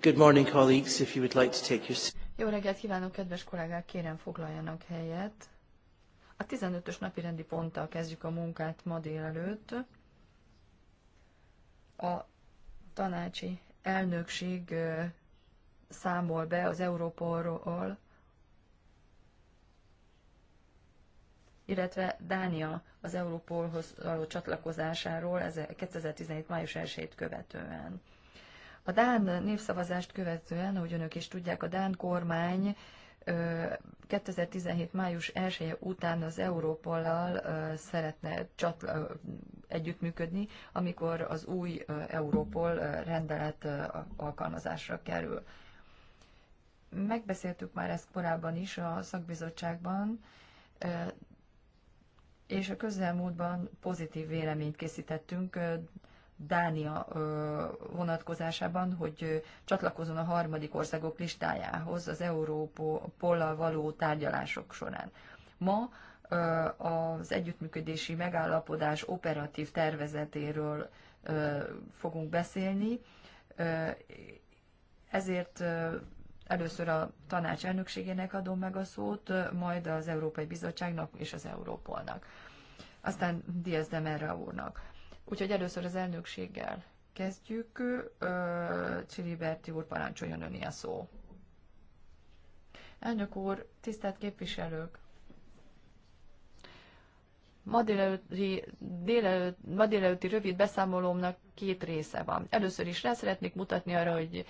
Good morning, colleagues, if you would like to take your... Jó reggelt kívánok, kedves kollégák, kérem foglaljanak helyet. A 15-ös napi rendi ponttal kezdjük a munkát ma délelőtt. A tanácsi elnökség számol be az Európolról, illetve Dánia az Európolhoz való csatlakozásáról 2017. május 1-ét követően. A Dán népszavazást követően, ahogy önök is tudják, a Dán kormány 2017. május 1 után az Európollal szeretne csatla, együttműködni, amikor az új Európol rendelet alkalmazásra kerül. Megbeszéltük már ezt korábban is a szakbizottságban, és a közelmúltban pozitív véleményt készítettünk Dánia vonatkozásában, hogy csatlakozon a harmadik országok listájához az Európollal való tárgyalások során. Ma az együttműködési megállapodás operatív tervezetéről fogunk beszélni, ezért először a tanács elnökségének adom meg a szót, majd az Európai Bizottságnak és az Európolnak. Aztán Diaz Demerra úrnak. Úgyhogy először az elnökséggel kezdjük. Csiliberti úr, parancsoljon öné a szó. Elnök úr, tisztelt képviselők! Ma délelőtti, délelőtt, ma délelőtti rövid beszámolómnak két része van. Először is rá szeretnék mutatni arra, hogy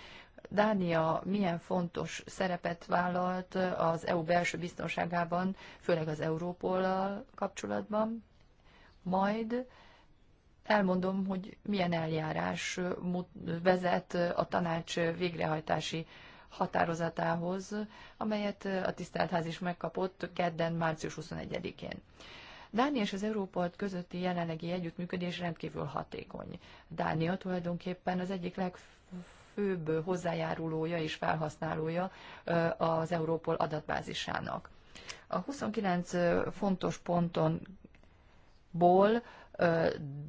Dánia milyen fontos szerepet vállalt az EU belső biztonságában, főleg az Európollal kapcsolatban, majd elmondom, hogy milyen eljárás vezet a tanács végrehajtási határozatához, amelyet a tisztelt ház is megkapott kedden, március 21-én. Dánia és az Európa közötti jelenlegi együttműködés rendkívül hatékony. Dánia tulajdonképpen az egyik legfőbb hozzájárulója és felhasználója az Európol adatbázisának. A 29 fontos ponton ból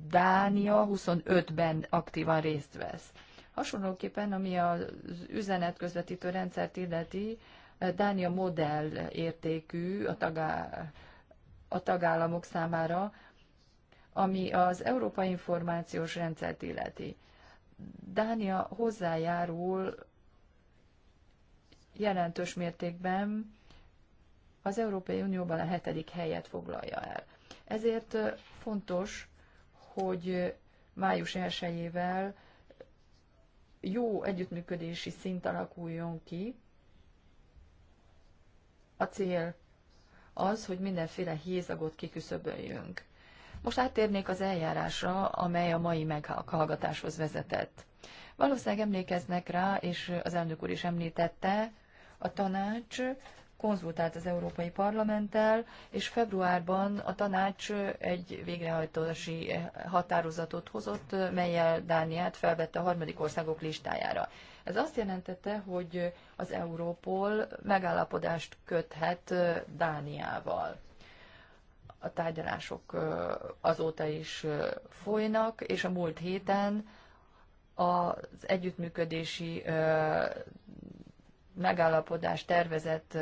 Dánia 25-ben aktívan részt vesz. Hasonlóképpen, ami az üzenetközvetítő rendszert illeti, Dánia modell értékű a, tagá- a tagállamok számára, ami az Európai Információs Rendszert illeti. Dánia hozzájárul jelentős mértékben az Európai Unióban a hetedik helyet foglalja el. Ezért fontos, hogy május 1 jó együttműködési szint alakuljon ki. A cél az, hogy mindenféle hézagot kiküszöböljünk. Most áttérnék az eljárásra, amely a mai meghallgatáshoz vezetett. Valószínűleg emlékeznek rá, és az elnök úr is említette, a tanács konzultált az Európai Parlamenttel, és februárban a tanács egy végrehajtási határozatot hozott, melyel Dániát felvette a harmadik országok listájára. Ez azt jelentette, hogy az Európol megállapodást köthet Dániával. A tárgyalások azóta is folynak, és a múlt héten az együttműködési megállapodás tervezett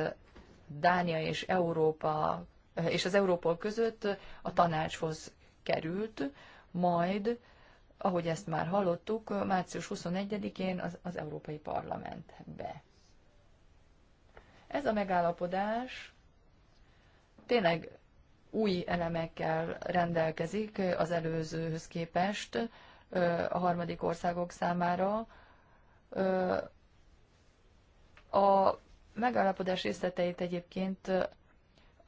Dánia és Európa és az Európol között a tanácshoz került, majd, ahogy ezt már hallottuk, március 21-én az, az Európai Parlamentbe. Ez a megállapodás tényleg új elemekkel rendelkezik az előzőhöz képest a harmadik országok számára. A megállapodás részleteit egyébként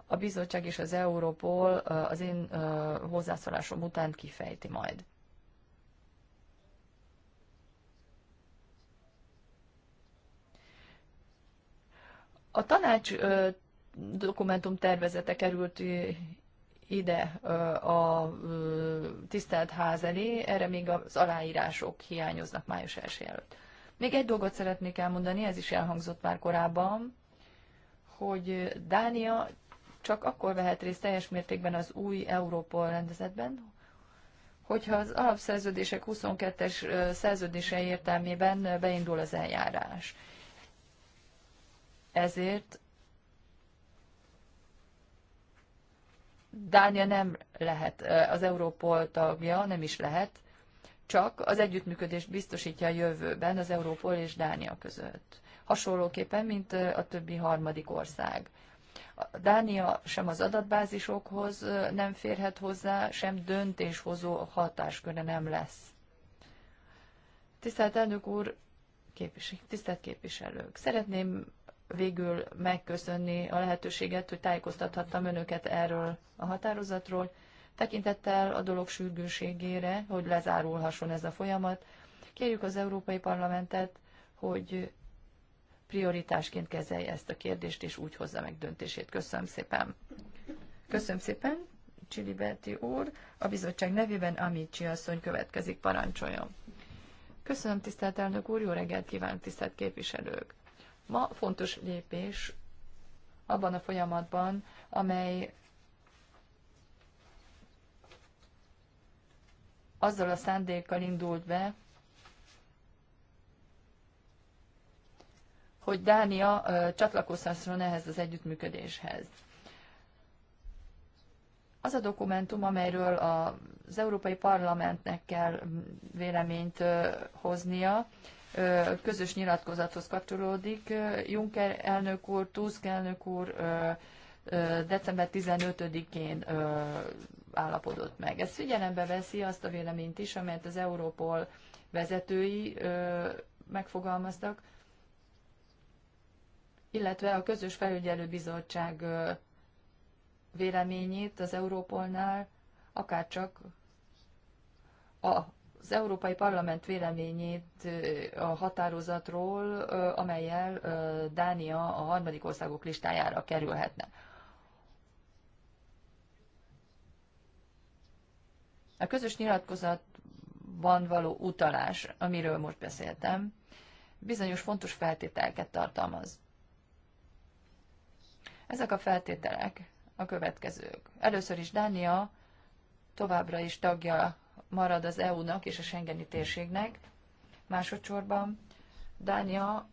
a bizottság és az Európol az én hozzászólásom után kifejti majd. A tanács dokumentum tervezete került ide a tisztelt ház elé, erre még az aláírások hiányoznak május 1 előtt. Még egy dolgot szeretnék elmondani, ez is elhangzott már korábban, hogy Dánia csak akkor vehet részt teljes mértékben az új Európol rendezetben, hogyha az alapszerződések 22-es szerződése értelmében beindul az eljárás. Ezért Dánia nem lehet az Európol tagja, nem is lehet, csak az együttműködés biztosítja a jövőben az Európol és Dánia között. Hasonlóképpen, mint a többi harmadik ország. Dánia sem az adatbázisokhoz nem férhet hozzá, sem döntéshozó hatásköre nem lesz. Tisztelt elnök úr, képviselők, tisztelt képviselők, szeretném végül megköszönni a lehetőséget, hogy tájékoztathattam önöket erről a határozatról tekintettel a dolog sürgőségére, hogy lezárulhasson ez a folyamat. Kérjük az Európai Parlamentet, hogy prioritásként kezelje ezt a kérdést, és úgy hozza meg döntését. Köszönöm szépen. Köszönöm szépen, Berti úr. A bizottság nevében Amici asszony következik, parancsoljon. Köszönöm, tisztelt elnök úr, jó reggelt kívánok, tisztelt képviselők. Ma fontos lépés abban a folyamatban, amely azzal a szándékkal indult be, hogy Dánia csatlakozhasson ehhez az együttműködéshez. Az a dokumentum, amelyről az Európai Parlamentnek kell véleményt hoznia, közös nyilatkozathoz kapcsolódik. Juncker elnök úr, Tusk elnök úr december 15-én állapodott meg. Ez figyelembe veszi azt a véleményt is, amelyet az Európol vezetői megfogalmaztak, illetve a közös felügyelőbizottság véleményét az Európolnál, akárcsak az Európai Parlament véleményét a határozatról, amelyel Dánia a harmadik országok listájára kerülhetne. A közös nyilatkozatban való utalás, amiről most beszéltem, bizonyos fontos feltételeket tartalmaz. Ezek a feltételek a következők. Először is Dánia továbbra is tagja marad az EU-nak és a Schengeni térségnek. Másodszorban Dánia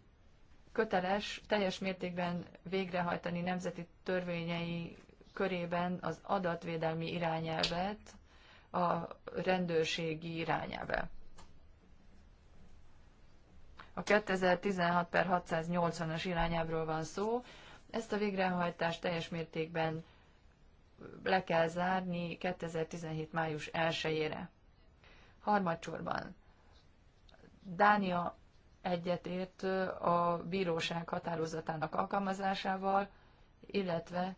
köteles teljes mértékben végrehajtani nemzeti törvényei körében az adatvédelmi irányelvet, a rendőrségi irányelve. A 2016 per 680-as irányábról van szó. Ezt a végrehajtást teljes mértékben le kell zárni 2017. május 1-ére. Harmadsorban Dánia egyetért a bíróság határozatának alkalmazásával, illetve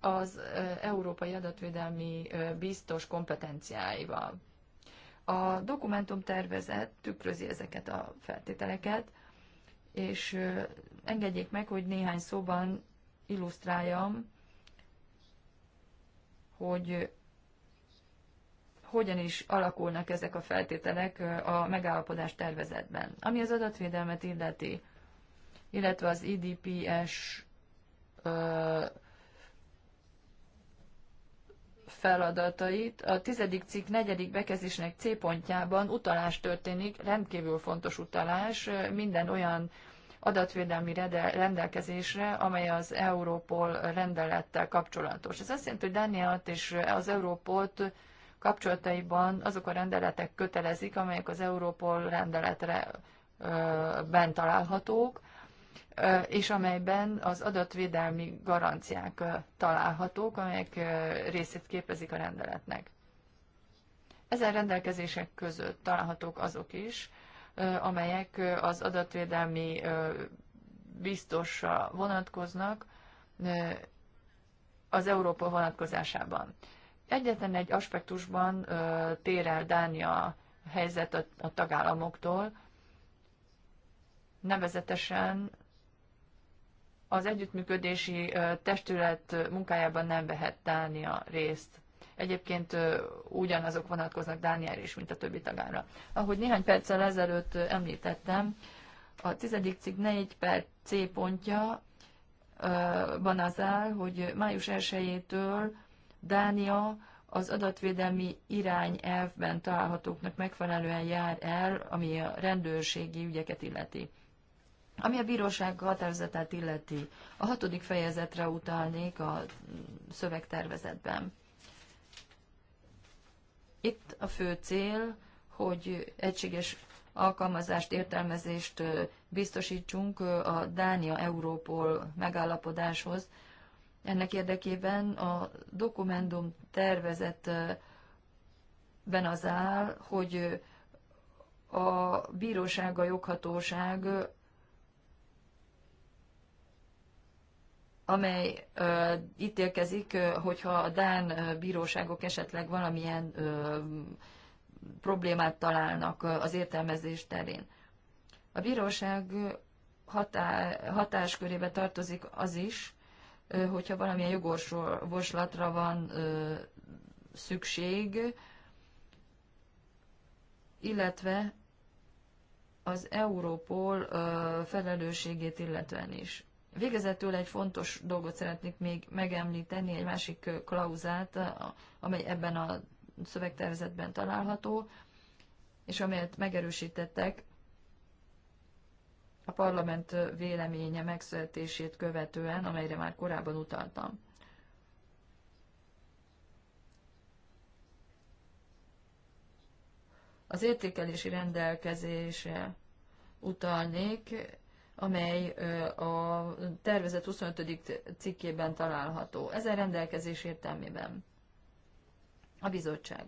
az Európai Adatvédelmi Biztos kompetenciáival. A dokumentum tervezet tükrözi ezeket a feltételeket, és engedjék meg, hogy néhány szóban illusztráljam, hogy hogyan is alakulnak ezek a feltételek a megállapodás tervezetben. Ami az adatvédelmet illeti, illetve az IDPS feladatait, a tizedik cikk negyedik bekezdésnek C pontjában utalás történik, rendkívül fontos utalás minden olyan adatvédelmi rendelkezésre, amely az Európol rendelettel kapcsolatos. Ez azt jelenti, hogy Dániát és az Európolt kapcsolataiban azok a rendeletek kötelezik, amelyek az Európol rendeletre bent találhatók, és amelyben az adatvédelmi garanciák találhatók, amelyek részét képezik a rendeletnek. Ezen rendelkezések között találhatók azok is, amelyek az adatvédelmi biztosra vonatkoznak az Európa vonatkozásában. Egyetlen egy aspektusban tér el Dánia helyzet a tagállamoktól, nevezetesen az együttműködési testület munkájában nem vehet Dánia részt. Egyébként ugyanazok vonatkoznak Dániára is, mint a többi tagára. Ahogy néhány perccel ezelőtt említettem, a tizedik cikk 4 per C pontja van az áll, hogy május 1-től Dánia az adatvédelmi irányelvben találhatóknak megfelelően jár el, ami a rendőrségi ügyeket illeti. Ami a bíróság határozatát illeti, a hatodik fejezetre utalnék a szövegtervezetben. Itt a fő cél, hogy egységes alkalmazást, értelmezést biztosítsunk a Dánia-Európol megállapodáshoz. Ennek érdekében a dokumentum tervezetben az áll, hogy a bíróság, a joghatóság amely ö, ítélkezik, ö, hogyha a Dán bíróságok esetleg valamilyen ö, problémát találnak az értelmezés terén. A bíróság hatá, hatáskörébe tartozik az is, ö, hogyha valamilyen jogorvoslatra van ö, szükség, illetve az Európol ö, felelősségét illetően is. Végezetül egy fontos dolgot szeretnék még megemlíteni, egy másik klauzát, amely ebben a szövegtervezetben található, és amelyet megerősítettek a parlament véleménye megszületését követően, amelyre már korábban utaltam. Az értékelési rendelkezése utalnék, amely a tervezet 25. cikkében található. Ezen rendelkezés értelmében a bizottság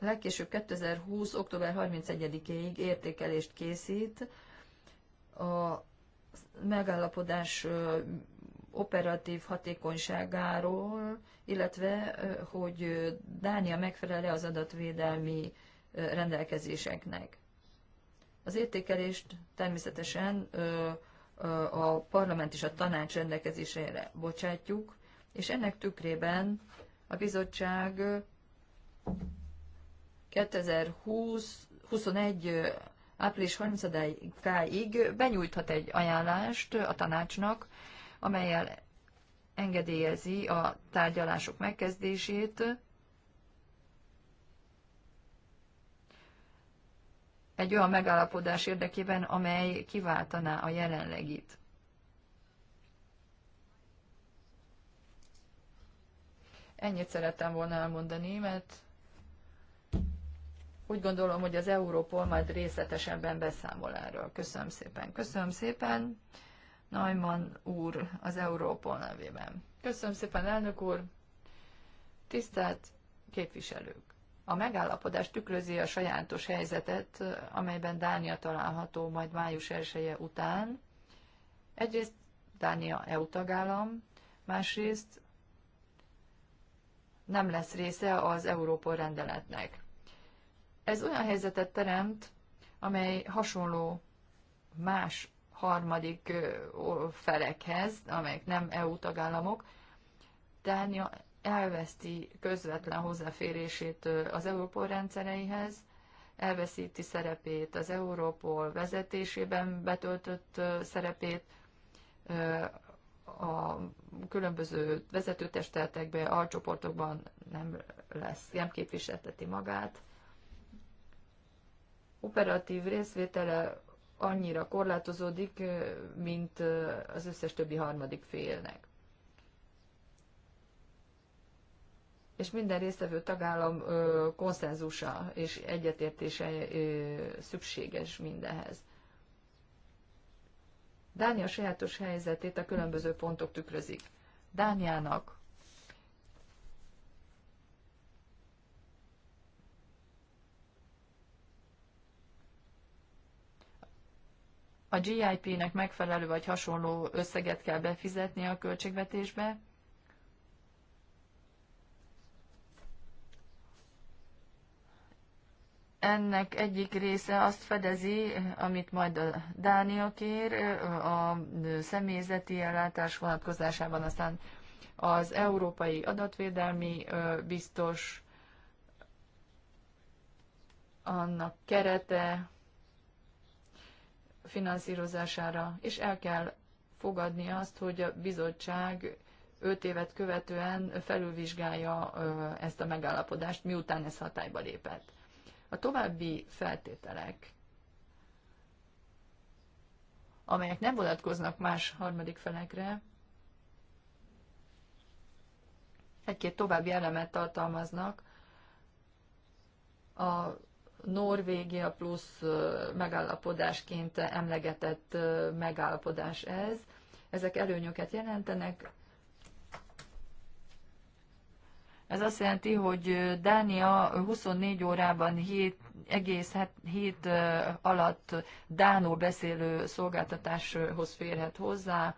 legkésőbb 2020. október 31-ig értékelést készít a megállapodás operatív hatékonyságáról, illetve hogy Dánia megfelele az adatvédelmi rendelkezéseknek. Az értékelést természetesen a parlament és a tanács rendelkezésére bocsátjuk, és ennek tükrében a bizottság 2020-21 április 30-áig benyújthat egy ajánlást a tanácsnak, amelyel engedélyezi a tárgyalások megkezdését, egy olyan megállapodás érdekében, amely kiváltaná a jelenlegit. Ennyit szerettem volna elmondani, mert úgy gondolom, hogy az Európol majd részletesebben beszámol erről. Köszönöm szépen. Köszönöm szépen, Najman úr az Európol nevében. Köszönöm szépen, elnök úr. Tisztelt képviselők! A megállapodás tükrözi a sajátos helyzetet, amelyben Dánia található majd május 1 -e után. Egyrészt Dánia EU tagállam, másrészt nem lesz része az Európa rendeletnek. Ez olyan helyzetet teremt, amely hasonló más harmadik felekhez, amelyek nem EU tagállamok, Dánia elveszti közvetlen hozzáférését az Európol rendszereihez, elveszíti szerepét, az Európol vezetésében betöltött szerepét, a különböző vezetőtesteltekben, alcsoportokban nem lesz, nem képviselteti magát. Operatív részvétele annyira korlátozódik, mint az összes többi harmadik félnek. és minden résztvevő tagállam konszenzusa és egyetértése szükséges mindehez. Dánia sajátos helyzetét a különböző pontok tükrözik. Dániának a GIP-nek megfelelő vagy hasonló összeget kell befizetni a költségvetésbe, ennek egyik része azt fedezi, amit majd a Dánia kér, a személyzeti ellátás vonatkozásában aztán az Európai Adatvédelmi Biztos, annak kerete finanszírozására, és el kell fogadni azt, hogy a bizottság 5 évet követően felülvizsgálja ezt a megállapodást, miután ez hatályba lépett. A további feltételek, amelyek nem vonatkoznak más harmadik felekre, egy-két további elemet tartalmaznak, a Norvégia plusz megállapodásként emlegetett megállapodás ez. Ezek előnyöket jelentenek, Ez azt jelenti, hogy Dánia 24 órában 7 egész hét alatt Dánó beszélő szolgáltatáshoz férhet hozzá.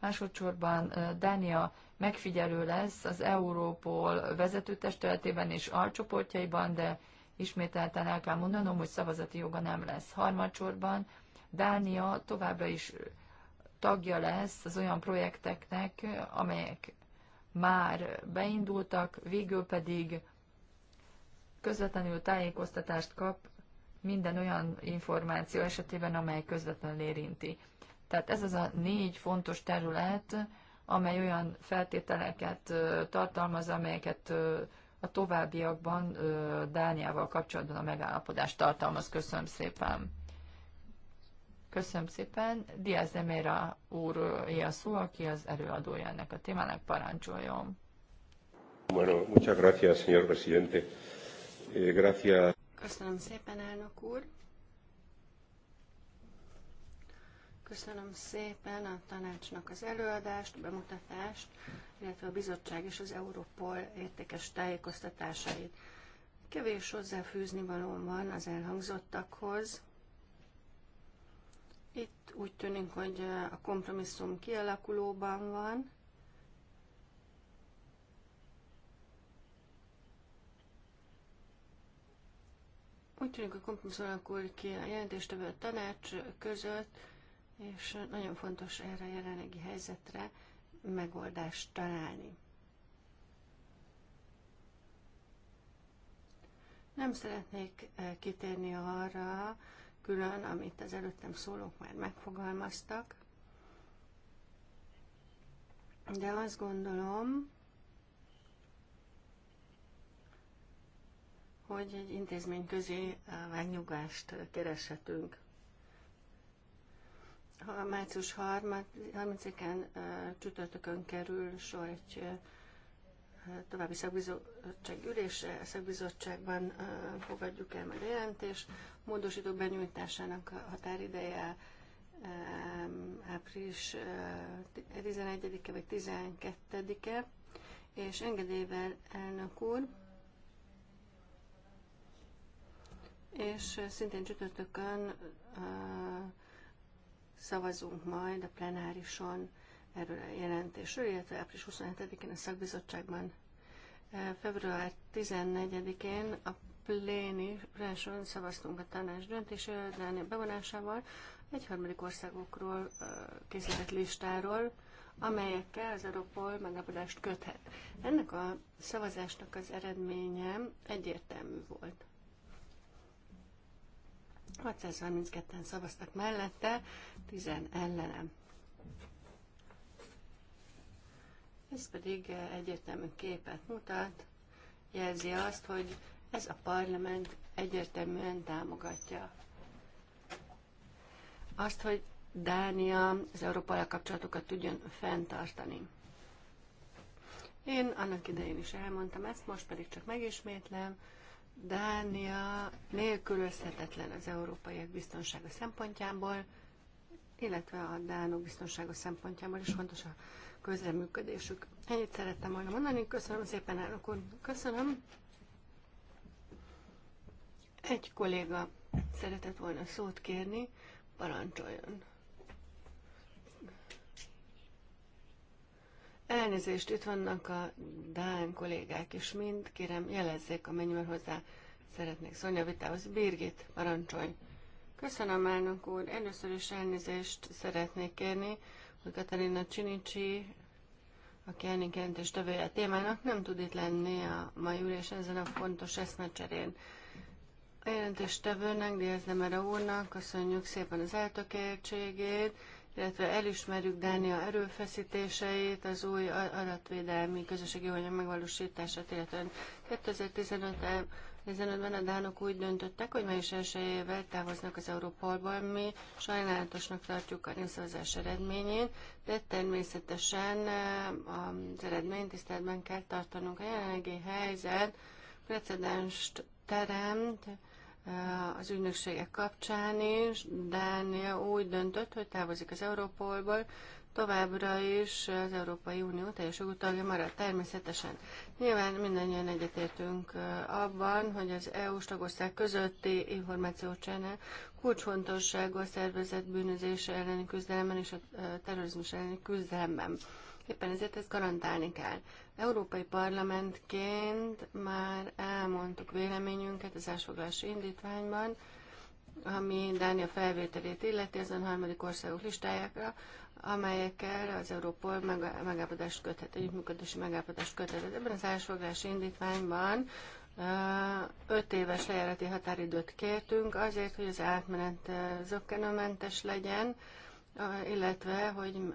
Másodszorban Dánia megfigyelő lesz az Európol vezetőtestületében és alcsoportjaiban, de ismételten el kell mondanom, hogy szavazati joga nem lesz. Harmadsorban Dánia továbbra is tagja lesz az olyan projekteknek, amelyek már beindultak, végül pedig közvetlenül tájékoztatást kap minden olyan információ esetében, amely közvetlenül érinti. Tehát ez az a négy fontos terület, amely olyan feltételeket tartalmaz, amelyeket a továbbiakban Dániával kapcsolatban a megállapodás tartalmaz. Köszönöm szépen! Köszönöm szépen. Diaz de Mera úr a szó, aki az előadója ennek a témának, parancsoljon. Bueno, muchas gracias, señor presidente. Eh, gracias. Köszönöm szépen, elnök úr. Köszönöm szépen a tanácsnak az előadást, bemutatást, illetve a bizottság és az Europol értékes tájékoztatásait. Kevés hozzáfűzni valóban van az elhangzottakhoz. Itt úgy tűnik, hogy a kompromisszum kialakulóban van. Úgy tűnik, a kompromisszum alakul ki a jelentéstevő tanács között, és nagyon fontos erre a jelenlegi helyzetre megoldást találni. Nem szeretnék kitérni arra, külön, amit az előttem szólók már megfogalmaztak. De azt gondolom, hogy egy intézmény közé eh, megnyugást eh, kereshetünk. Ha március 30-án eh, csütörtökön kerül sor egy további szakbizottság ülésre, a szakbizottságban fogadjuk el majd a jelentést, módosítók benyújtásának határideje április 11-e eh, vagy 12-e, és engedélyvel elnök úr, és szintén csütörtökön eh, szavazunk majd a plenárison erről a jelentésről, illetve április 27-én a szakbizottságban. Eh, február 14-én a plénison szavaztunk a tanács döntés Dánia bevonásával egy harmadik országokról készített listáról, amelyekkel az Europol megállapodást köthet. Ennek a szavazásnak az eredménye egyértelmű volt. 632-en szavaztak mellette, 10 ellenem. Ez pedig egyértelmű képet mutat, jelzi azt, hogy ez a parlament egyértelműen támogatja. Azt, hogy Dánia az európai kapcsolatokat tudjon fenntartani. Én annak idején is elmondtam ezt, most pedig csak megismétlem. Dánia nélkülözhetetlen az európaiak biztonsága szempontjából, illetve a dánok biztonsága szempontjából is fontos a közreműködésük. Ennyit szerettem volna mondani. Köszönöm szépen, elnök úr. Köszönöm. Egy kolléga szeretett volna szót kérni, parancsoljon. Elnézést, itt vannak a Dán kollégák is mind, kérem jelezzék, amennyiben hozzá szeretnék szólni a vitához. Birgit, parancsolj! Köszönöm, elnök úr! Először is elnézést szeretnék kérni, hogy Katarina Csinicsi, aki elnök jelentés tevője a témának, nem tud itt lenni a mai ülésen ezen a fontos eszmecserén. Bejelentéstevőnek, jelentéstevőnek, Diaz-Nemere úrnak köszönjük szépen az eltökéltségét, illetve elismerjük Dánia erőfeszítéseit, az új adatvédelmi közösségi anyag megvalósítását, illetve 2015-ben a dánok úgy döntöttek, hogy május 1 távoznak az Európolból, mi sajnálatosnak tartjuk a népszavazás eredményét, de természetesen e, az eredményt tiszteletben kell tartanunk. A jelenlegi helyzet precedenst teremt, Eh, az ügynökségek kapcsán is. Dánia úgy döntött, hogy távozik az Európolból, továbbra is az Európai Unió teljes jogú tagja marad természetesen. Nyilván mindannyian egyetértünk eh, abban, hogy az EU-s tagország közötti információcsene kulcsfontosságú a szervezet bűnözése elleni küzdelemben és a eh, terrorizmus elleni küzdelemben. Éppen ezért ezt garantálni kell. Európai Parlamentként már elmondtuk véleményünket az elsfoglalási indítványban, ami Dánia felvételét illeti ezen harmadik országok listájára, amelyekkel az Európol megállapodást köthet, együttműködési megállapodást köthet. Ebben az elsfoglalási indítványban öt éves lejárati határidőt kértünk azért, hogy az átmenet zöggenőmentes legyen, illetve, hogy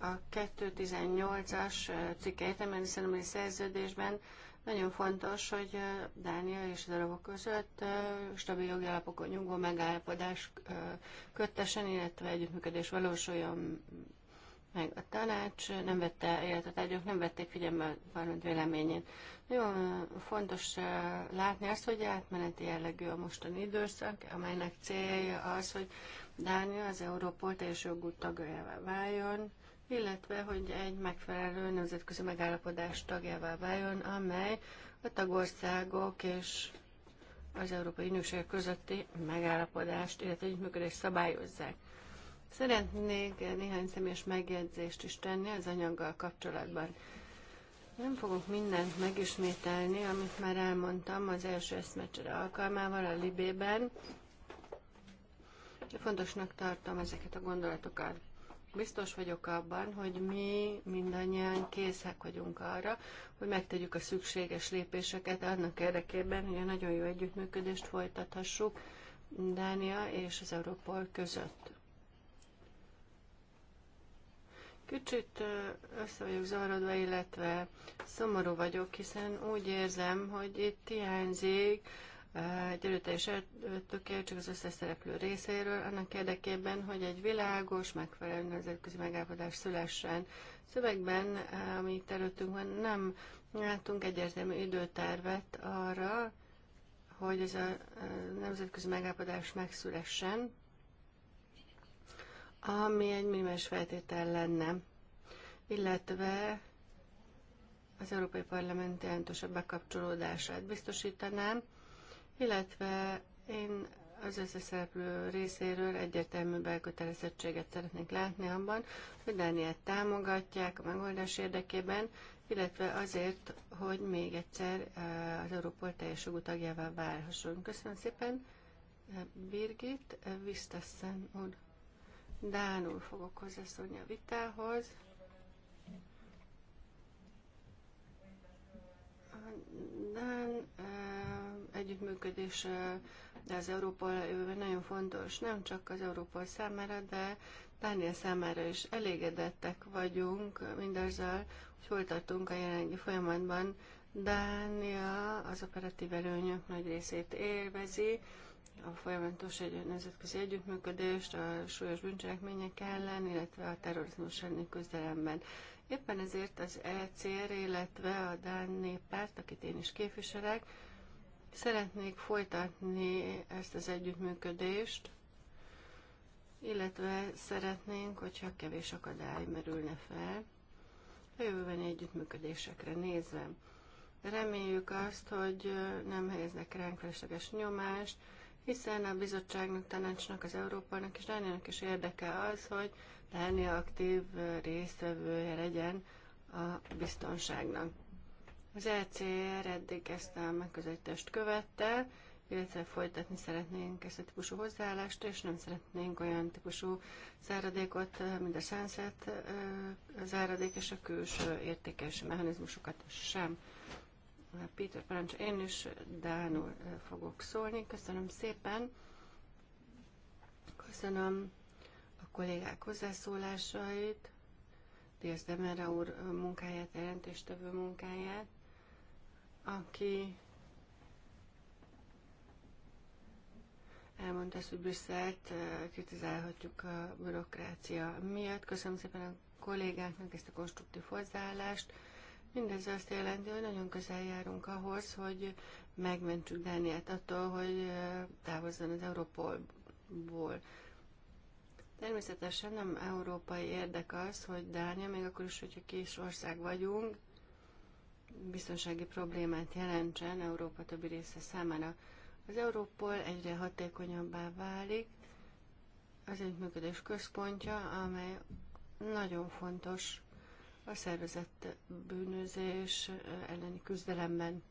a 218-as cikk egyetemen, hiszen a szerződésben nagyon fontos, hogy Dánia és az arabok között stabil jogi alapokon nyugvó megállapodás köttesen, illetve együttműködés valósuljon meg a tanács, nem vette, illetve a tárgyok nem vették figyelembe a parlament véleményét. Nagyon fontos látni azt, hogy átmeneti jellegű a mostani időszak, amelynek célja az, hogy Dánia az Európol teljes jogú tagjává váljon, illetve hogy egy megfelelő nemzetközi megállapodás tagjává váljon, amely a tagországok és az Európai Unióság közötti megállapodást, illetve együttműködést szabályozzák. Szeretnék néhány személyes megjegyzést is tenni az anyaggal kapcsolatban. Nem fogok mindent megismételni, amit már elmondtam az első eszmecsere alkalmával a Libében. Fontosnak tartom ezeket a gondolatokat. Biztos vagyok abban, hogy mi mindannyian készek vagyunk arra, hogy megtegyük a szükséges lépéseket annak érdekében, hogy a nagyon jó együttműködést folytathassuk Dánia és az Európol között. Kicsit össze vagyok zavarodva, illetve szomorú vagyok, hiszen úgy érzem, hogy itt hiányzik egy erőteljes tökél, csak az összes szereplő részéről, annak érdekében, hogy egy világos, megfelelő nemzetközi megállapodás szülessen. Szövegben, amit előttünk van, nem látunk egyértelmű időtervet arra, hogy ez a nemzetközi megállapodás megszülessen, ami egy minimális feltétel lenne, illetve az Európai Parlament jelentősebb bekapcsolódását biztosítanám, illetve én az összeszereplő részéről egyértelmű elkötelezettséget szeretnék látni abban, hogy Dániát támogatják a megoldás érdekében, illetve azért, hogy még egyszer eh, az Európol teljes jogú tagjává válhasson. Köszönöm szépen, eh, Birgit, eh, Visztassen úr. Dánul fogok hozzászólni a vitához. A Dán együttműködés de az Európa jövőben nagyon fontos, nem csak az Európa számára, de Dániel számára is elégedettek vagyunk mindazzal, hogy hol tartunk a jelenlegi folyamatban. Dánia az operatív előnyök nagy részét élvezi, a folyamatos egy nemzetközi együttműködést a súlyos bűncselekmények ellen, illetve a terrorizmus elleni küzdelemben. Éppen ezért az ECR, illetve a Dán néppárt, akit én is képviselek, Szeretnék folytatni ezt az együttműködést, illetve szeretnénk, hogyha kevés akadály merülne fel a jövőbeni együttműködésekre nézve. Reméljük azt, hogy nem helyeznek ránk felesleges nyomást, hiszen a bizottságnak, tanácsnak, az Európának és Dániának is érdeke az, hogy lenni aktív résztvevője legyen a biztonságnak. Az ECR eddig ezt a megközelítést követte, illetve folytatni szeretnénk ezt a típusú hozzáállást, és nem szeretnénk olyan típusú záradékot, mint a sunset záradék és a külső értékes mechanizmusokat sem. Péter parancs, én is Dánul fogok szólni. Köszönöm szépen. Köszönöm a kollégák hozzászólásait, Dias Demera úr munkáját, jelentéstevő munkáját aki elmondta azt, hogy Brüsszelt kritizálhatjuk a bürokrácia miatt. Köszönöm szépen a kollégáknak ezt a konstruktív hozzáállást. Mindez azt jelenti, hogy nagyon közel járunk ahhoz, hogy megmentsük Dániát attól, hogy távozzon az Európolból. Természetesen nem európai érdek az, hogy Dánia, még akkor is, hogyha kis ország vagyunk, biztonsági problémát jelentsen Európa többi része számára. Az Európol egyre hatékonyabbá válik, az együttműködés központja, amely nagyon fontos a szervezett bűnözés elleni küzdelemben.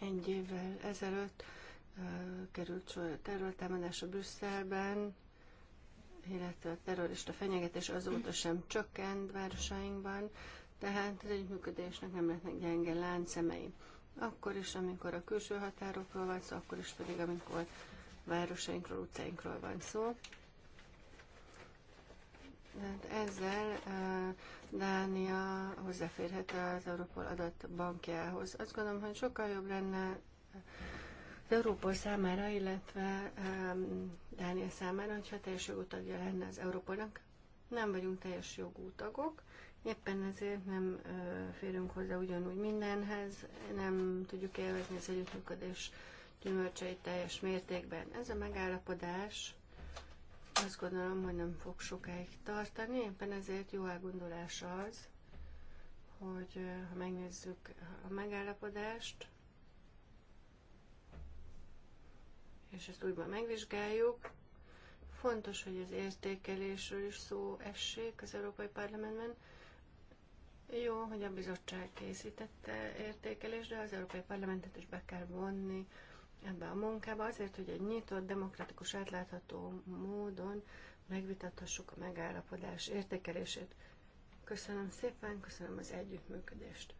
Egy évvel ezelőtt került sor a a Brüsszelben, illetve a terrorista fenyegetés azóta sem csökkent városainkban. Tehát az együttműködésnek nem lehetnek gyenge láncemei. Akkor is, amikor a külső határokról van szó, akkor is pedig, amikor városainkról, utcainkról van szó. Tehát ezzel Dánia hozzáférhet az Európol adatbankjához. Azt gondolom, hogy sokkal jobb lenne az Európol számára, illetve Dánia számára, hogyha teljes jogú tagja lenne az Európolnak. Nem vagyunk teljes jogú tagok, Éppen ezért nem férünk hozzá ugyanúgy mindenhez, nem tudjuk élvezni az együttműködés gyümölcseit teljes mértékben. Ez a megállapodás azt gondolom, hogy nem fog sokáig tartani, éppen ezért jó elgondolás az, hogy ha megnézzük a megállapodást, és ezt újban megvizsgáljuk, fontos, hogy az értékelésről is szó essék az Európai Parlamentben, jó, hogy a bizottság készítette értékelést, de az Európai Parlamentet is be kell vonni ebbe a munkába, azért, hogy egy nyitott, demokratikus, átlátható módon megvitathassuk a megállapodás értékelését. Köszönöm szépen, köszönöm az együttműködést.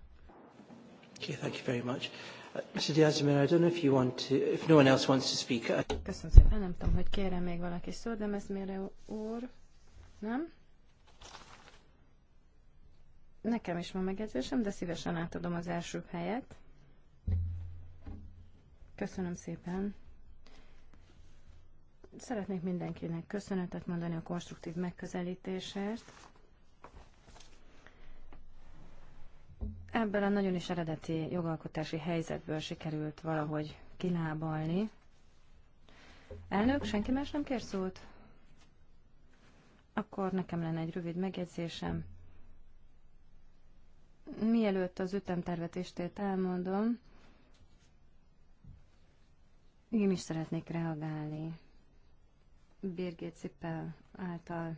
Okay, thank you very much. Uh, Mr. diaz I don't know if you want to, if no one else wants to speak. Köszönöm szépen, nem tudom, hogy kérem még valaki szó, de ez mire úr, nem? Nekem is van megjegyzésem, de szívesen átadom az első helyet. Köszönöm szépen. Szeretnék mindenkinek köszönetet mondani a konstruktív megközelítésért. Ebből a nagyon is eredeti jogalkotási helyzetből sikerült valahogy kilábalni. Elnök, senki más nem kér szót? Akkor nekem lenne egy rövid megjegyzésem. Mielőtt az ütemtervetéstét elmondom, én is szeretnék reagálni Birgit Zippel által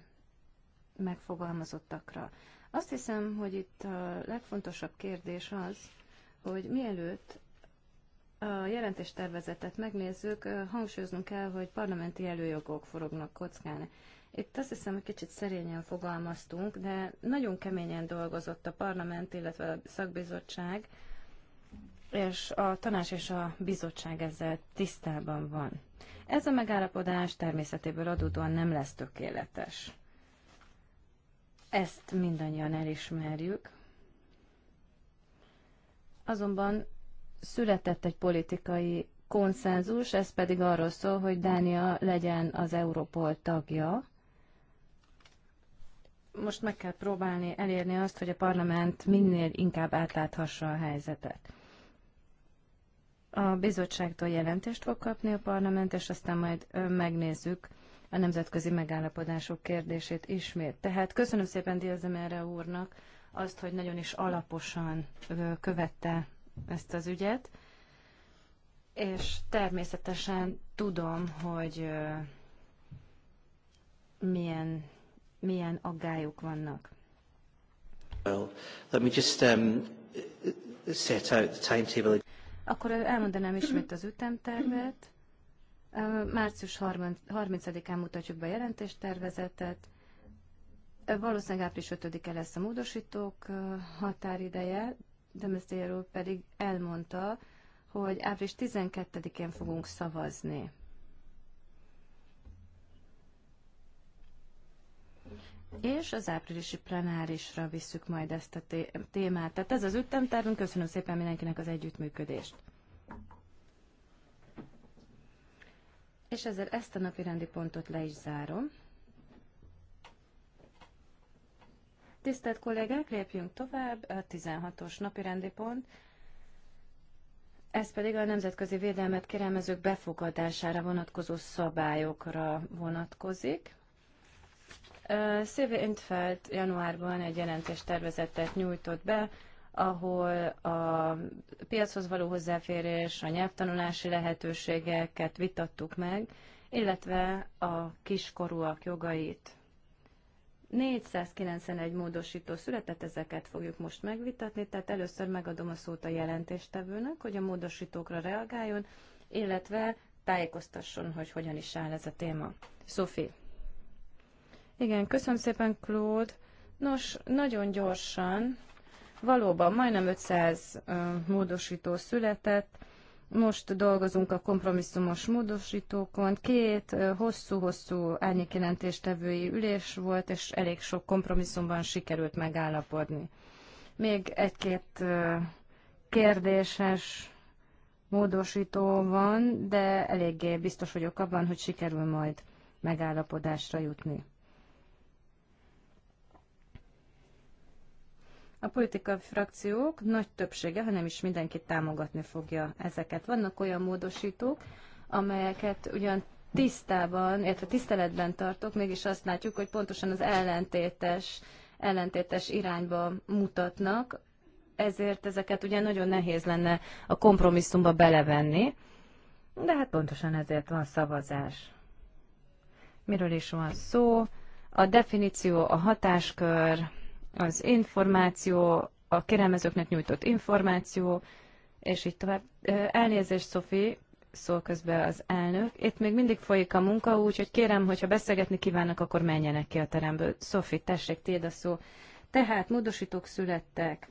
megfogalmazottakra. Azt hiszem, hogy itt a legfontosabb kérdés az, hogy mielőtt a jelentéstervezetet megnézzük, hangsúlyoznunk kell, hogy parlamenti előjogok forognak kockán. Itt azt hiszem, hogy kicsit szerényen fogalmaztunk, de nagyon keményen dolgozott a parlament, illetve a szakbizottság, és a tanács és a bizottság ezzel tisztában van. Ez a megállapodás természetéből adódóan nem lesz tökéletes. Ezt mindannyian elismerjük. Azonban született egy politikai konszenzus, ez pedig arról szól, hogy Dánia legyen az Európol tagja, most meg kell próbálni elérni azt, hogy a parlament minél inkább átláthassa a helyzetet. A bizottságtól jelentést fog kapni a parlament, és aztán majd megnézzük a nemzetközi megállapodások kérdését ismét. Tehát köszönöm szépen Diazemerre úrnak azt, hogy nagyon is alaposan követte ezt az ügyet, és természetesen tudom, hogy milyen milyen aggályok vannak. Well, let me just um, set out the timetable. Akkor elmondanám ismét az ütemtervet. Március 30-án mutatjuk be a jelentéstervezetet. Valószínűleg április 5-e lesz a módosítók határideje, de Mr. pedig elmondta, hogy április 12-én fogunk szavazni. és az áprilisi plenárisra visszük majd ezt a témát. Tehát ez az ütemtervünk, köszönöm szépen mindenkinek az együttműködést. És ezzel ezt a napi rendi pontot le is zárom. Tisztelt kollégák, lépjünk tovább, a 16-os napi rendi pont. Ez pedig a nemzetközi védelmet kérelmezők befogadására vonatkozó szabályokra vonatkozik. Szilvi Intfeld januárban egy jelentés tervezetet nyújtott be, ahol a piachoz való hozzáférés, a nyelvtanulási lehetőségeket vitattuk meg, illetve a kiskorúak jogait. 491 módosító született, ezeket fogjuk most megvitatni, tehát először megadom a szót a jelentéstevőnek, hogy a módosítókra reagáljon, illetve tájékoztasson, hogy hogyan is áll ez a téma. Sophie. Igen, köszönöm szépen, Claude. Nos, nagyon gyorsan, valóban majdnem 500 uh, módosító született, most dolgozunk a kompromisszumos módosítókon. Két hosszú-hosszú árnyékjelentéstevői ülés volt, és elég sok kompromisszumban sikerült megállapodni. Még egy-két kérdéses módosító van, de eléggé biztos vagyok abban, hogy sikerül majd megállapodásra jutni. A politikai frakciók nagy többsége, hanem is mindenki támogatni fogja ezeket. Vannak olyan módosítók, amelyeket ugyan tisztában, illetve tiszteletben tartok, mégis azt látjuk, hogy pontosan az ellentétes, ellentétes irányba mutatnak, ezért ezeket ugye nagyon nehéz lenne a kompromisszumba belevenni, de hát pontosan ezért van szavazás. Miről is van szó? A definíció, a hatáskör, az információ, a kérelmezőknek nyújtott információ, és így tovább. Elnézést, Szofi, szól közben az elnök. Itt még mindig folyik a munka, úgyhogy kérem, hogyha beszélgetni kívánnak, akkor menjenek ki a teremből. Szofi, tessék, téd a szó. Tehát módosítók születtek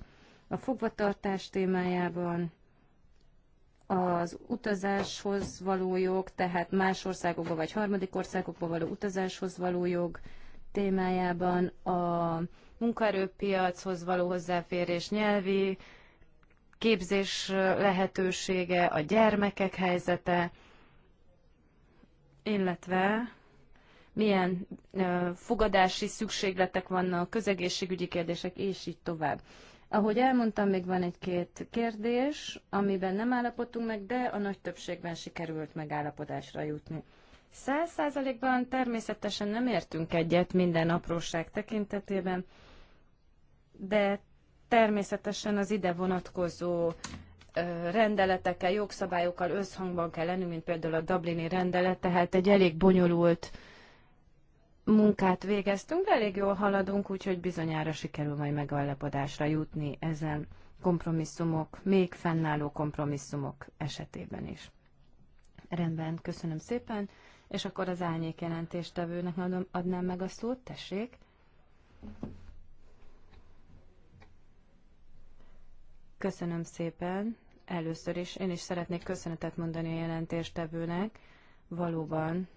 a fogvatartás témájában, az utazáshoz való jog, tehát más országokba vagy harmadik országokba való utazáshoz való jog, témájában a munkaerőpiachoz való hozzáférés nyelvi, képzés lehetősége, a gyermekek helyzete, illetve milyen fogadási szükségletek vannak, közegészségügyi kérdések, és így tovább. Ahogy elmondtam, még van egy-két kérdés, amiben nem állapodtunk meg, de a nagy többségben sikerült megállapodásra jutni. Száz százalékban természetesen nem értünk egyet minden apróság tekintetében, de természetesen az ide vonatkozó rendeletekkel, jogszabályokkal összhangban kell lenni, mint például a Dublini rendelet, tehát egy elég bonyolult munkát végeztünk, de elég jól haladunk, úgyhogy bizonyára sikerül majd megállapodásra jutni ezen kompromisszumok, még fennálló kompromisszumok esetében is. Rendben, köszönöm szépen és akkor az álnyék jelentéstevőnek adnám meg a szót, tessék. Köszönöm szépen. Először is én is szeretnék köszönetet mondani a jelentéstevőnek. Valóban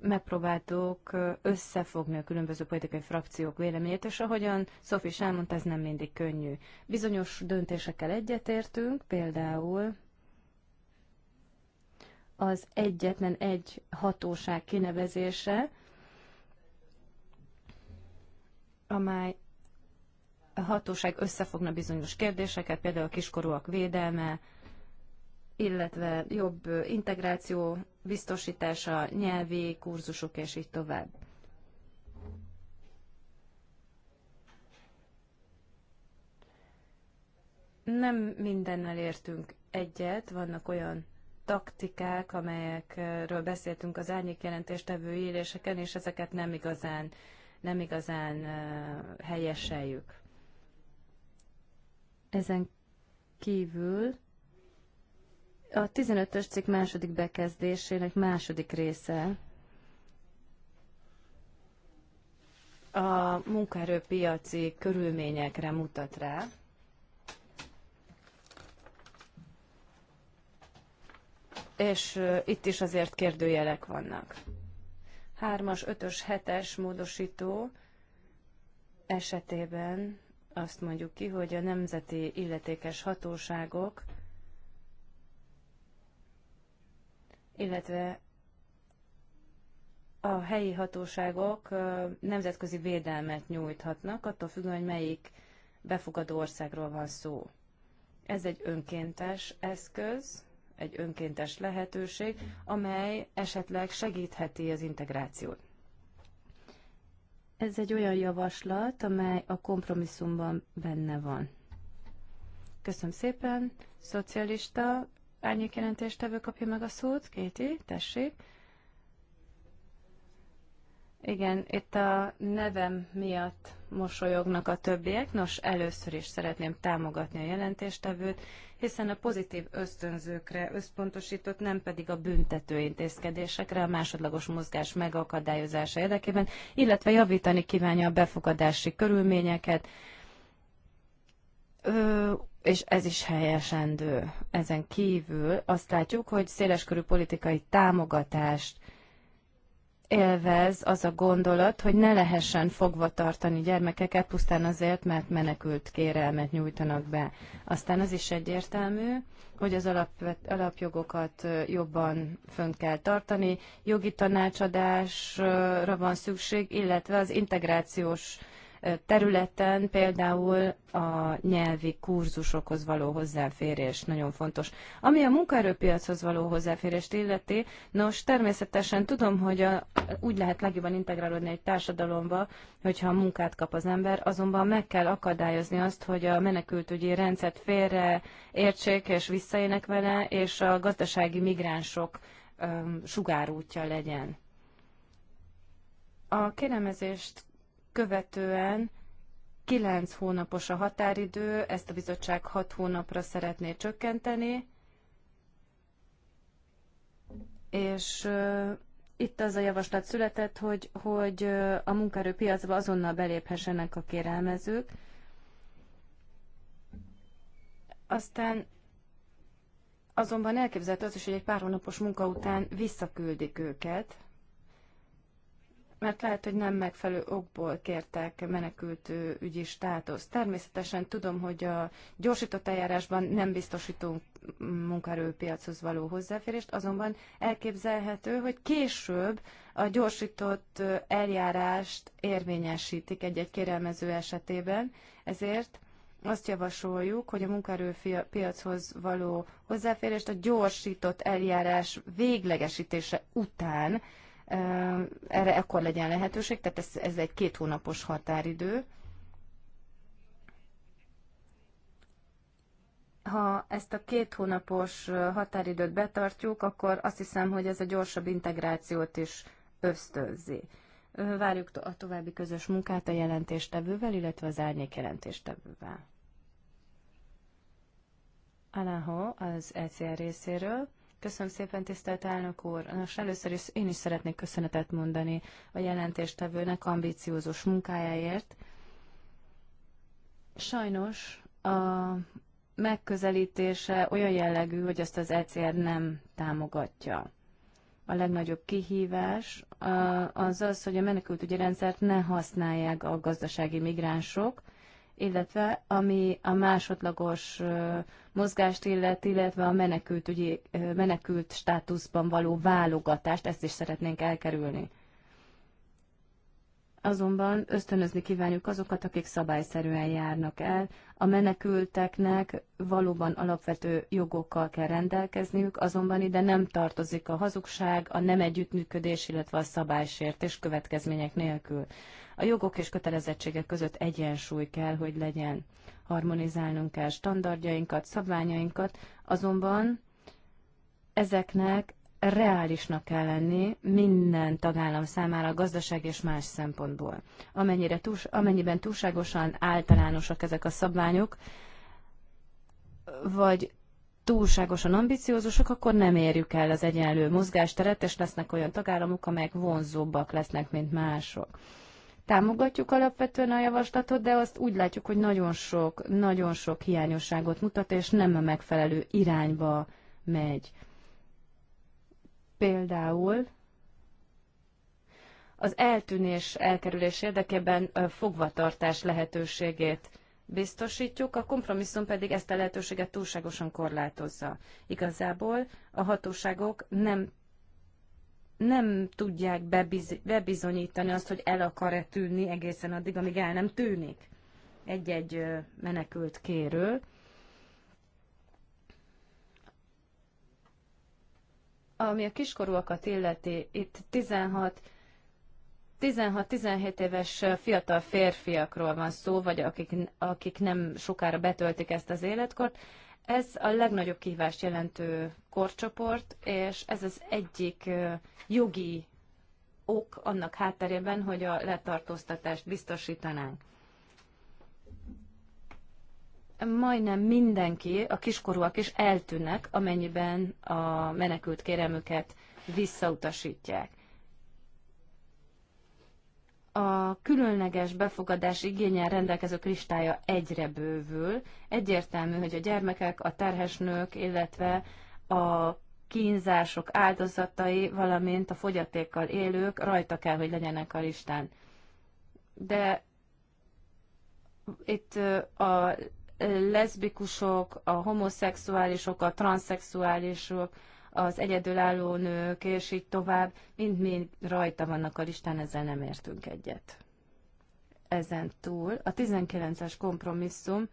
megpróbáltuk összefogni a különböző politikai frakciók véleményét, és ahogyan Szofi is elmondta, ez nem mindig könnyű. Bizonyos döntésekkel egyetértünk, például az egyetlen egy hatóság kinevezése, amely a hatóság összefogna bizonyos kérdéseket, például a kiskorúak védelme, illetve jobb integráció biztosítása, nyelvi kurzusok és így tovább. Nem mindennel értünk egyet, vannak olyan taktikák, amelyekről beszéltünk az árnyék jelentéstevő éléseken, és ezeket nem igazán, nem igazán helyeseljük. Ezen kívül a 15-ös cikk második bekezdésének második része a munkaerőpiaci körülményekre mutat rá. és itt is azért kérdőjelek vannak. 3-as, 5-ös, 7-es módosító esetében azt mondjuk ki, hogy a nemzeti illetékes hatóságok, illetve a helyi hatóságok nemzetközi védelmet nyújthatnak, attól függően, hogy melyik befogadó országról van szó. Ez egy önkéntes eszköz, egy önkéntes lehetőség, amely esetleg segítheti az integrációt. Ez egy olyan javaslat, amely a kompromisszumban benne van. Köszönöm szépen. Szocialista árnyékjelentéstevő kapja meg a szót. Kéti, tessék. Igen, itt a nevem miatt mosolyognak a többiek. Nos, először is szeretném támogatni a jelentéstevőt, hiszen a pozitív ösztönzőkre összpontosított, nem pedig a büntető intézkedésekre, a másodlagos mozgás megakadályozása érdekében, illetve javítani kívánja a befogadási körülményeket, Ö, és ez is helyesendő. Ezen kívül azt látjuk, hogy széleskörű politikai támogatást élvez az a gondolat, hogy ne lehessen fogva tartani gyermekeket pusztán azért, mert menekült kérelmet nyújtanak be. Aztán az is egyértelmű, hogy az alap, alapjogokat jobban fönn kell tartani, jogi tanácsadásra van szükség, illetve az integrációs területen, például a nyelvi kurzusokhoz való hozzáférés nagyon fontos. Ami a munkaerőpiachoz való hozzáférést illeti, nos, természetesen tudom, hogy a, úgy lehet legjobban integrálódni egy társadalomba, hogyha a munkát kap az ember, azonban meg kell akadályozni azt, hogy a menekültügyi rendszert félre értsék és visszaének vele, és a gazdasági migránsok öm, sugárútja legyen. A kérelmezést követően 9 hónapos a határidő, ezt a bizottság 6 hónapra szeretné csökkenteni, és itt az a javaslat született, hogy, hogy a munkaerőpiacba azonnal beléphessenek a kérelmezők. Aztán azonban elképzelhető az is, hogy egy pár hónapos munka után visszaküldik őket, mert lehet, hogy nem megfelelő okból kértek menekült ügyi státuszt. Természetesen tudom, hogy a gyorsított eljárásban nem biztosítunk munkaerőpiachoz való hozzáférést, azonban elképzelhető, hogy később a gyorsított eljárást érvényesítik egy-egy kérelmező esetében, ezért azt javasoljuk, hogy a munkaerőpiachoz való hozzáférést a gyorsított eljárás véglegesítése után erre ekkor legyen lehetőség, tehát ez, ez egy két hónapos határidő. Ha ezt a két hónapos határidőt betartjuk, akkor azt hiszem, hogy ez a gyorsabb integrációt is ösztönzi. Várjuk a további közös munkát a jelentéstevővel, illetve az árnyék jelentéstevővel. Alaho az ECR részéről. Köszönöm szépen, tisztelt elnök úr. Nos, először is én is szeretnék köszönetet mondani a jelentéstevőnek ambíciózus munkájáért. Sajnos a megközelítése olyan jellegű, hogy azt az ECR nem támogatja. A legnagyobb kihívás az az, hogy a menekültügyi rendszert ne használják a gazdasági migránsok, illetve ami a másodlagos mozgást illet, illetve a menekült, ügyi, menekült státuszban való válogatást, ezt is szeretnénk elkerülni azonban ösztönözni kívánjuk azokat, akik szabályszerűen járnak el. A menekülteknek valóban alapvető jogokkal kell rendelkezniük, azonban ide nem tartozik a hazugság, a nem együttműködés, illetve a szabálysértés következmények nélkül. A jogok és kötelezettségek között egyensúly kell, hogy legyen. Harmonizálnunk kell standardjainkat, szabványainkat, azonban ezeknek reálisnak kell lenni minden tagállam számára gazdaság és más szempontból. Amennyire túl, amennyiben túlságosan általánosak ezek a szabványok, vagy túlságosan ambiciózusok, akkor nem érjük el az egyenlő mozgásteret, és lesznek olyan tagállamok, amelyek vonzóbbak lesznek, mint mások. Támogatjuk alapvetően a javaslatot, de azt úgy látjuk, hogy nagyon sok, nagyon sok hiányosságot mutat, és nem a megfelelő irányba megy. Például az eltűnés elkerülés érdekében fogvatartás lehetőségét biztosítjuk, a kompromisszum pedig ezt a lehetőséget túlságosan korlátozza. Igazából a hatóságok nem nem tudják bebiz, bebizonyítani azt, hogy el akar-e tűnni egészen addig, amíg el nem tűnik egy-egy menekült kérő. Ami a kiskorúakat illeti, itt 16 16-17 éves fiatal férfiakról van szó, vagy akik, akik nem sokára betöltik ezt az életkort. Ez a legnagyobb kihívást jelentő korcsoport, és ez az egyik jogi ok annak hátterében, hogy a letartóztatást biztosítanánk majdnem mindenki, a kiskorúak is eltűnnek, amennyiben a menekült kérelmüket visszautasítják. A különleges befogadás igényen rendelkező kristálya egyre bővül. Egyértelmű, hogy a gyermekek, a terhes nők, illetve a kínzások áldozatai, valamint a fogyatékkal élők rajta kell, hogy legyenek a listán. De itt a leszbikusok, a homoszexuálisok, a transzexuálisok, az egyedülálló nők, és így tovább, mind-mind rajta vannak a listán, ezzel nem értünk egyet. Ezen túl a 19-es kompromisszum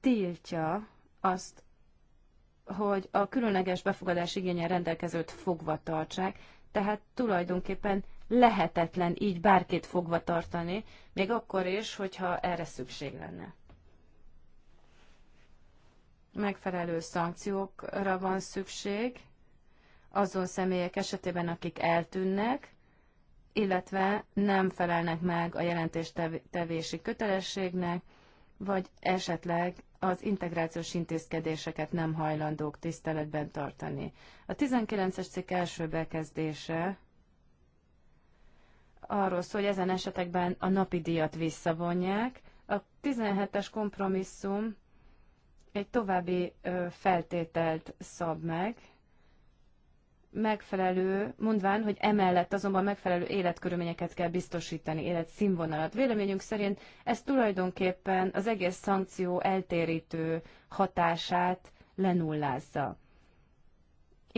tiltja azt, hogy a különleges befogadás igényen rendelkezőt fogva tartsák, tehát tulajdonképpen lehetetlen így bárkit fogva tartani, még akkor is, hogyha erre szükség lenne megfelelő szankciókra van szükség azon személyek esetében, akik eltűnnek, illetve nem felelnek meg a jelentéstevési kötelességnek, vagy esetleg az integrációs intézkedéseket nem hajlandók tiszteletben tartani. A 19-es cikk első bekezdése arról szól, hogy ezen esetekben a napi díjat visszavonják. A 17-es kompromisszum egy további feltételt szab meg, megfelelő, mondván, hogy emellett azonban megfelelő életkörülményeket kell biztosítani, életszínvonalat. Véleményünk szerint ez tulajdonképpen az egész szankció eltérítő hatását lenullázza.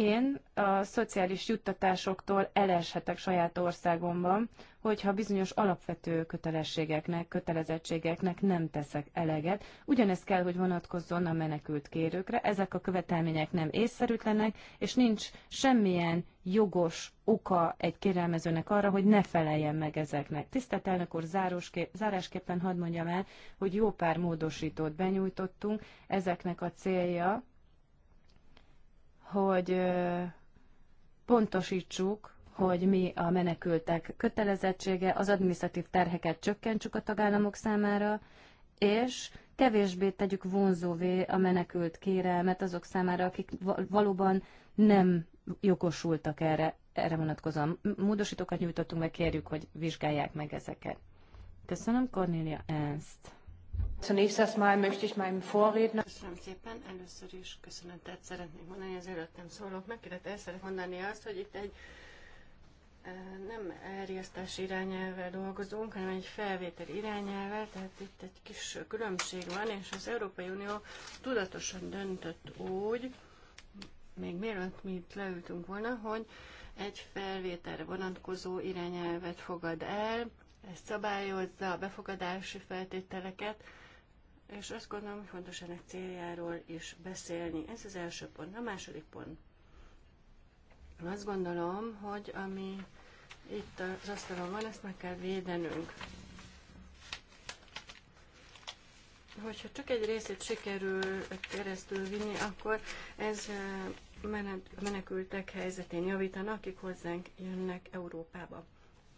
Én a szociális juttatásoktól eleshetek saját országomban, hogyha bizonyos alapvető kötelességeknek, kötelezettségeknek nem teszek eleget. Ugyanez kell, hogy vonatkozzon a menekült kérőkre. Ezek a követelmények nem észszerűtlenek, és nincs semmilyen jogos oka egy kérelmezőnek arra, hogy ne feleljen meg ezeknek. Tisztelt elnök úr, zárósképp, zárásképpen hadd mondjam el, hogy jó pár módosítót benyújtottunk. Ezeknek a célja, hogy pontosítsuk, hogy mi a menekültek kötelezettsége, az administratív terheket csökkentsük a tagállamok számára, és kevésbé tegyük vonzóvé a menekült kérelmet azok számára, akik valóban nem jogosultak erre, erre vonatkozóan. Módosítókat nyújtottunk, meg kérjük, hogy vizsgálják meg ezeket. Köszönöm, Cornélia Ernst. Zunächst erstmal möchte ich meinem Vorredner. Köszönöm szépen. Először is köszönetet szeretnék mondani az nem szólok meg, illetve el szeretném mondani azt, hogy itt egy eh, nem elriasztás irányelvvel dolgozunk, hanem egy felvétel irányelvvel, tehát itt egy kis különbség van, és az Európai Unió tudatosan döntött úgy, még mielőtt mi itt leültünk volna, hogy egy felvételre vonatkozó irányelvet fogad el, ez szabályozza a befogadási feltételeket, és azt gondolom, hogy fontos ennek céljáról is beszélni. Ez az első pont. A második pont. Azt gondolom, hogy ami itt az asztalon van, ezt meg kell védenünk. Hogyha csak egy részét sikerül keresztül vinni, akkor ez menekültek helyzetén javítanak, akik hozzánk jönnek Európába.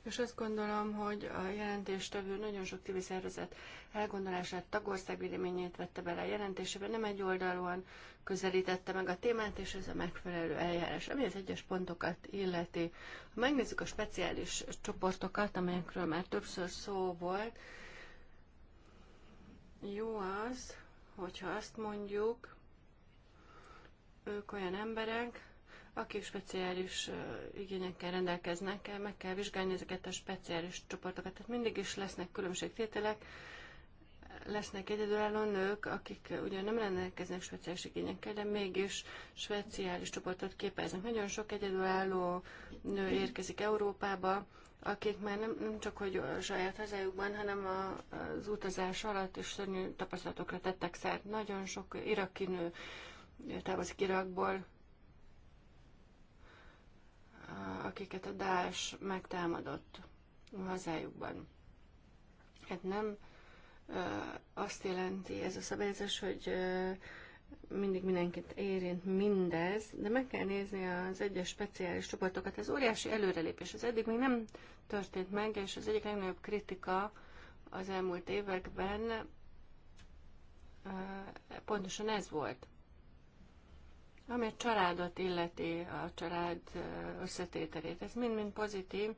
És azt gondolom, hogy a jelentéstevő nagyon sok civil szervezet elgondolását, tagország véleményét vette bele a jelentésébe, nem egy oldalon közelítette meg a témát, és ez a megfelelő eljárás, ami az egyes pontokat illeti. Ha megnézzük a speciális csoportokat, amelyekről már többször szó volt, jó az, hogyha azt mondjuk, ők olyan emberek, akik speciális igényekkel rendelkeznek, eh, meg kell vizsgálni ezeket a speciális csoportokat. Tehát mindig is lesznek különbségtételek, lesznek egyedülálló nők, akik eh, ugyan nem rendelkeznek speciális igényekkel, de mégis speciális csoportot képeznek. Nagyon sok egyedülálló nő érkezik Európába, akik már nem, nem csak hogy a saját hazájukban, hanem a, az utazás alatt is szörnyű tapasztalatokra tettek szert. Nagyon sok iraki nő eh, távozik Irakból, akiket a Daesh megtámadott a hazájukban. Hát nem azt jelenti ez a szabályozás, hogy mindig mindenkit érint mindez, de meg kell nézni az egyes speciális csoportokat. Ez óriási előrelépés, ez eddig még nem történt meg, és az egyik legnagyobb kritika az elmúlt években pontosan ez volt. Ami a családot illeti, a család összetételét, ez mind-mind pozitív,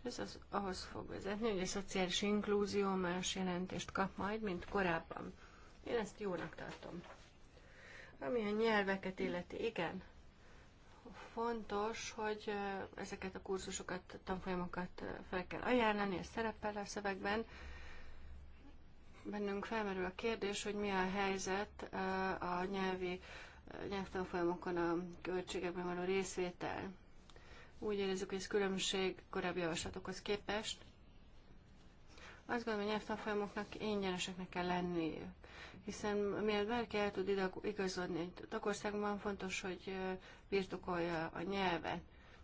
és ez az, ahhoz fog vezetni, hogy a szociális inklúzió más jelentést kap majd, mint korábban. Én ezt jónak tartom. Ami a nyelveket illeti, igen, fontos, hogy ezeket a kurzusokat, tanfolyamokat fel kell ajánlani, ez szerepel a szövegben. Bennünk felmerül a kérdés, hogy mi a helyzet a nyelvi nyelvtanfolyamokon a költségekben való részvétel. Úgy érezzük, hogy ez különbség korábbi javaslatokhoz képest. Azt gondolom, hogy nyelvtanfolyamoknak ingyeneseknek kell lenniük, hiszen mielőtt bárki el tud igazodni egy tagországban, fontos, hogy birtokolja a nyelvet.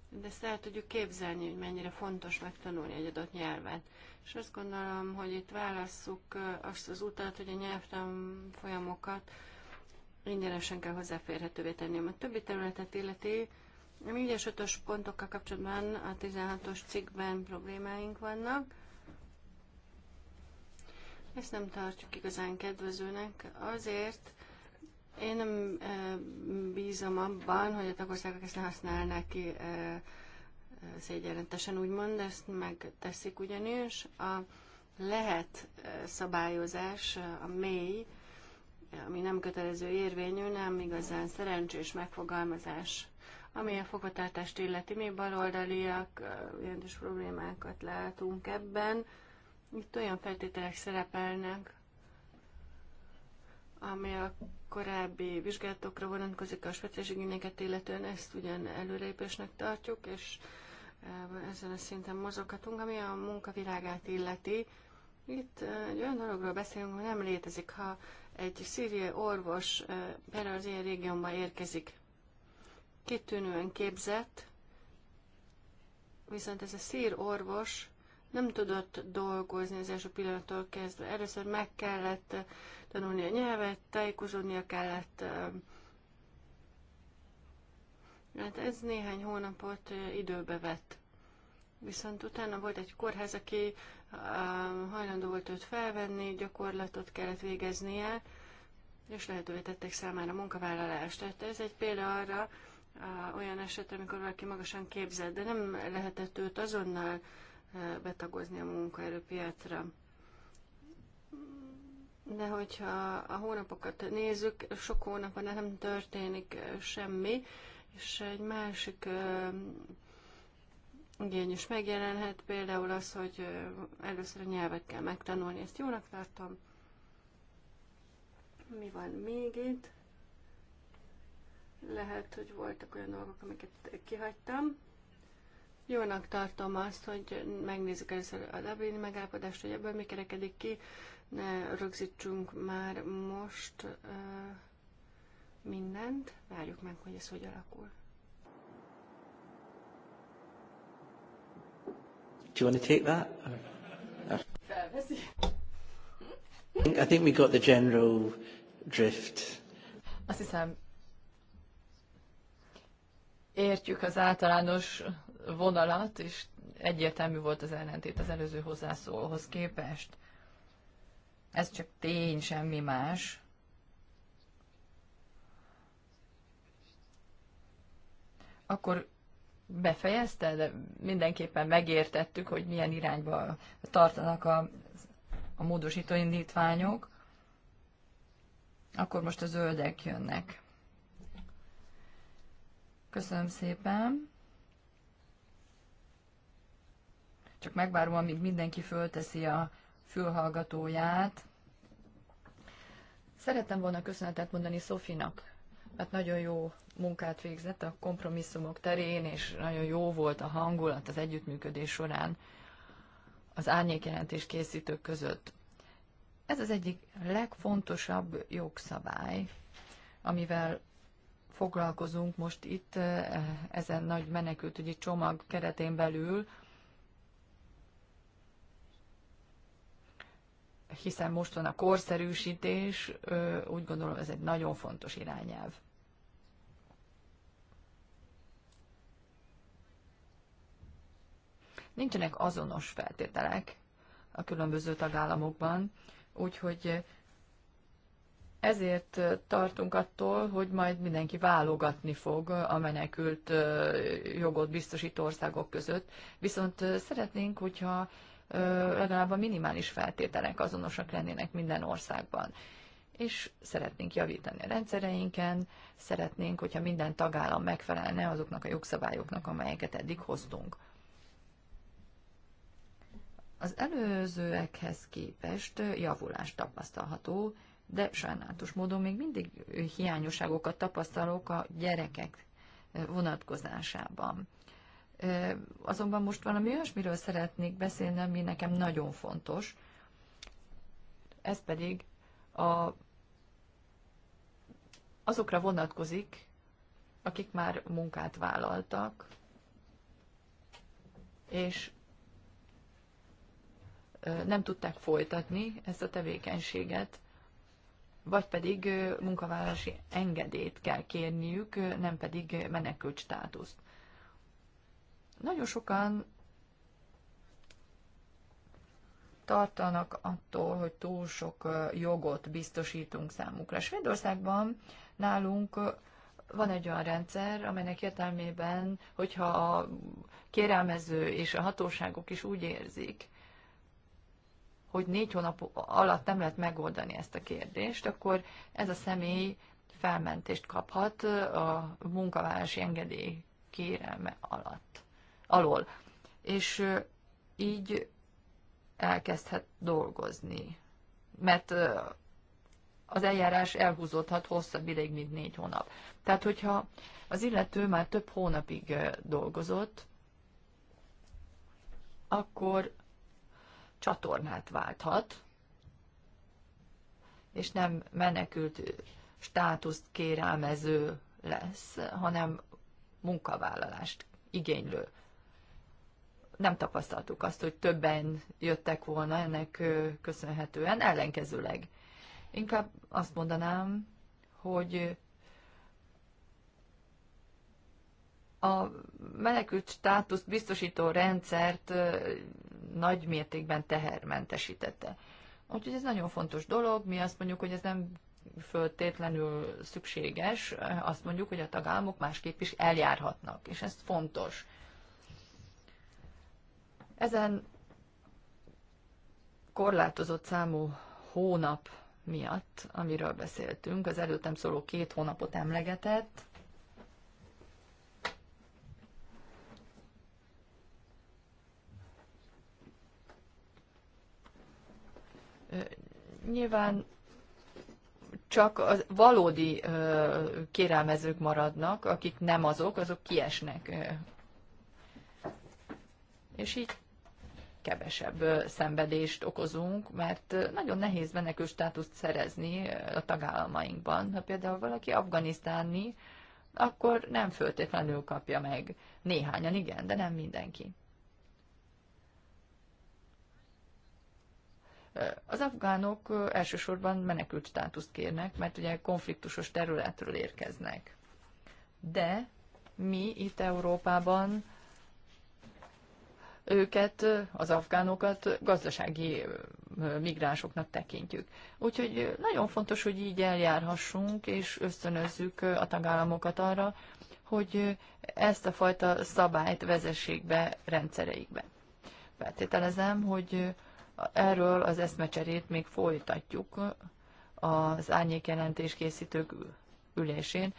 De ezt el tudjuk képzelni, hogy mennyire fontos megtanulni egy adott nyelvet. És azt gondolom, hogy itt válasszuk azt az utat, hogy a nyelvtanfolyamokat. folyamokat ingyenesen kell hozzáférhetővé tenni. A többi területet illeti, a ügyes ötös pontokkal kapcsolatban a 16-os cikkben problémáink vannak. Ezt nem tartjuk igazán kedvezőnek, azért én nem bízom abban, hogy a tagországok ezt ne használnák ki szégyenletesen úgymond, ezt megteszik ugyanis. A lehet szabályozás, a mély ami nem kötelező érvényű, nem igazán szerencsés megfogalmazás. Ami a fogvatartást illeti, mi baloldaliak jelentős problémákat látunk ebben. Itt olyan feltételek szerepelnek, ami a korábbi vizsgálatokra vonatkozik a speciális igényeket illetően, ezt ugyan előrépésnek tartjuk, és ezen a szinten mozoghatunk, ami a munkavilágát illeti. Itt egy olyan dologról beszélünk, hogy nem létezik. Ha egy szíriai orvos erre az én régiómban érkezik. Kitűnően képzett, viszont ez a szír orvos nem tudott dolgozni az első pillanattól kezdve. Először meg kellett tanulni a nyelvet, tájékozódnia kellett. Hát ez néhány hónapot időbe vett. Viszont utána volt egy kórház, aki hajlandó volt őt felvenni, gyakorlatot kellett végeznie, és lehetővé tették számára munkavállalást. Tehát ez egy példa arra, olyan eset, amikor valaki magasan képzett, de nem lehetett őt azonnal betagozni a munkaerőpiacra. De hogyha a hónapokat nézzük, sok hónapban nem történik semmi, és egy másik igény is megjelenhet, például az, hogy először a nyelvet kell megtanulni, ezt jónak tartom. Mi van még itt? Lehet, hogy voltak olyan dolgok, amiket kihagytam. Jónak tartom azt, hogy megnézzük először a Dublini megállapodást, hogy ebből mi kerekedik ki, ne rögzítsünk már most uh, mindent, várjuk meg, hogy ez hogy alakul. Do you want to take that? I think we got the general drift. Azt hiszem, értjük az általános vonalat, és egyértelmű volt az ellentét az előző hozzászólóhoz képest. Ez csak tény, semmi más. Akkor befejezte, de mindenképpen megértettük, hogy milyen irányba tartanak a, a módosító indítványok. Akkor most a zöldek jönnek. Köszönöm szépen. Csak megvárom, amíg mindenki fölteszi a fülhallgatóját. Szerettem volna köszönetet mondani Szofinak mert hát nagyon jó munkát végzett a kompromisszumok terén, és nagyon jó volt a hangulat az együttműködés során az árnyékjelentés készítők között. Ez az egyik legfontosabb jogszabály, amivel foglalkozunk most itt eh, ezen nagy menekültügyi csomag keretén belül, hiszen most van a korszerűsítés, úgy gondolom ez egy nagyon fontos irányelv. nincsenek azonos feltételek a különböző tagállamokban, úgyhogy ezért tartunk attól, hogy majd mindenki válogatni fog a menekült jogot biztosító országok között, viszont szeretnénk, hogyha legalább a minimális feltételek azonosak lennének minden országban. És szeretnénk javítani a rendszereinken, szeretnénk, hogyha minden tagállam megfelelne azoknak a jogszabályoknak, amelyeket eddig hoztunk. Az előzőekhez képest javulás tapasztalható, de sajnálatos módon még mindig hiányosságokat tapasztalok a gyerekek vonatkozásában. Azonban most valami olyasmiről szeretnék beszélni, ami nekem nagyon fontos. Ez pedig a, azokra vonatkozik, akik már munkát vállaltak, és nem tudták folytatni ezt a tevékenységet, vagy pedig munkavállalási engedélyt kell kérniük, nem pedig menekült státuszt. Nagyon sokan tartanak attól, hogy túl sok jogot biztosítunk számukra. Svédországban nálunk van egy olyan rendszer, amelynek értelmében, hogyha a kérelmező és a hatóságok is úgy érzik, hogy négy hónap alatt nem lehet megoldani ezt a kérdést, akkor ez a személy felmentést kaphat a munkavállalási engedély kérelme alatt, alól. És így elkezdhet dolgozni. Mert az eljárás elhúzódhat hosszabb ideig, mint négy hónap. Tehát, hogyha az illető már több hónapig dolgozott, akkor csatornát válthat, és nem menekült státuszt kérelmező lesz, hanem munkavállalást igénylő. Nem tapasztaltuk azt, hogy többen jöttek volna ennek köszönhetően, ellenkezőleg. Inkább azt mondanám, hogy a menekült státuszt biztosító rendszert nagy mértékben tehermentesítette. Úgyhogy ez nagyon fontos dolog, mi azt mondjuk, hogy ez nem föltétlenül szükséges, azt mondjuk, hogy a tagállamok másképp is eljárhatnak, és ez fontos. Ezen korlátozott számú hónap miatt, amiről beszéltünk, az előttem szóló két hónapot emlegetett, nyilván csak az valódi kérelmezők maradnak, akik nem azok, azok kiesnek. És így kevesebb szenvedést okozunk, mert nagyon nehéz menekő státuszt szerezni a tagállamainkban. Ha például valaki afganisztáni, akkor nem föltétlenül kapja meg. Néhányan igen, de nem mindenki. Az afgánok elsősorban menekült státuszt kérnek, mert ugye konfliktusos területről érkeznek. De mi itt Európában őket, az afgánokat gazdasági migránsoknak tekintjük. Úgyhogy nagyon fontos, hogy így eljárhassunk, és ösztönözzük a tagállamokat arra, hogy ezt a fajta szabályt vezessék be rendszereikbe. Feltételezem, hogy Erről az eszmecserét még folytatjuk az árnyékjelentés készítők ülésén,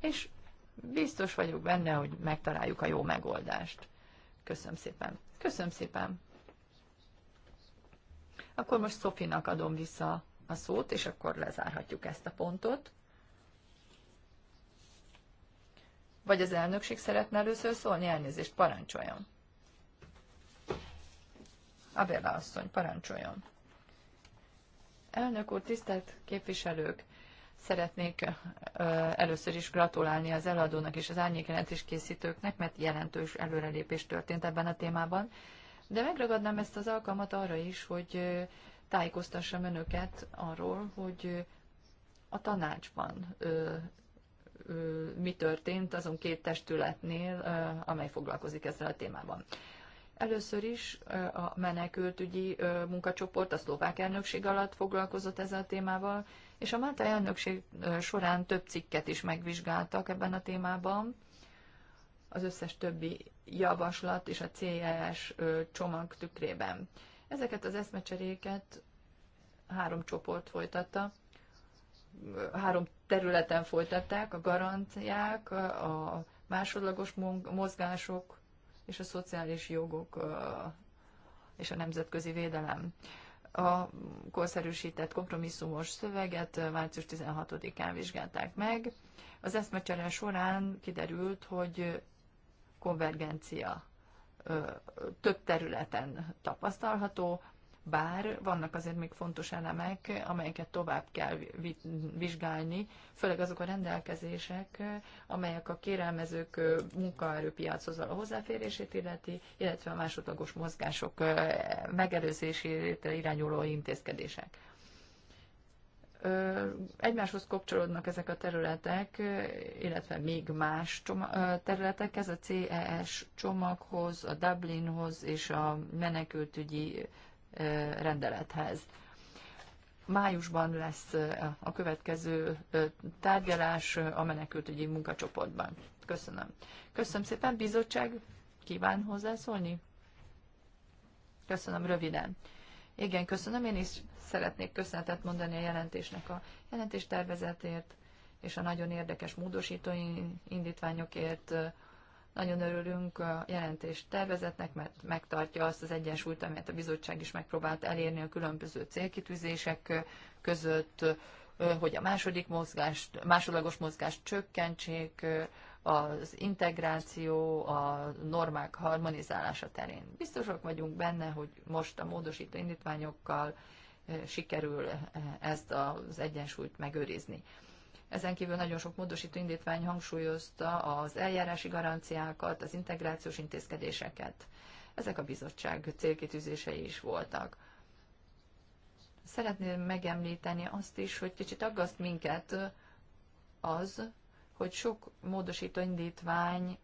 és biztos vagyok benne, hogy megtaláljuk a jó megoldást. Köszönöm szépen. Köszönöm szépen. Akkor most Szofinak adom vissza a szót, és akkor lezárhatjuk ezt a pontot. Vagy az elnökség szeretne először szólni? Elnézést, parancsoljon. Abela asszony, parancsoljon. Elnök úr, tisztelt képviselők! Szeretnék először is gratulálni az eladónak és az árnyékjelentés készítőknek, mert jelentős előrelépés történt ebben a témában. De megragadnám ezt az alkalmat arra is, hogy tájékoztassam önöket arról, hogy a tanácsban mi történt azon két testületnél, amely foglalkozik ezzel a témában. Először is a menekültügyi munkacsoport a szlovák elnökség alatt foglalkozott ezzel a témával, és a Málta elnökség során több cikket is megvizsgáltak ebben a témában. Az összes többi javaslat és a CES csomag tükrében. Ezeket az eszmecseréket három csoport folytatta, három területen folytatták, a garanciák, a másodlagos mozgások, és a szociális jogok és a nemzetközi védelem. A korszerűsített kompromisszumos szöveget március 16-án vizsgálták meg. Az eszmecsere során kiderült, hogy konvergencia több területen tapasztalható, bár vannak azért még fontos elemek, amelyeket tovább kell vizsgálni, főleg azok a rendelkezések, amelyek a kérelmezők munkaerőpiachoz a hozzáférését illeti, illetve a másodlagos mozgások megelőzésére irányuló intézkedések. Egymáshoz kapcsolódnak ezek a területek, illetve még más területek, ez a CES csomaghoz, a Dublinhoz és a menekültügyi rendelethez. Májusban lesz a következő tárgyalás a menekültügyi munkacsoportban. Köszönöm. Köszönöm szépen. Bizottság kíván hozzászólni? Köszönöm röviden. Igen, köszönöm. Én is szeretnék köszönetet mondani a jelentésnek a jelentéstervezetért és a nagyon érdekes módosító indítványokért, nagyon örülünk a jelentés tervezetnek, mert megtartja azt az egyensúlyt, amelyet a bizottság is megpróbált elérni a különböző célkitűzések között, hogy a második mozgást, másodlagos mozgást csökkentsék, az integráció, a normák harmonizálása terén. Biztosak vagyunk benne, hogy most a módosító indítványokkal sikerül ezt az egyensúlyt megőrizni. Ezen kívül nagyon sok módosító indítvány hangsúlyozta az eljárási garanciákat, az integrációs intézkedéseket. Ezek a bizottság célkitűzései is voltak. Szeretném megemlíteni azt is, hogy kicsit aggaszt minket az, hogy sok módosító indítvány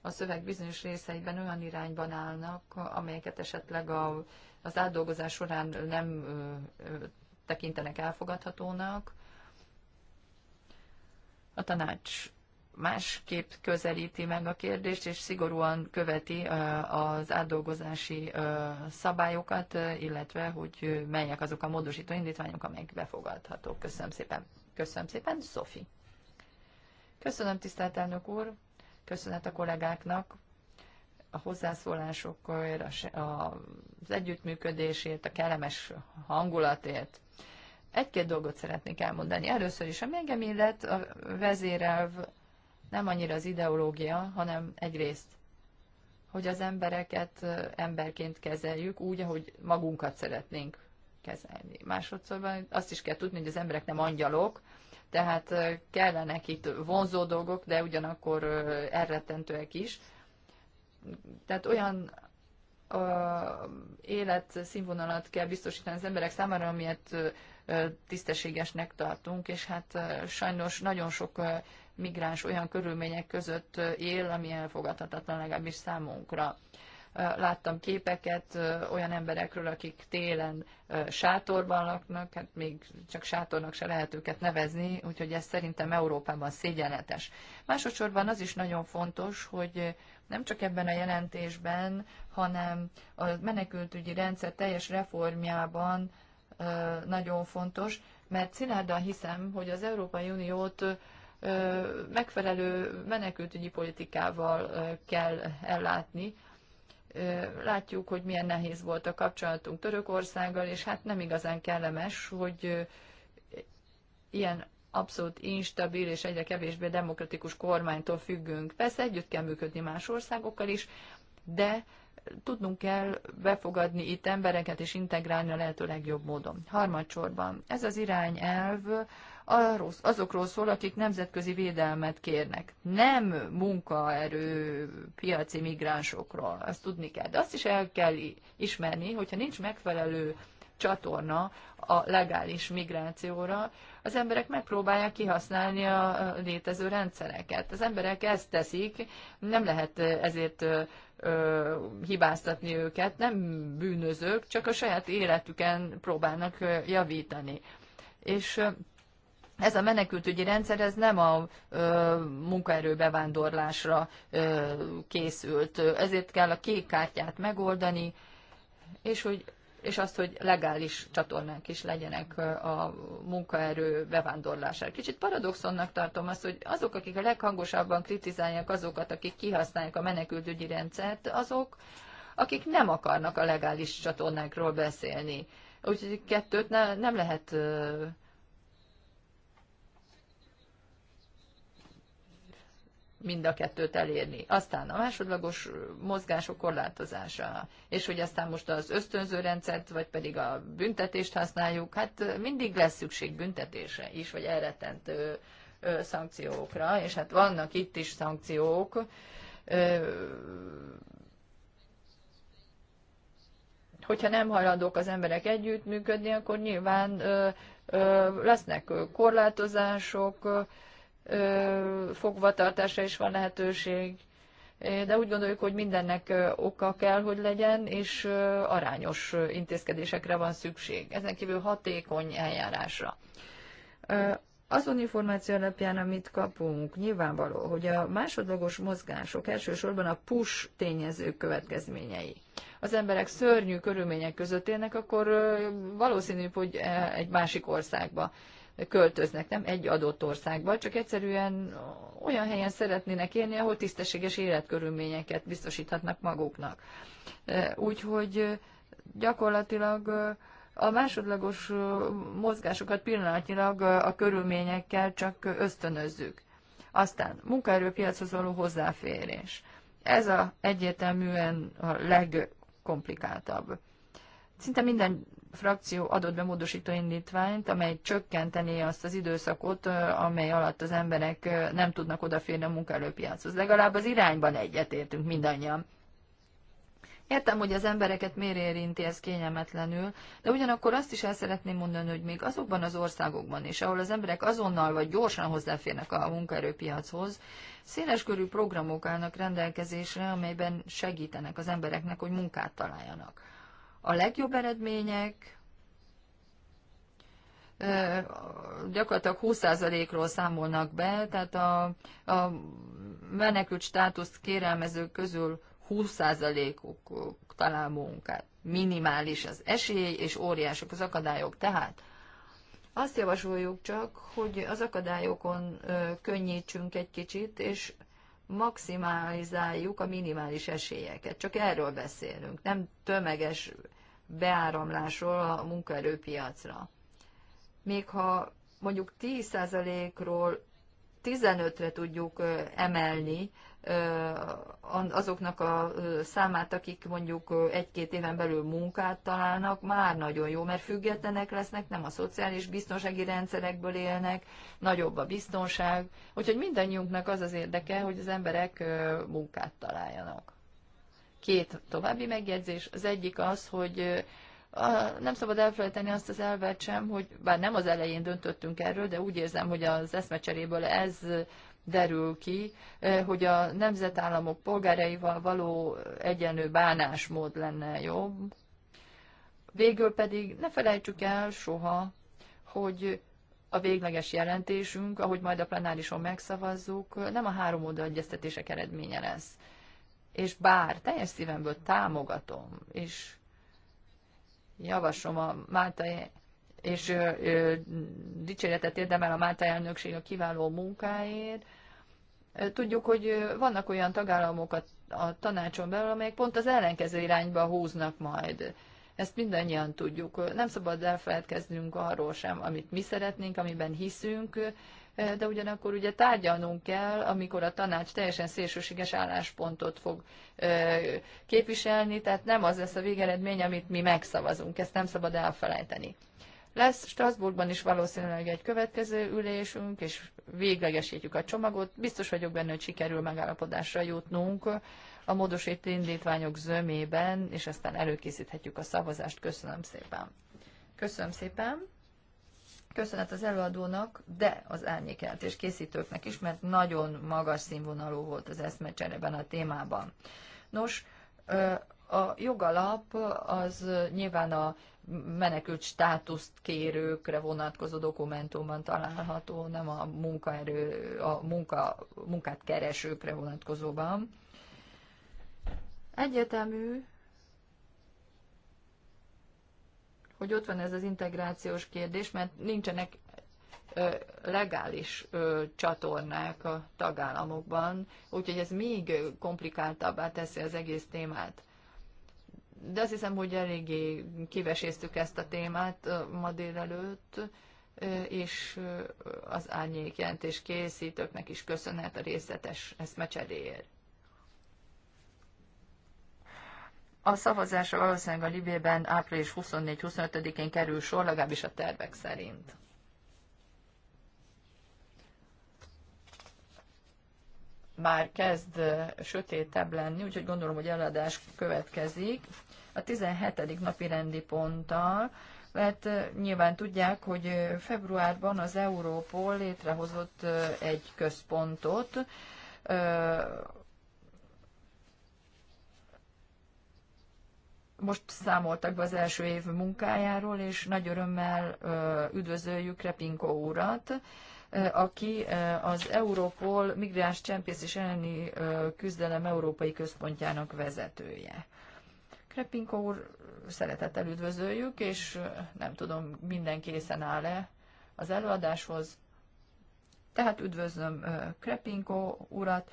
a szöveg bizonyos részeiben olyan irányban állnak, amelyeket esetleg a az átdolgozás során nem tekintenek elfogadhatónak. A tanács másképp közelíti meg a kérdést, és szigorúan követi az átdolgozási szabályokat, illetve hogy melyek azok a módosító indítványok, amelyek befogadhatók. Köszönöm szépen. Köszönöm szépen, Szofi. Köszönöm, tisztelt elnök úr. Köszönet a kollégáknak a hozzászólásokért, az együttműködésért, a kellemes hangulatért. Egy-két dolgot szeretnék elmondani. Először is, ami engem illet, a vezérelv nem annyira az ideológia, hanem egyrészt, hogy az embereket emberként kezeljük úgy, ahogy magunkat szeretnénk kezelni. Másodszor azt is kell tudni, hogy az emberek nem angyalok, tehát kellenek itt vonzó dolgok, de ugyanakkor elrettentőek is tehát olyan ö, életszínvonalat kell biztosítani az emberek számára, amilyet tisztességesnek tartunk, és hát sajnos nagyon sok migráns olyan körülmények között él, ami elfogadhatatlan legalábbis számunkra. Láttam képeket olyan emberekről, akik télen sátorban laknak, hát még csak sátornak se lehet őket nevezni, úgyhogy ez szerintem Európában szégyenletes. Másodszorban az is nagyon fontos, hogy nem csak ebben a jelentésben, hanem a menekültügyi rendszer teljes reformjában nagyon fontos, mert szilárdan hiszem, hogy az Európai Uniót megfelelő menekültügyi politikával kell ellátni. Látjuk, hogy milyen nehéz volt a kapcsolatunk Törökországgal, és hát nem igazán kellemes, hogy ilyen abszolút instabil és egyre kevésbé demokratikus kormánytól függünk. Persze együtt kell működni más országokkal is, de tudnunk kell befogadni itt embereket és integrálni a lehető legjobb módon. Harmadsorban, ez az irányelv azokról szól, akik nemzetközi védelmet kérnek. Nem munkaerő piaci migránsokról, azt tudni kell. De azt is el kell ismerni, hogyha nincs megfelelő csatorna a legális migrációra. Az emberek megpróbálják kihasználni a létező rendszereket. Az emberek ezt teszik, nem lehet ezért ö, hibáztatni őket, nem bűnözők, csak a saját életüken próbálnak javítani. És ez a menekültügyi rendszer ez nem a ö, munkaerőbevándorlásra ö, készült, ezért kell a kék kártyát megoldani, és hogy és azt, hogy legális csatornák is legyenek a munkaerő bevándorlására. Kicsit paradoxonnak tartom azt, hogy azok, akik a leghangosabban kritizálják azokat, akik kihasználják a menekültügyi rendszert, azok, akik nem akarnak a legális csatornákról beszélni. Úgyhogy kettőt ne, nem lehet mind a kettőt elérni. Aztán a másodlagos mozgások korlátozása, és hogy aztán most az ösztönző rendszert, vagy pedig a büntetést használjuk, hát mindig lesz szükség büntetése is, vagy elrettentő szankciókra, és hát vannak itt is szankciók, hogyha nem hajlandók az emberek együttműködni, akkor nyilván lesznek korlátozások, fogvatartása is van lehetőség, de úgy gondoljuk, hogy mindennek oka kell, hogy legyen, és arányos intézkedésekre van szükség. Ezen kívül hatékony eljárásra. Azon információ alapján, amit kapunk, nyilvánvaló, hogy a másodlagos mozgások elsősorban a push tényezők következményei. Az emberek szörnyű körülmények között élnek, akkor valószínűbb, hogy e, egy másik országba költöznek, nem egy adott országba, csak egyszerűen olyan helyen szeretnének élni, ahol tisztességes életkörülményeket biztosíthatnak maguknak. E, úgyhogy e, gyakorlatilag e, a másodlagos mozgásokat pillanatnyilag a körülményekkel csak ösztönözzük. Aztán munkaerőpiachoz való hozzáférés. Ez a egyértelműen a legkomplikáltabb. Szinte minden frakció adott be módosító indítványt, amely csökkenteni azt az időszakot, amely alatt az emberek nem tudnak odaférni a munkaerőpiachoz. Legalább az irányban egyetértünk mindannyian. Értem, hogy az embereket miért érinti ez kényelmetlenül, de ugyanakkor azt is el szeretném mondani, hogy még azokban az országokban is, ahol az emberek azonnal vagy gyorsan hozzáférnek a munkaerőpiachoz, széleskörű programok állnak rendelkezésre, amelyben segítenek az embereknek, hogy munkát találjanak. A legjobb eredmények gyakorlatilag 20%-ról számolnak be, tehát a, a menekült státuszt kérelmezők közül 20%-uk talál munkát. Minimális az esély, és óriások az akadályok. Tehát azt javasoljuk csak, hogy az akadályokon könnyítsünk egy kicsit, és maximalizáljuk a minimális esélyeket. Csak erről beszélünk, nem tömeges beáramlásról a munkaerőpiacra. Még ha mondjuk 10%-ról 15-re tudjuk emelni azoknak a számát, akik mondjuk egy-két éven belül munkát találnak, már nagyon jó, mert függetlenek lesznek, nem a szociális biztonsági rendszerekből élnek, nagyobb a biztonság. Úgyhogy mindannyiunknak az az érdeke, hogy az emberek munkát találjanak két további megjegyzés. Az egyik az, hogy nem szabad elfelejteni azt az elvet sem, hogy bár nem az elején döntöttünk erről, de úgy érzem, hogy az eszmecseréből ez derül ki, hogy a nemzetállamok polgáraival való egyenlő bánásmód lenne jobb. Végül pedig ne felejtsük el soha, hogy a végleges jelentésünk, ahogy majd a plenárison megszavazzuk, nem a három oldal egyeztetések eredménye lesz és bár teljes szívemből támogatom, és javaslom a Málta, és ö, ö, dicséretet érdemel a Málta elnökség a kiváló munkáért. Tudjuk, hogy vannak olyan tagállamok a, a tanácson belül, amelyek pont az ellenkező irányba húznak majd. Ezt mindannyian tudjuk. Nem szabad elfeledkeznünk arról sem, amit mi szeretnénk, amiben hiszünk, de ugyanakkor ugye tárgyalnunk kell, amikor a tanács teljesen szélsőséges álláspontot fog képviselni, tehát nem az lesz a végeredmény, amit mi megszavazunk, ezt nem szabad elfelejteni. Lesz Strasbourgban is valószínűleg egy következő ülésünk, és véglegesítjük a csomagot. Biztos vagyok benne, hogy sikerül megállapodásra jutnunk a módosít indítványok zömében, és aztán előkészíthetjük a szavazást. Köszönöm szépen. Köszönöm szépen. Köszönet az előadónak, de az és készítőknek is, mert nagyon magas színvonalú volt az eszmecsereben a témában. Nos, a jogalap az nyilván a menekült státuszt kérőkre vonatkozó dokumentumban található, nem a munkaerő, a munka, munkát keresőkre vonatkozóban. Egyetemű, hogy ott van ez az integrációs kérdés, mert nincsenek legális csatornák a tagállamokban, úgyhogy ez még komplikáltabbá teszi az egész témát. De azt hiszem, hogy eléggé kiveséztük ezt a témát ma délelőtt, és az árnyék jelentés készítőknek is köszönhet a részletes eszmecseréért. A szavazás valószínűleg a Libében április 24-25-én kerül sor, legalábbis a tervek szerint. Már kezd sötétebb lenni, úgyhogy gondolom, hogy eladás következik. A 17. napi rendi ponttal, mert hát, nyilván tudják, hogy februárban az Európol létrehozott egy központot, most számoltak be az első év munkájáról, és nagy örömmel üdvözöljük Repinko úrat, aki az Európol migráns és elleni küzdelem európai központjának vezetője. Krepinkó úr, szeretettel üdvözöljük, és nem tudom, minden készen áll-e az előadáshoz. Tehát üdvözlöm Krepinko urat,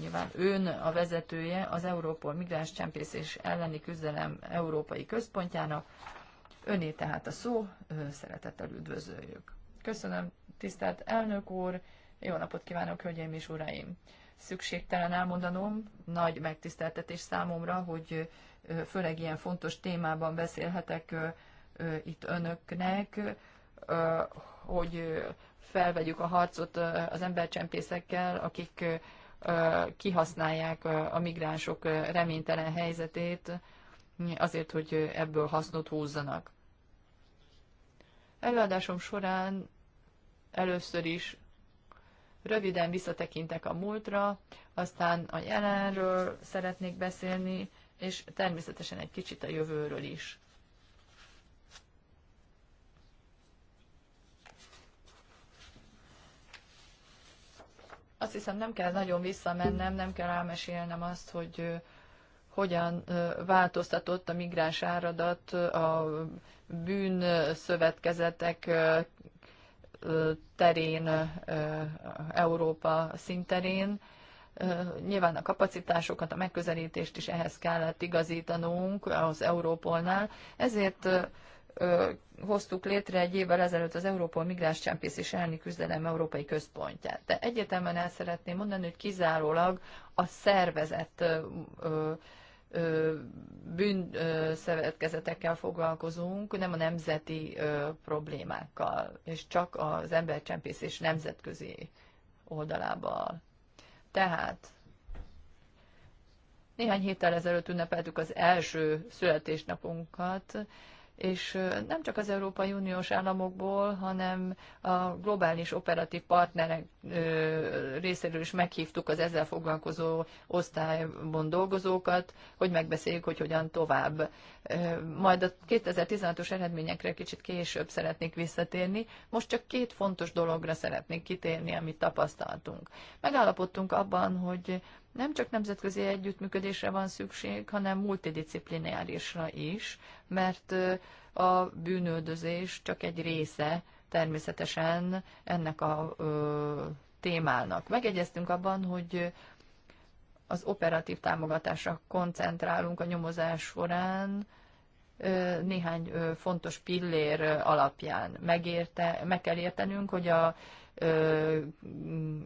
nyilván ön a vezetője az Európol migráns és elleni küzdelem Európai Központjának. Öné tehát a szó, szeretettel üdvözöljük. Köszönöm, tisztelt elnök úr, jó napot kívánok, hölgyeim és uraim! Szükségtelen elmondanom, nagy megtiszteltetés számomra, hogy főleg ilyen fontos témában beszélhetek itt önöknek, hogy felvegyük a harcot az embercsempészekkel, akik kihasználják a migránsok reménytelen helyzetét azért, hogy ebből hasznot húzzanak. Előadásom során először is röviden visszatekintek a múltra, aztán a jelenről szeretnék beszélni, és természetesen egy kicsit a jövőről is. Azt hiszem nem kell nagyon visszamennem, nem kell elmesélnem azt, hogy hogyan változtatott a migráns áradat a bűn szövetkezetek terén, Európa szinterén. Nyilván a kapacitásokat, a megközelítést is ehhez kellett igazítanunk az Európolnál, ezért ö, hoztuk létre egy évvel ezelőtt az Európa Migráns és Elni küzdelem Európai Központját. De egyetemen el szeretném mondani, hogy kizárólag a szervezett ö, ö, bűnszövetkezetekkel foglalkozunk, nem a nemzeti ö, problémákkal, és csak az és nemzetközi oldalával. Tehát néhány héttel ezelőtt ünnepeltük az első születésnapunkat, és nem csak az Európai Uniós államokból, hanem a globális operatív partnerek részéről is meghívtuk az ezzel foglalkozó osztályban dolgozókat, hogy megbeszéljük, hogy hogyan tovább. Majd a 2016-os eredményekre kicsit később szeretnék visszatérni. Most csak két fontos dologra szeretnék kitérni, amit tapasztaltunk. Megállapodtunk abban, hogy nem csak nemzetközi együttműködésre van szükség, hanem multidisciplinárisra is, mert a bűnöldözés csak egy része természetesen ennek a ö, témának. Megegyeztünk abban, hogy az operatív támogatásra koncentrálunk a nyomozás során ö, néhány ö, fontos pillér alapján. Megérte, meg kell értenünk, hogy a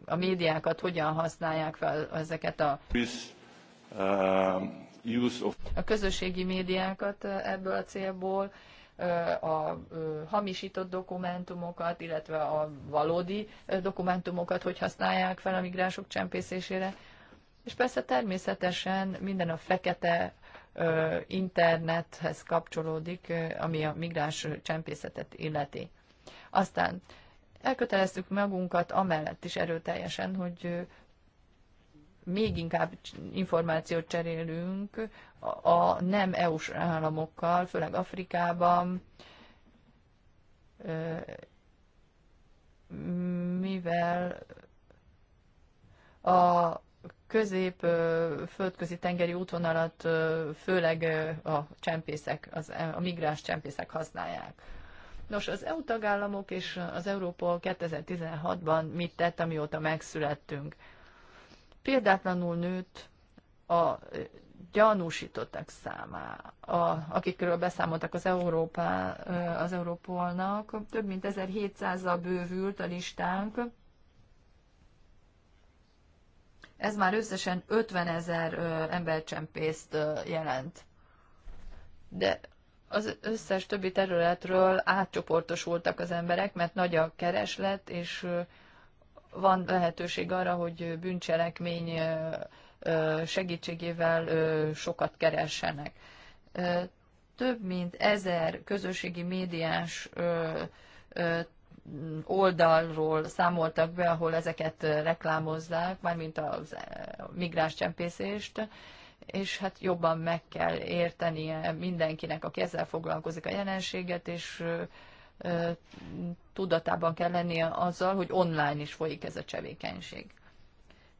a médiákat hogyan használják fel ezeket a uh, a közösségi médiákat ebből a célból, a hamisított dokumentumokat, illetve a valódi dokumentumokat, hogy használják fel a migránsok csempészésére. És persze természetesen minden a fekete internethez kapcsolódik, ami a migráns csempészetet illeti. Aztán elköteleztük magunkat amellett is erőteljesen, hogy még inkább információt cserélünk a nem EU-s államokkal, főleg Afrikában, mivel a közép földközi tengeri útvonalat főleg a csempészek, a migráns csempészek használják. Nos, az EU tagállamok és az Európa 2016-ban mit tett, amióta megszülettünk? Példátlanul nőtt a e, gyanúsítottak számá, a, akikről beszámoltak az, Európa e, az Európolnak. Több mint 1700-zal bővült a listánk. Ez már összesen 50 ezer e, embercsempészt jelent. De az összes többi területről átcsoportosultak az emberek, mert nagy a kereslet, és van lehetőség arra, hogy bűncselekmény segítségével sokat keressenek. Több mint ezer közösségi médiás oldalról számoltak be, ahol ezeket reklámozzák, mármint a migráns csempészést, és hát jobban meg kell értenie mindenkinek, aki ezzel foglalkozik a jelenséget, és tudatában kell lennie azzal, hogy online is folyik ez a tevékenység.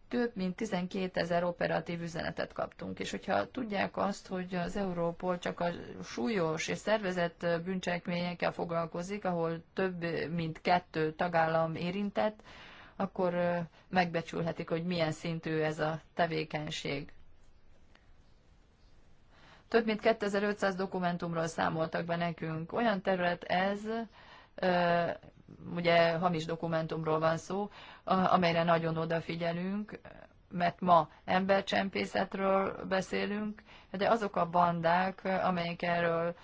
Több mint 12 ezer operatív üzenetet kaptunk, és hogyha tudják azt, hogy az Európol csak a súlyos és szervezett bűncselekményekkel foglalkozik, ahol több mint kettő tagállam érintett, akkor megbecsülhetik, hogy milyen szintű ez a tevékenység. Több mint 2500 dokumentumról számoltak be nekünk. Olyan terület ez, ugye hamis dokumentumról van szó, amelyre nagyon odafigyelünk, mert ma embercsempészetről beszélünk, de azok a bandák, amelyek erről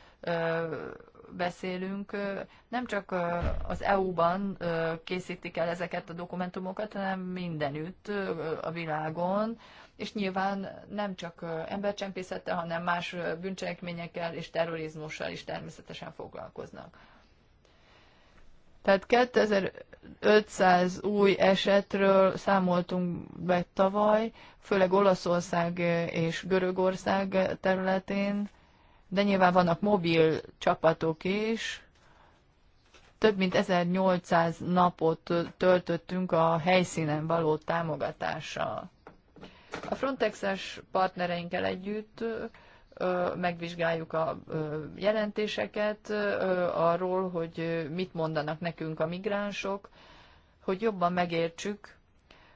beszélünk, nem csak az EU-ban készítik el ezeket a dokumentumokat, hanem mindenütt a világon, és nyilván nem csak embercsempészettel, hanem más bűncselekményekkel és terrorizmussal is természetesen foglalkoznak. Tehát 2500 új esetről számoltunk be tavaly, főleg Olaszország és Görögország területén, de nyilván vannak mobil csapatok is, több mint 1800 napot töltöttünk a helyszínen való támogatással. A Frontex-es partnereinkkel együtt megvizsgáljuk a jelentéseket arról, hogy mit mondanak nekünk a migránsok, hogy jobban megértsük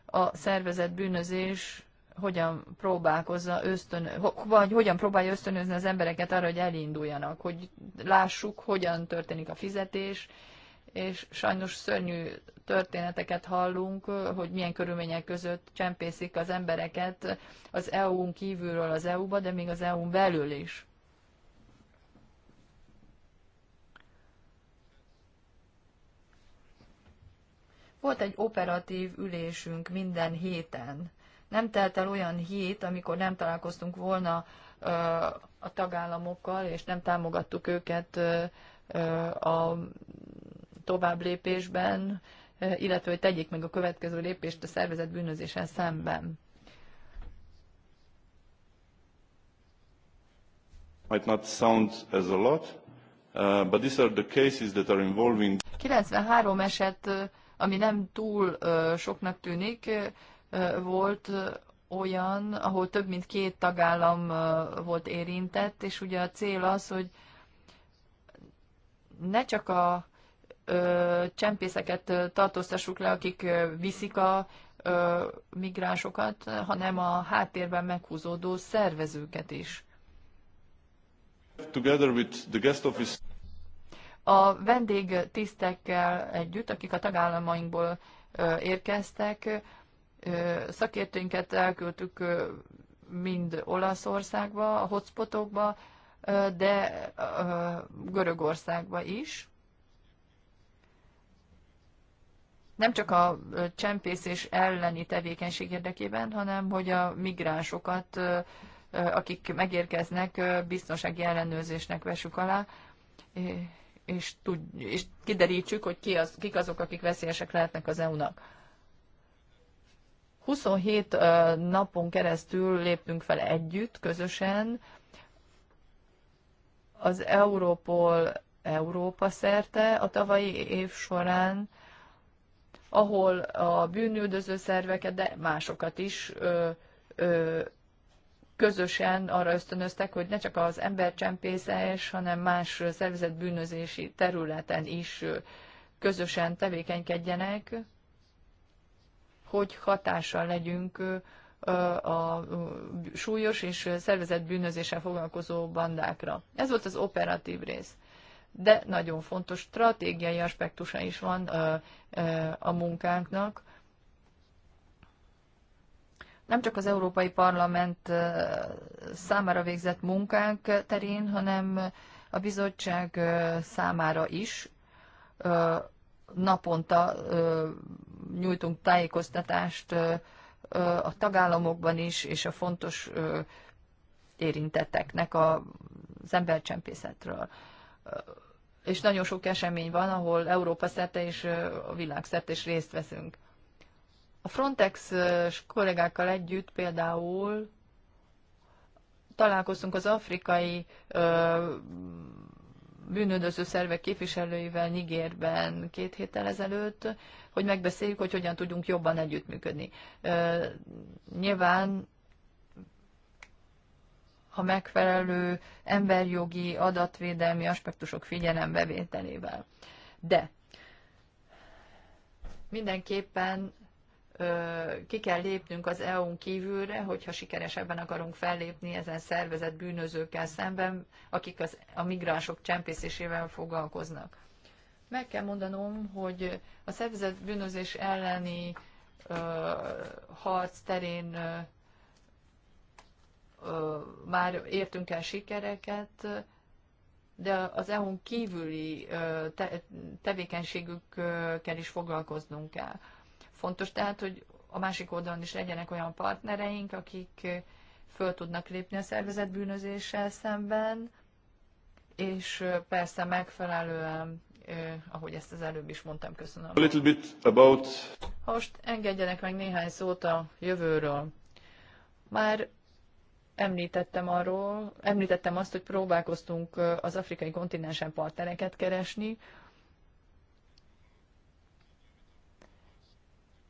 a szervezett bűnözés hogyan próbálkozza ösztön, vagy hogyan próbálja ösztönözni az embereket arra, hogy elinduljanak, hogy lássuk, hogyan történik a fizetés, és sajnos szörnyű történeteket hallunk, hogy milyen körülmények között csempészik az embereket az EU-n kívülről az EU-ba, de még az EU-n belül is. Volt egy operatív ülésünk minden héten. Nem telt el olyan hét, amikor nem találkoztunk volna a tagállamokkal, és nem támogattuk őket a tovább lépésben, illetve hogy tegyék meg a következő lépést a szervezet bűnözésen szemben. Might not sound as a lot, uh, but these are the cases that are involving... 93 eset, ami nem túl uh, soknak tűnik, uh, volt olyan, ahol több mint két tagállam volt érintett, és ugye a cél az, hogy ne csak a csempészeket tartóztassuk le, akik viszik a migránsokat, hanem a háttérben meghúzódó szervezőket is. Together with the guest office. A együtt, akik a tagállamainkból érkeztek, szakértőinket elküldtük mind Olaszországba, a hotspotokba, de Görögországba is. nem csak a csempészés elleni tevékenység érdekében, hanem hogy a migránsokat, akik megérkeznek, biztonsági ellenőrzésnek vessük alá, és, tud, és kiderítsük, hogy ki az, kik azok, akik veszélyesek lehetnek az EU-nak. 27 napon keresztül léptünk fel együtt, közösen, az Európol Európa szerte a tavalyi év során ahol a bűnüldöző szerveket, de másokat is ö, ö, közösen arra ösztönöztek, hogy ne csak az embercsempészes, hanem más szervezetbűnözési területen is közösen tevékenykedjenek, hogy hatással legyünk a súlyos és szervezett bűnözéssel foglalkozó bandákra. Ez volt az operatív rész de nagyon fontos stratégiai aspektusa is van a, a munkánknak. Nem csak az Európai Parlament számára végzett munkánk terén, hanem a bizottság számára is naponta nyújtunk tájékoztatást a tagállamokban is, és a fontos érintetteknek az embercsempészetről és nagyon sok esemény van, ahol Európa szerte és a világ szerte is részt veszünk. A Frontex kollégákkal együtt például találkoztunk az afrikai ö, bűnöldöző szervek képviselőivel Nigérben két héttel ezelőtt, hogy megbeszéljük, hogy hogyan tudjunk jobban együttműködni. nyilván a megfelelő emberjogi, adatvédelmi aspektusok figyelembevételével. De mindenképpen ö, ki kell lépnünk az EU-n kívülre, hogyha sikeresebben akarunk fellépni ezen szervezett bűnözőkkel szemben, akik az, a migránsok csempészésével foglalkoznak. Meg kell mondanom, hogy a szervezett bűnözés elleni ö, harc terén ö, már értünk el sikereket, de az EU-n kívüli tevékenységükkel is foglalkoznunk kell. Fontos tehát, hogy a másik oldalon is legyenek olyan partnereink, akik föl tudnak lépni a szervezet bűnözéssel szemben, és persze megfelelően, ahogy ezt az előbb is mondtam, köszönöm. A little bit about... Most engedjenek meg néhány szót a jövőről. Már említettem arról, említettem azt, hogy próbálkoztunk az afrikai kontinensen partnereket keresni.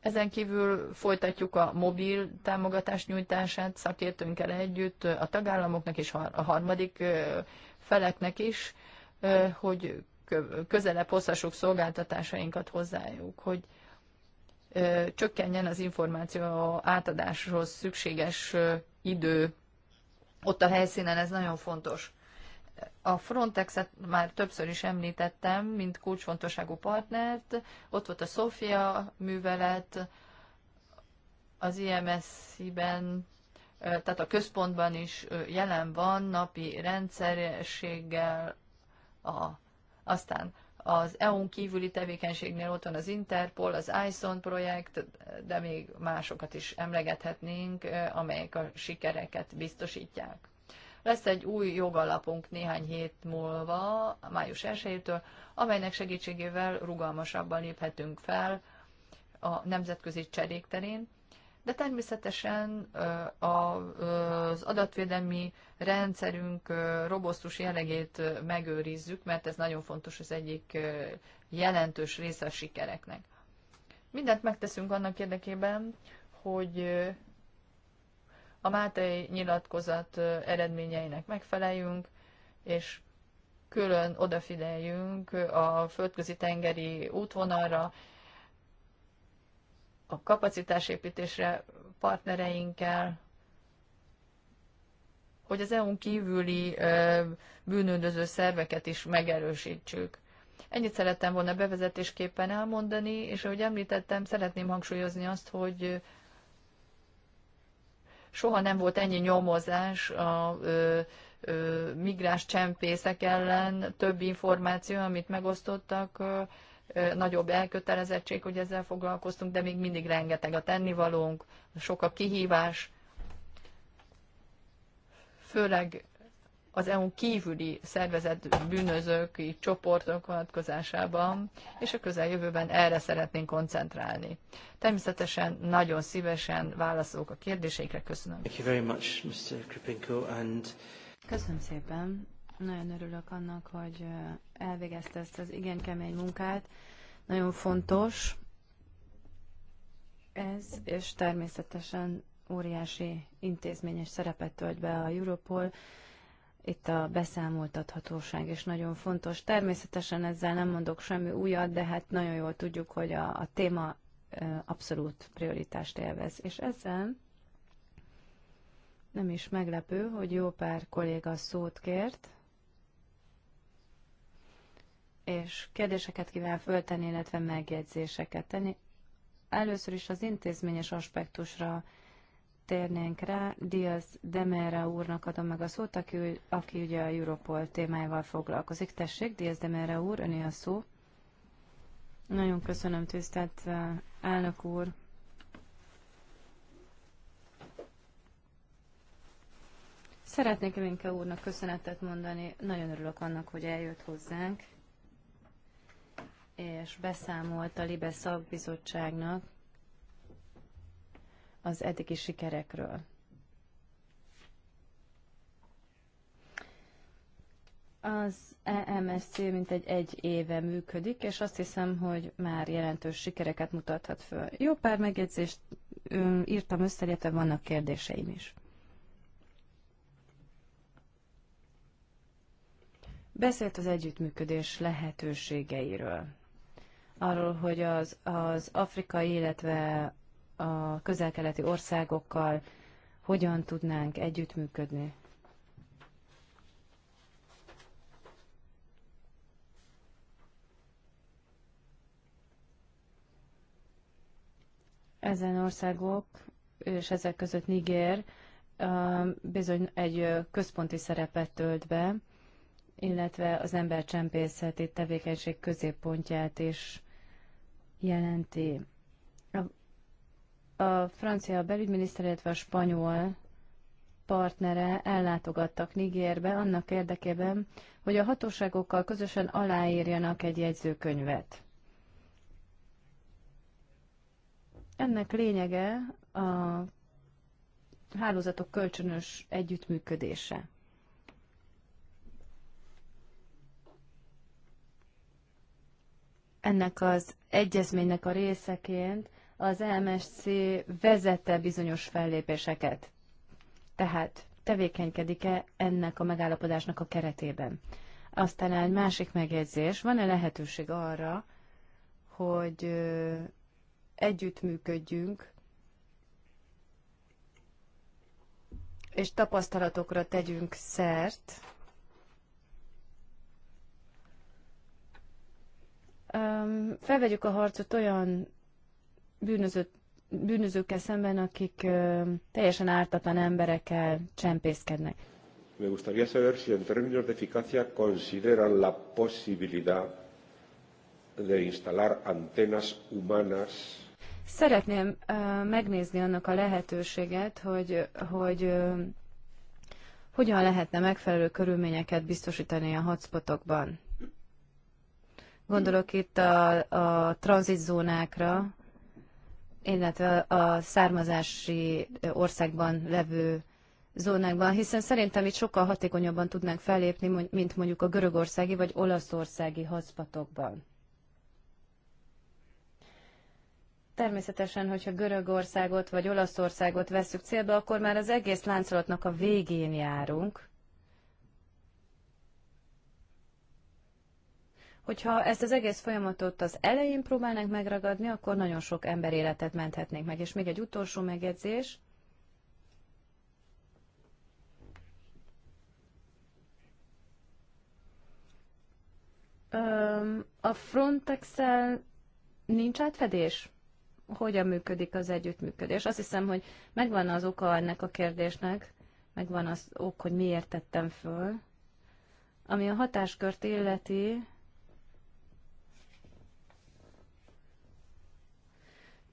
Ezen kívül folytatjuk a mobil támogatás nyújtását szakértőnkkel együtt a tagállamoknak és a harmadik feleknek is, hogy közelebb hozhassuk szolgáltatásainkat hozzájuk, hogy csökkenjen az információ átadáshoz szükséges idő ott a helyszínen ez nagyon fontos. A Frontexet már többször is említettem, mint kulcsfontosságú partnert. Ott volt a Sofia művelet, az ims ben tehát a központban is jelen van napi rendszerességgel, a, aztán az EU-n kívüli tevékenységnél ott van az Interpol, az ISON projekt, de még másokat is emlegethetnénk, amelyek a sikereket biztosítják. Lesz egy új jogalapunk néhány hét múlva, május 1-től, amelynek segítségével rugalmasabban léphetünk fel a nemzetközi cserék terén, de természetesen az adatvédelmi rendszerünk robosztus jellegét megőrizzük, mert ez nagyon fontos az egyik jelentős része a sikereknek. Mindent megteszünk annak érdekében, hogy a Mátei nyilatkozat eredményeinek megfeleljünk, és külön odafigyeljünk a földközi tengeri útvonalra, a kapacitásépítésre partnereinkkel, hogy az EU-n kívüli bűnöldöző szerveket is megerősítsük. Ennyit szerettem volna bevezetésképpen elmondani, és ahogy említettem, szeretném hangsúlyozni azt, hogy soha nem volt ennyi nyomozás a migráns csempészek ellen, több információ, amit megosztottak, ö, nagyobb elkötelezettség, hogy ezzel foglalkoztunk, de még mindig rengeteg a tennivalónk, sok a kihívás, főleg az EU kívüli szervezett bűnözők, csoportok vonatkozásában, és a közeljövőben erre szeretnénk koncentrálni. Természetesen nagyon szívesen válaszolok a kérdéseikre. Köszönöm. Thank you very much, Mr. and... Köszönöm szépen. Nagyon örülök annak, hogy elvégezte ezt az igen kemény munkát. Nagyon fontos ez, és természetesen óriási intézményes szerepet tölt be a Europol. Itt a beszámoltathatóság is nagyon fontos. Természetesen ezzel nem mondok semmi újat, de hát nagyon jól tudjuk, hogy a, a téma abszolút prioritást élvez. És ezzel nem is meglepő, hogy jó pár kolléga szót kért és kérdéseket kíván föltenni, illetve megjegyzéseket tenni. Először is az intézményes aspektusra térnénk rá. Diaz Demera úrnak adom meg a szót, aki, aki ugye a Europol témájával foglalkozik. Tessék, Diaz Demera úr, öné a szó. Nagyon köszönöm, tisztelt elnök úr. Szeretnék Vinke úrnak köszönetet mondani. Nagyon örülök annak, hogy eljött hozzánk és beszámolt a Libe szakbizottságnak az eddigi sikerekről. Az EMSC egy egy éve működik, és azt hiszem, hogy már jelentős sikereket mutathat föl. Jó pár megjegyzést írtam össze, illetve vannak kérdéseim is. Beszélt az együttműködés lehetőségeiről arról, hogy az, az afrikai, illetve a közelkeleti országokkal hogyan tudnánk együttműködni. Ezen országok, és ezek között Niger, bizony egy központi szerepet tölt be, illetve az embercsempészeti tevékenység középpontját is jelenti. A, a francia belügyminiszter, illetve a spanyol partnere ellátogattak Nigérbe annak érdekében, hogy a hatóságokkal közösen aláírjanak egy jegyzőkönyvet. Ennek lényege a hálózatok kölcsönös együttműködése. ennek az egyezménynek a részeként az MSC vezette bizonyos fellépéseket. Tehát tevékenykedik-e ennek a megállapodásnak a keretében. Aztán egy másik megjegyzés, van-e lehetőség arra, hogy együttműködjünk, és tapasztalatokra tegyünk szert, um, felvegyük a harcot olyan bűnöző, bűnözőkkel szemben, akik um, teljesen ártatlan emberekkel csempészkednek. Me gustaría saber si en términos de eficacia consideran la posibilidad de instalar antenas humanas Szeretném uh, megnézni annak a lehetőséget, hogy, hogy uh, hogyan lehetne megfelelő körülményeket biztosítani a hotspotokban. Gondolok itt a, a tranzitzónákra, illetve a származási országban levő zónákban, hiszen szerintem itt sokkal hatékonyabban tudnánk fellépni, mint mondjuk a görögországi vagy olaszországi hotspotokban. Természetesen, hogyha Görögországot vagy Olaszországot veszük célba, akkor már az egész láncolatnak a végén járunk. Hogyha ezt az egész folyamatot az elején próbálnánk megragadni, akkor nagyon sok ember életet menthetnénk meg. És még egy utolsó megjegyzés. A frontex nincs átfedés? Hogyan működik az együttműködés? Azt hiszem, hogy megvan az oka ennek a kérdésnek, megvan az ok, hogy miért tettem föl. Ami a hatáskört illeti,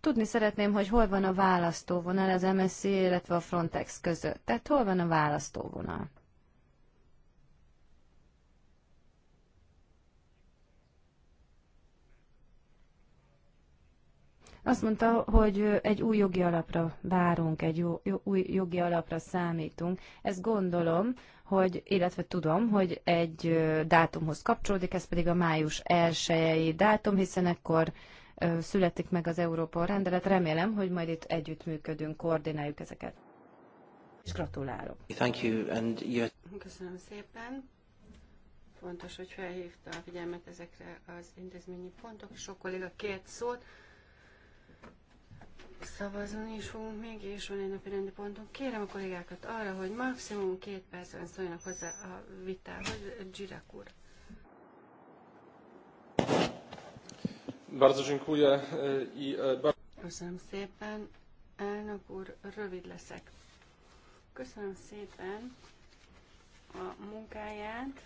Tudni szeretném, hogy hol van a választóvonal az MSZ, illetve a Frontex között. Tehát hol van a választóvonal? Azt mondta, hogy egy új jogi alapra várunk, egy jó, jó, új jogi alapra számítunk. Ezt gondolom, hogy, illetve tudom, hogy egy dátumhoz kapcsolódik, ez pedig a május 1 dátum, hiszen ekkor születik meg az Európa rendelet. Remélem, hogy majd itt együttműködünk, koordináljuk ezeket. És gratulálok. Thank you and Köszönöm szépen. Fontos, hogy felhívta a figyelmet ezekre az intézményi pontok. Sok kolléga két szót. Szavazni is fogunk még, és van egy napi rendi pontunk. Kérem a kollégákat arra, hogy maximum két percben szóljanak hozzá a vitához. Gyirak úr. Bardzo dziękuję. E, e, Köszönöm szépen. Elnök úr, rövid leszek. Köszönöm szépen a munkáját.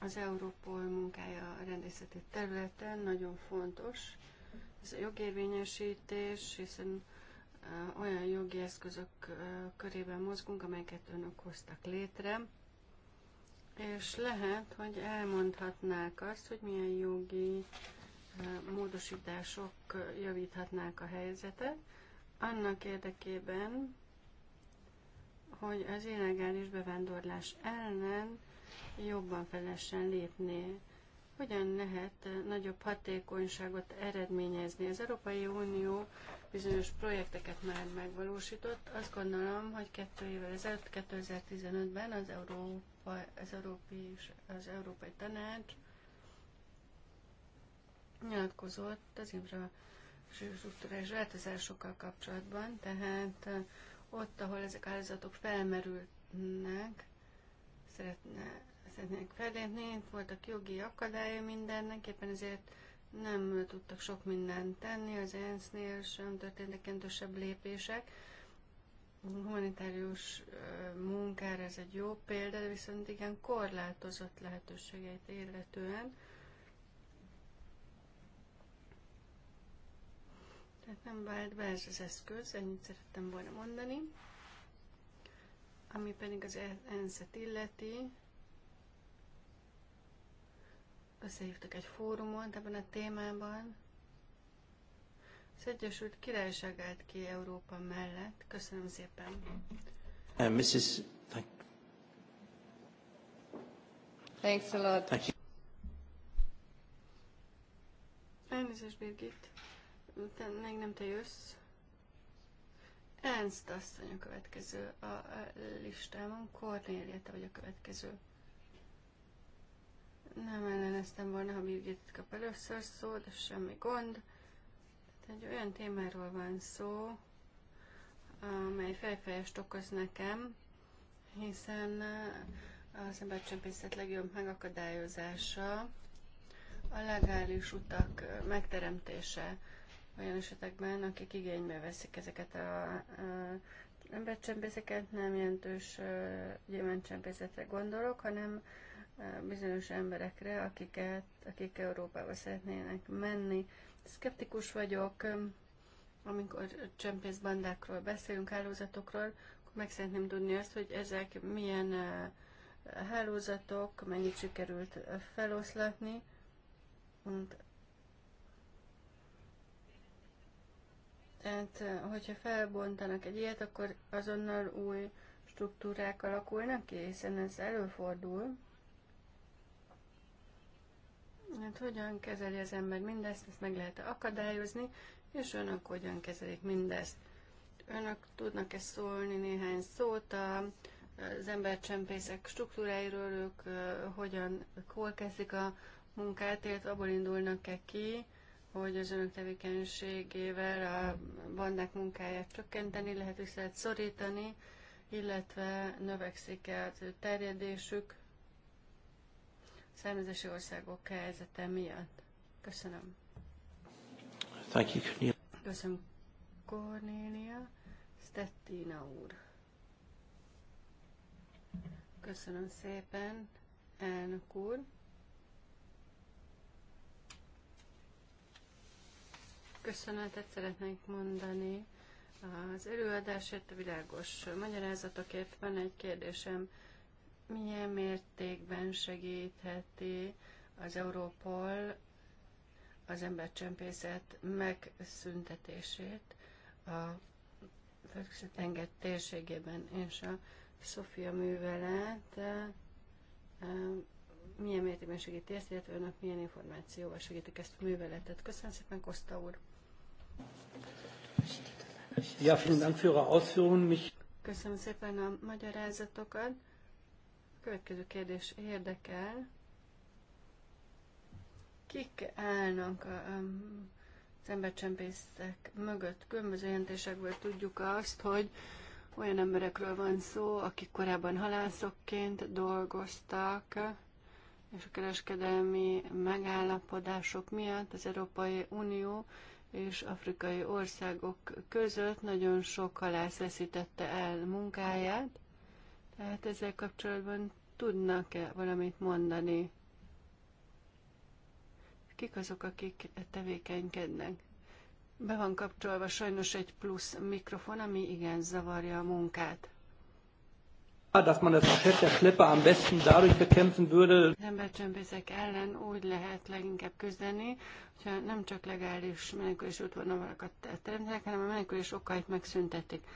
Az Európol munkája a rendészeti területen nagyon fontos. Ez a jogérvényesítés, hiszen e, olyan jogi eszközök körében mozgunk, amelyeket önök hoztak létre. És lehet, hogy elmondhatnák azt, hogy milyen jogi eh, módosítások eh, javíthatnák a helyzetet, annak érdekében, hogy az illegális bevándorlás ellen jobban felessen lépni. Hogyan lehet eh, nagyobb hatékonyságot eredményezni? Az Európai Unió bizonyos projekteket már megvalósított. Azt gondolom, hogy kettő évvel ezelőtt, 2015-ben az, Európa, az, Európai, az Európai Tanács nyilatkozott az infrastruktúrás változásokkal kapcsolatban, tehát eh, ott, ahol ezek áldozatok felmerülnek, szeretne, szeretnék fellépni, voltak jogi akadálya mindennek, éppen ezért nem tudtak sok mindent tenni, az ENSZ-nél sem történtek kentősebb lépések. Humanitárius munkára ez egy jó példa, de viszont igen korlátozott lehetőségeit illetően. Tehát nem vált be ez az eszköz, ennyit szerettem volna mondani. Ami pedig az e-, ENSZ-et illeti, Összehívtak egy fórumot ebben a témában. Az Egyesült Királyság állt ki Európa mellett. Köszönöm szépen. And uh, Mrs. Thank... Thanks a lot. Thank you. Elnézést, Birgit. Te, még nem te jössz. Ernst asszony a következő a listámon. Kornélia, te vagy a következő. Nem elleneztem volna, ha Birgit kap először szó, de semmi gond. egy olyan témáról van szó, amely fejfejest okoz nekem, hiszen az embercsempészet legjobb megakadályozása a legális utak megteremtése olyan esetekben, akik igénybe veszik ezeket a, a embercsempészeket, nem jelentős gyémántcsempészetre gondolok, hanem bizonyos emberekre, akiket, akik Európába szeretnének menni. Skeptikus vagyok, amikor csempészbandákról beszélünk, hálózatokról, akkor meg szeretném tudni azt, hogy ezek milyen hálózatok, mennyit sikerült feloszlatni, und hm. Tehát, hogyha felbontanak egy ilyet, akkor azonnal új struktúrák alakulnak ki, hiszen ez előfordul. Hát hogyan kezeli az ember mindezt, ezt meg lehet akadályozni, és önök hogyan kezelik mindezt. Önök tudnak-e szólni néhány szót a, az embercsempészek struktúráiról, ők hogyan, hol kezdik a munkát, illetve abból indulnak-e ki, hogy az önök tevékenységével a bandák munkáját csökkenteni, lehet vissza szorítani, illetve növekszik-e a terjedésük, származási országok helyzete miatt. Köszönöm. Thank you, Cornelia. Köszönöm, Cornelia. Stettina úr. Köszönöm szépen, elnök úr. Köszönetet szeretnék mondani az előadásért, a világos magyarázatokért. Van egy kérdésem milyen mértékben segítheti az Európol az embercsempészet megszüntetését a Földközi-tenger térségében és a Sofia művelet eh, milyen mértékben segíti ezt, illetve önök milyen információval segítik ezt a műveletet. Köszönöm szépen, Koszta úr! Köszönöm szépen a magyarázatokat. Következő kérdés érdekel. Kik állnak a, az embercsempészek mögött? Különböző jelentésekből tudjuk azt, hogy olyan emberekről van szó, akik korábban halászokként dolgoztak, és a kereskedelmi megállapodások miatt az Európai Unió és afrikai országok között nagyon sok halász veszítette el munkáját, tehát ezzel kapcsolatban tudnak-e valamit mondani? Kik azok, akik tevékenykednek? Be van kapcsolva sajnos egy plusz mikrofon, ami igen zavarja a munkát. am besten dadurch bekämpfen würde. Az embercsempészek ellen úgy lehet leginkább küzdeni, hogyha nem csak legális menekülés útvonalakat teremtenek, hanem a menekülés okait megszüntetik.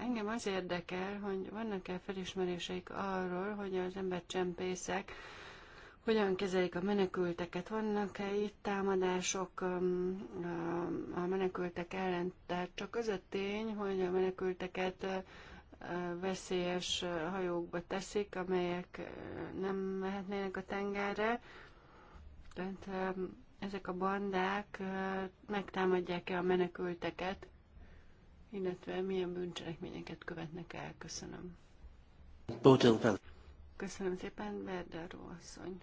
Engem az érdekel, hogy vannak-e felismeréseik arról, hogy az csempészek hogyan kezelik a menekülteket, vannak-e itt támadások a menekültek ellen. Tehát csak az a tény, hogy a menekülteket veszélyes hajókba teszik, amelyek nem mehetnének a tengerre. Tehát ezek a bandák megtámadják-e a menekülteket, illetve milyen bűncselekményeket követnek el. Köszönöm. Köszönöm szépen, Berdaró asszony.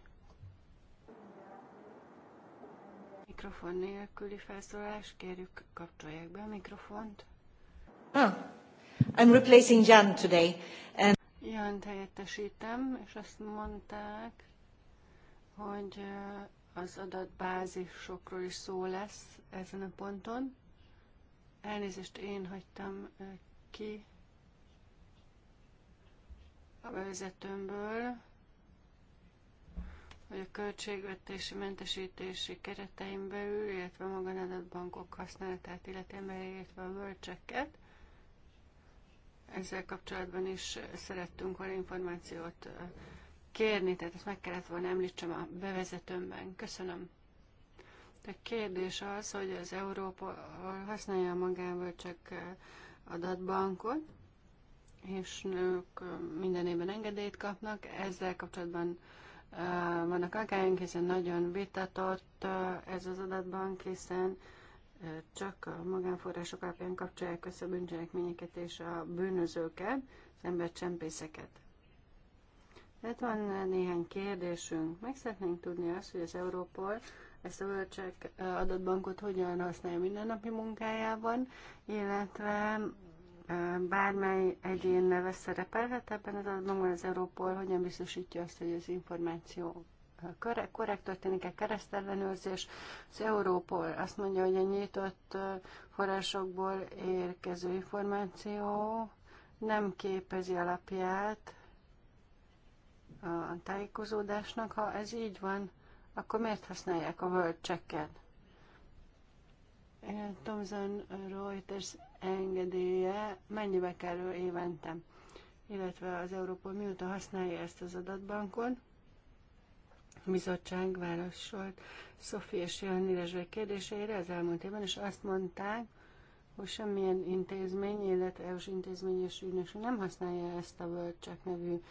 Mikrofon nélküli felszólás, kérjük kapcsolják be a mikrofont. Ah, I'm replacing Jan today. And... Jan helyettesítem, és azt mondták, hogy eh, az adatbázisokról is szó lesz ezen a ponton. Elnézést én hagytam ki a bevezetőmből, hogy a költségvetési mentesítési keretein belül, illetve a magánadatbankok használatát, illetve beleértve a bölcseket, ezzel kapcsolatban is szerettünk volna információt kérni, tehát ezt meg kellett volna említsem a bevezetőmben. Köszönöm. De kérdés az, hogy az Európa használja magával csak adatbankot, és nők minden évben engedélyt kapnak. Ezzel kapcsolatban vannak aggályunk, hiszen nagyon vitatott ez az adatbank, hiszen csak a magánforrások alapján kapcsolják össze a bűncselekményeket és a bűnözőket, az embercsempészeket. Tehát van néhány kérdésünk. Meg szeretnénk tudni azt, hogy az Európol ezt a bölcsek adatbankot hogyan használja mindennapi munkájában, illetve bármely egyén neve szerepelhet ebben az adatbankban, az Európol hogyan biztosítja azt, hogy az információ korrekt történik-e keresztellenőrzés. Az Európol azt mondja, hogy a nyitott forrásokból érkező információ nem képezi alapját a tájékozódásnak. Ha ez így van, akkor miért használják a völgycseket? Thomson Reuters engedélye mennyibe kerül évente, illetve az Európa mióta használja ezt az adatbankon? A bizottság válaszolt Sophie és Jelen Irezsvég kérdéseire az elmúlt évben, és azt mondták, hogy semmilyen intézmény, illetve EU-s intézmény és ügynökség nem használja ezt a World nevű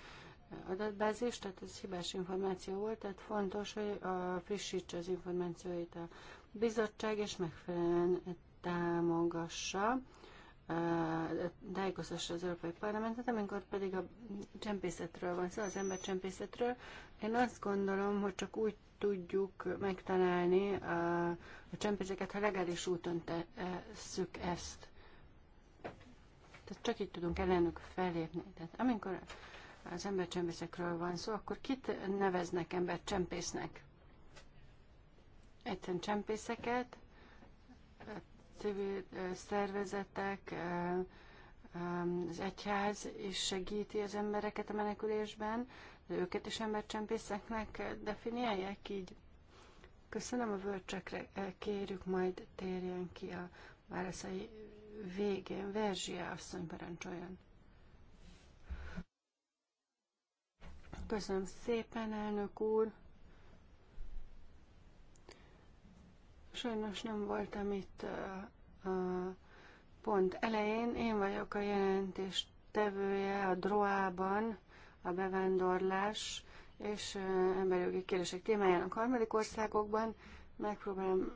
adatbázis, tehát ez hibás információ volt, tehát fontos, hogy a, frissítse az információit a bizottság, és megfelelően támogassa, tájékoztassa az Európai Parlamentet, amikor pedig a csempészetről van szó, szóval az ember csempészetről. Én azt gondolom, hogy csak úgy tudjuk megtalálni a, a csempészeket, ha legális úton tesszük ezt. Tehát csak így tudunk ellenük felépni, Tehát amikor az embercsempészekről van szó, akkor kit neveznek embercsempésznek? Egyszerűen csempészeket, civil szervezetek, az egyház is segíti az embereket a menekülésben, de őket is embercsempészeknek definiálják így. Köszönöm a vörcsekre, kérjük, majd térjen ki a válaszai végén. Verzsia asszony parancsoljon. Köszönöm szépen, elnök úr. Sajnos nem voltam itt a, a pont elején. Én vagyok a jelentés tevője a droában a bevándorlás és emberi kérdések témájának harmadik országokban. Megpróbálom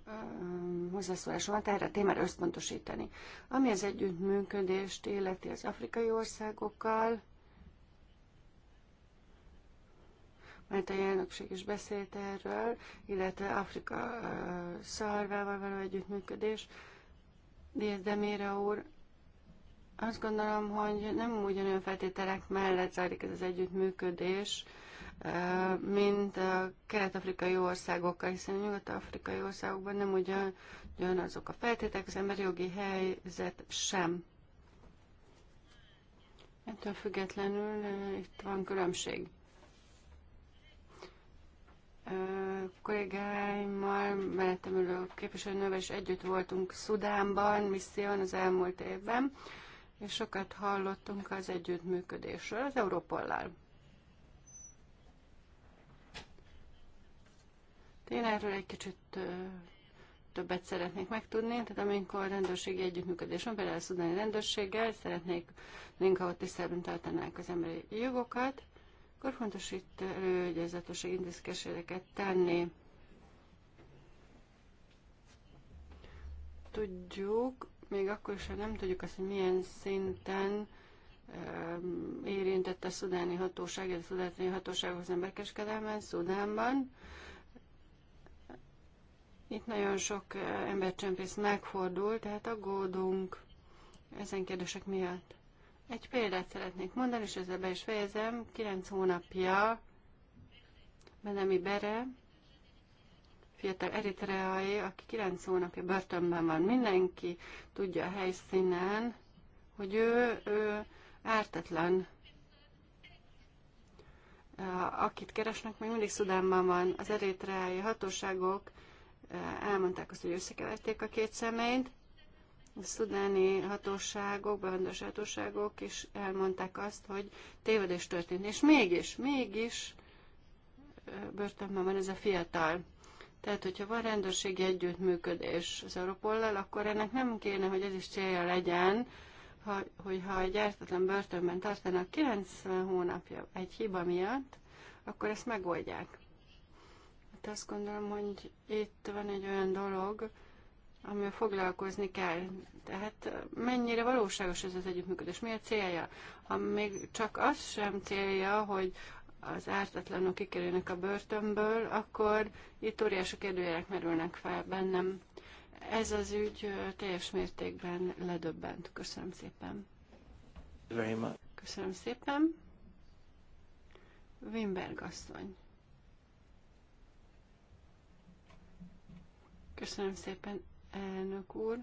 hozzászólásomat erre a témára összpontosítani. Ami az együttműködést illeti az afrikai országokkal, mert a elnökség is beszélt erről, illetve Afrika uh, szarvával való együttműködés. Dézdemére úr, azt gondolom, hogy nem ugyanolyan feltételek mellett zárik ez az együttműködés, mint a kelet-afrikai országokkal, hiszen a nyugat-afrikai országokban nem ugyan, azok a feltételek, az emberi jogi helyzet sem. Ettől függetlenül itt van különbség kollégáimmal, mellettem ülő képviselőnővel is együtt voltunk Szudánban, misszión az elmúlt évben, és sokat hallottunk az együttműködésről az Európollal. Én erről egy kicsit többet szeretnék megtudni, tehát amikor rendőrségi együttműködés van, például a szudáni rendőrséggel, szeretnék, ha ott tiszteletben tartanák az emberi jogokat, akkor fontos itt előgyezatosság intézkedéseket tenni. Tudjuk, még akkor is, ha nem tudjuk azt, hogy milyen szinten um, érintett a szudáni hatóság, a szudáni hatósághoz emberkeskedelmen, Szudánban. Itt nagyon sok eh, embercsempész megfordul, tehát aggódunk ezen kérdések miatt. Egy példát szeretnék mondani, és ezzel be is fejezem. Kilenc hónapja Benemi Bere, fiatal eritreai, aki kilenc hónapja börtönben van. Mindenki tudja a helyszínen, hogy ő, ő ártatlan. Akit keresnek, még mindig Szudánban van. Az eritreai hatóságok e, elmondták azt, hogy összekeverték a két személyt, a szudáni hatóságok, bevándorlási hatóságok is elmondták azt, hogy tévedés történt. És mégis, mégis börtönben van ez a fiatal. Tehát, hogyha van rendőrségi együttműködés az Europollal, akkor ennek nem kéne, hogy ez is célja legyen, ha, hogyha egy ártatlan börtönben tartanak 90 hónapja egy hiba miatt, akkor ezt megoldják. Hát azt gondolom, hogy itt van egy olyan dolog, amivel foglalkozni kell. Tehát mennyire valóságos ez az együttműködés? Mi a célja? Ha még csak az sem célja, hogy az ártatlanok kikerülnek a börtönből, akkor itt óriási kérdőjelek merülnek fel bennem. Ez az ügy teljes mértékben ledöbbent. Köszönöm szépen. Very much. Köszönöm szépen. Wimberg asszony. Köszönöm szépen, elnök úr.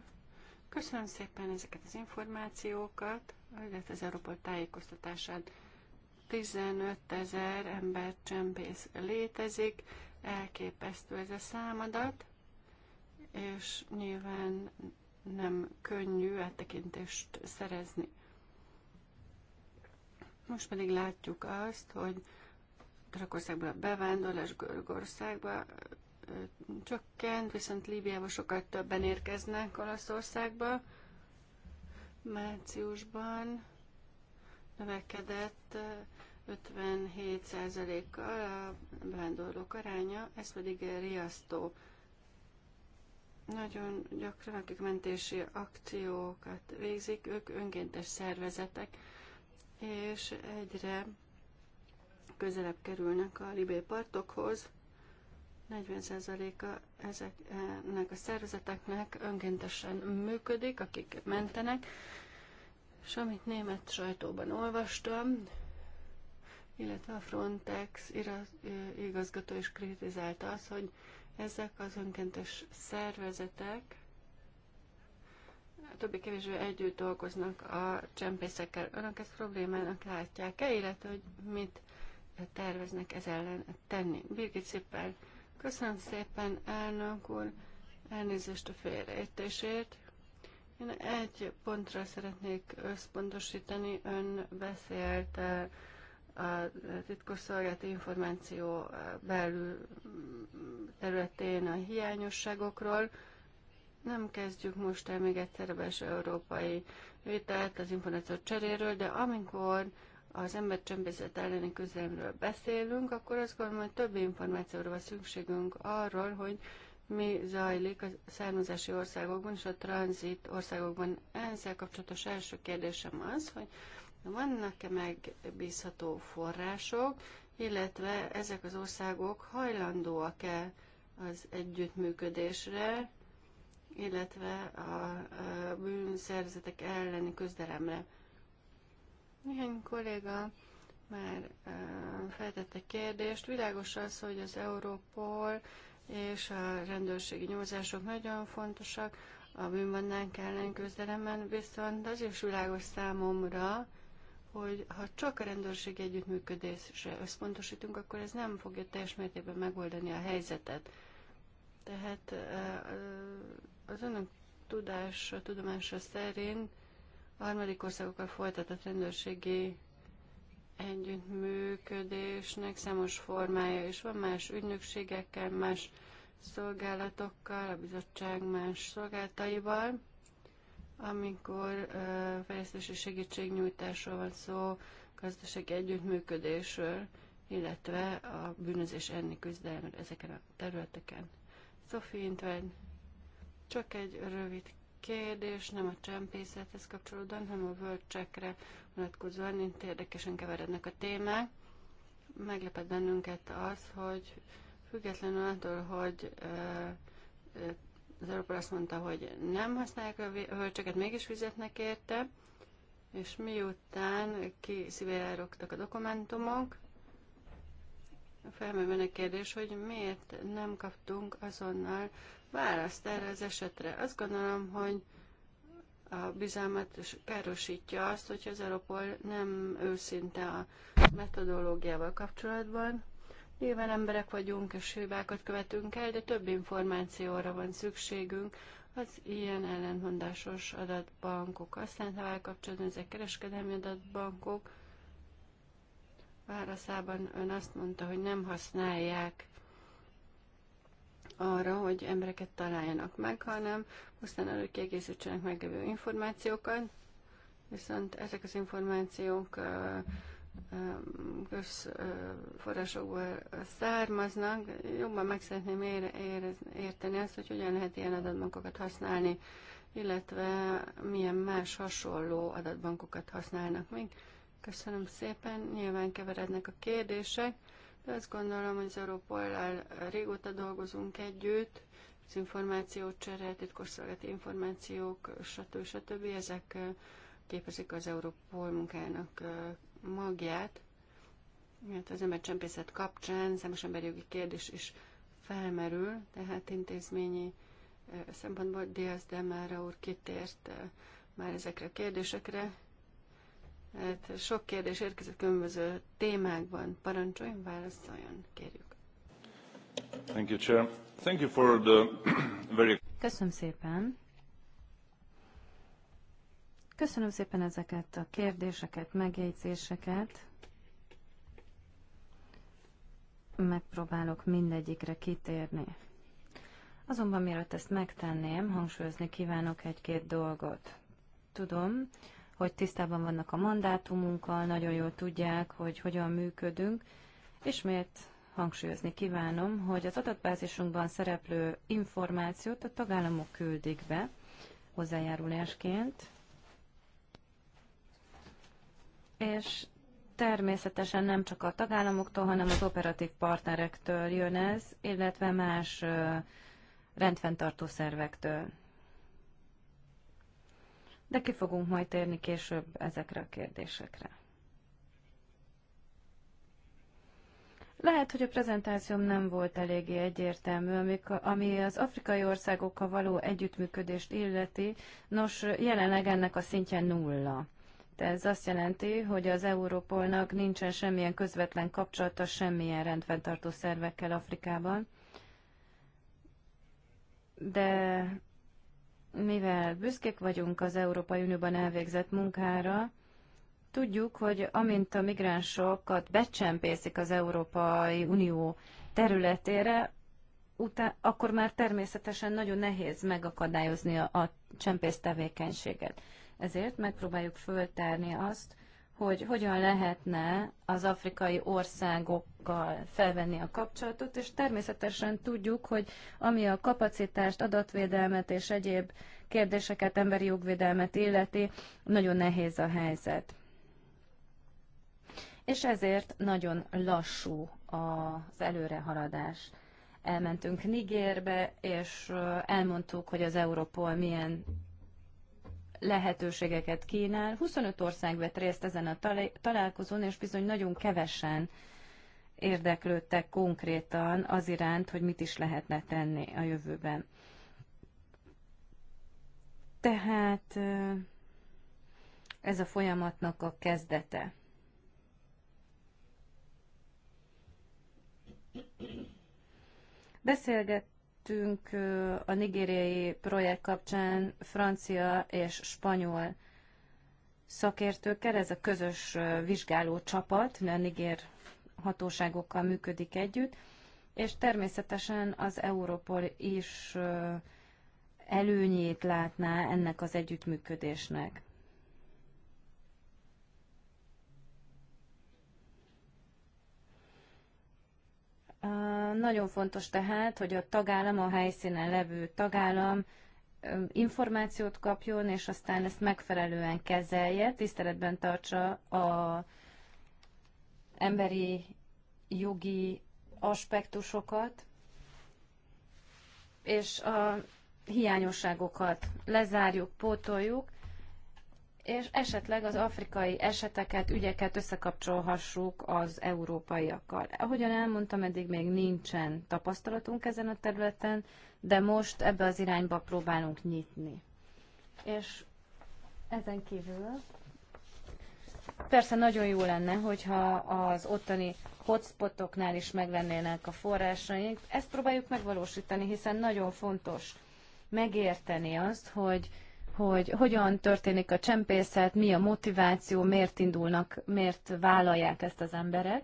Köszönöm szépen ezeket az információkat, illetve az Európa tájékoztatását. 15 ezer ember csempész létezik, elképesztő ez a számadat, és nyilván nem könnyű áttekintést szerezni. Most pedig látjuk azt, hogy Törökországban a bevándorlás Görögországba csökkent, viszont Líbiába sokat többen érkeznek Olaszországba. Márciusban növekedett 57%-kal eh, a bevándorlók aránya, ez pedig riasztó. Nagyon gyakran, akik mentési akciókat végzik, ők önkéntes szervezetek, és egyre közelebb kerülnek a libé partokhoz. 40%-a ezeknek a szervezeteknek önkéntesen működik, akik mentenek, és amit német sajtóban olvastam, illetve a Frontex igazgató is kritizálta az, hogy ezek az önkéntes szervezetek többé-kevésbé együtt dolgoznak a csempészekkel. Önök ezt problémának látják-e, illetve hogy mit terveznek ez ellen tenni? Birgit szépen Köszönöm szépen, elnök úr, elnézést a félreértésért. Én egy pontra szeretnék összpontosítani. Ön beszélt eh, a titkosszolgált információ eh, belül mm, területén a hiányosságokról. Nem kezdjük most el még egyszer a belső európai vitát az információ cseréről, de amikor az embercsempészet elleni küzdelemről beszélünk, akkor azt gondolom, hogy több információra van szükségünk arról, hogy mi zajlik a származási országokban és a tranzit országokban. Ezzel kapcsolatos első kérdésem az, hogy vannak-e megbízható források, illetve ezek az országok hajlandóak-e az együttműködésre, illetve a bűnszerzetek elleni küzdelemre. Néhány kolléga már feltette kérdést. Világos az, hogy az Európol és a rendőrségi nyomozások nagyon fontosak a bűnbannánk ellen küzdelemen, viszont az is világos számomra, hogy ha csak a rendőrség együttműködésre összpontosítunk, akkor ez nem fogja teljes mértékben megoldani a helyzetet. Tehát az önök tudása, tudomása szerint a harmadik országokkal folytatott rendőrségi együttműködésnek számos formája is van, más ügynökségekkel, más szolgálatokkal, a bizottság más szolgáltaival. Amikor uh, fejlesztési segítségnyújtásról van szó, gazdasági együttműködésről, illetve a bűnözés enni küzdelmet ezeken a területeken. Sophie Intven, csak egy rövid kérdés nem a csempészethez kapcsolódóan, hanem a völcsekre vonatkozóan. mint érdekesen keverednek a témák. Meglepett bennünket az, hogy függetlenül attól, hogy az Európa azt mondta, hogy nem használják a völcseket, mégis fizetnek érte, és miután kiszivárogtak a dokumentumok, felmerül a kérdés, hogy miért nem kaptunk azonnal választ erre az esetre. Azt gondolom, hogy a bizalmat károsítja azt, hogy az Europol nem őszinte a metodológiával kapcsolatban. Nyilván emberek vagyunk, és hibákat követünk el, de több információra van szükségünk az ilyen ellentmondásos adatbankok ha elkapcsolatban ezek kereskedelmi adatbankok. Válaszában ön azt mondta, hogy nem használják arra, hogy embereket találjanak meg, hanem aztán előtt kiegészítsenek megjövő információkat, viszont ezek az információk közforrásokból származnak. Jobban meg szeretném érteni azt, hogy hogyan lehet ilyen adatbankokat használni, illetve milyen más hasonló adatbankokat használnak még. Köszönöm szépen, nyilván keverednek a kérdések. Azt gondolom, hogy az Európollal régóta dolgozunk együtt, az cserél, titkosszolgálati információk, stb. stb. Ezek képezik az Európol munkának magját, mert hát az embercsempészet kapcsán számos jogi kérdés is felmerül, tehát intézményi szempontból Diaz de Mára úr kitért már ezekre a kérdésekre, Hát sok kérdés érkezett különböző témákban. Parancsoljon, válaszoljon, kérjük. Thank you, Chair. Thank you for the very... Köszönöm szépen. Köszönöm szépen ezeket a kérdéseket, megjegyzéseket. Megpróbálok mindegyikre kitérni. Azonban mielőtt ezt megtenném, hangsúlyozni kívánok egy-két dolgot. Tudom, hogy tisztában vannak a mandátumunkkal, nagyon jól tudják, hogy hogyan működünk. Ismét hangsúlyozni kívánom, hogy az adatbázisunkban szereplő információt a tagállamok küldik be hozzájárulásként, és természetesen nem csak a tagállamoktól, hanem az operatív partnerektől jön ez, illetve más rendfenntartó szervektől de ki fogunk majd térni később ezekre a kérdésekre. Lehet, hogy a prezentációm nem volt eléggé egyértelmű, ami az afrikai országokkal való együttműködést illeti. Nos, jelenleg ennek a szintje nulla. Tehát ez azt jelenti, hogy az Európolnak nincsen semmilyen közvetlen kapcsolata semmilyen rendfenntartó szervekkel Afrikában. De mivel büszkék vagyunk az Európai Unióban elvégzett munkára, tudjuk, hogy amint a migránsokat becsempészik az Európai Unió területére, után, akkor már természetesen nagyon nehéz megakadályozni a, a csempész tevékenységet. Ezért megpróbáljuk föltárni azt, hogy hogyan lehetne az afrikai országokkal felvenni a kapcsolatot, és természetesen tudjuk, hogy ami a kapacitást, adatvédelmet és egyéb kérdéseket, emberi jogvédelmet illeti, nagyon nehéz a helyzet. És ezért nagyon lassú az előrehaladás. Elmentünk Nigérbe, és elmondtuk, hogy az Európol milyen lehetőségeket kínál. 25 ország vett részt ezen a találkozón, és bizony nagyon kevesen érdeklődtek konkrétan az iránt, hogy mit is lehetne tenni a jövőben. Tehát ez a folyamatnak a kezdete. Beszélget, tettünk a nigériai projekt kapcsán francia és spanyol szakértőkkel. Ez a közös vizsgáló csapat, a nigér hatóságokkal működik együtt, és természetesen az Európol is előnyét látná ennek az együttműködésnek. Nagyon fontos tehát, hogy a tagállam, a helyszínen levő tagállam információt kapjon, és aztán ezt megfelelően kezelje, tiszteletben tartsa a emberi jogi aspektusokat, és a hiányosságokat lezárjuk, pótoljuk, és esetleg az afrikai eseteket, ügyeket összekapcsolhassuk az európaiakkal. Ahogyan elmondtam, eddig még nincsen tapasztalatunk ezen a területen, de most ebbe az irányba próbálunk nyitni. És ezen kívül persze nagyon jó lenne, hogyha az ottani hotspotoknál is meglennének a forrásaink. Ezt próbáljuk megvalósítani, hiszen nagyon fontos megérteni azt, hogy hogy hogyan történik a csempészet, mi a motiváció, miért indulnak, miért vállalják ezt az emberek.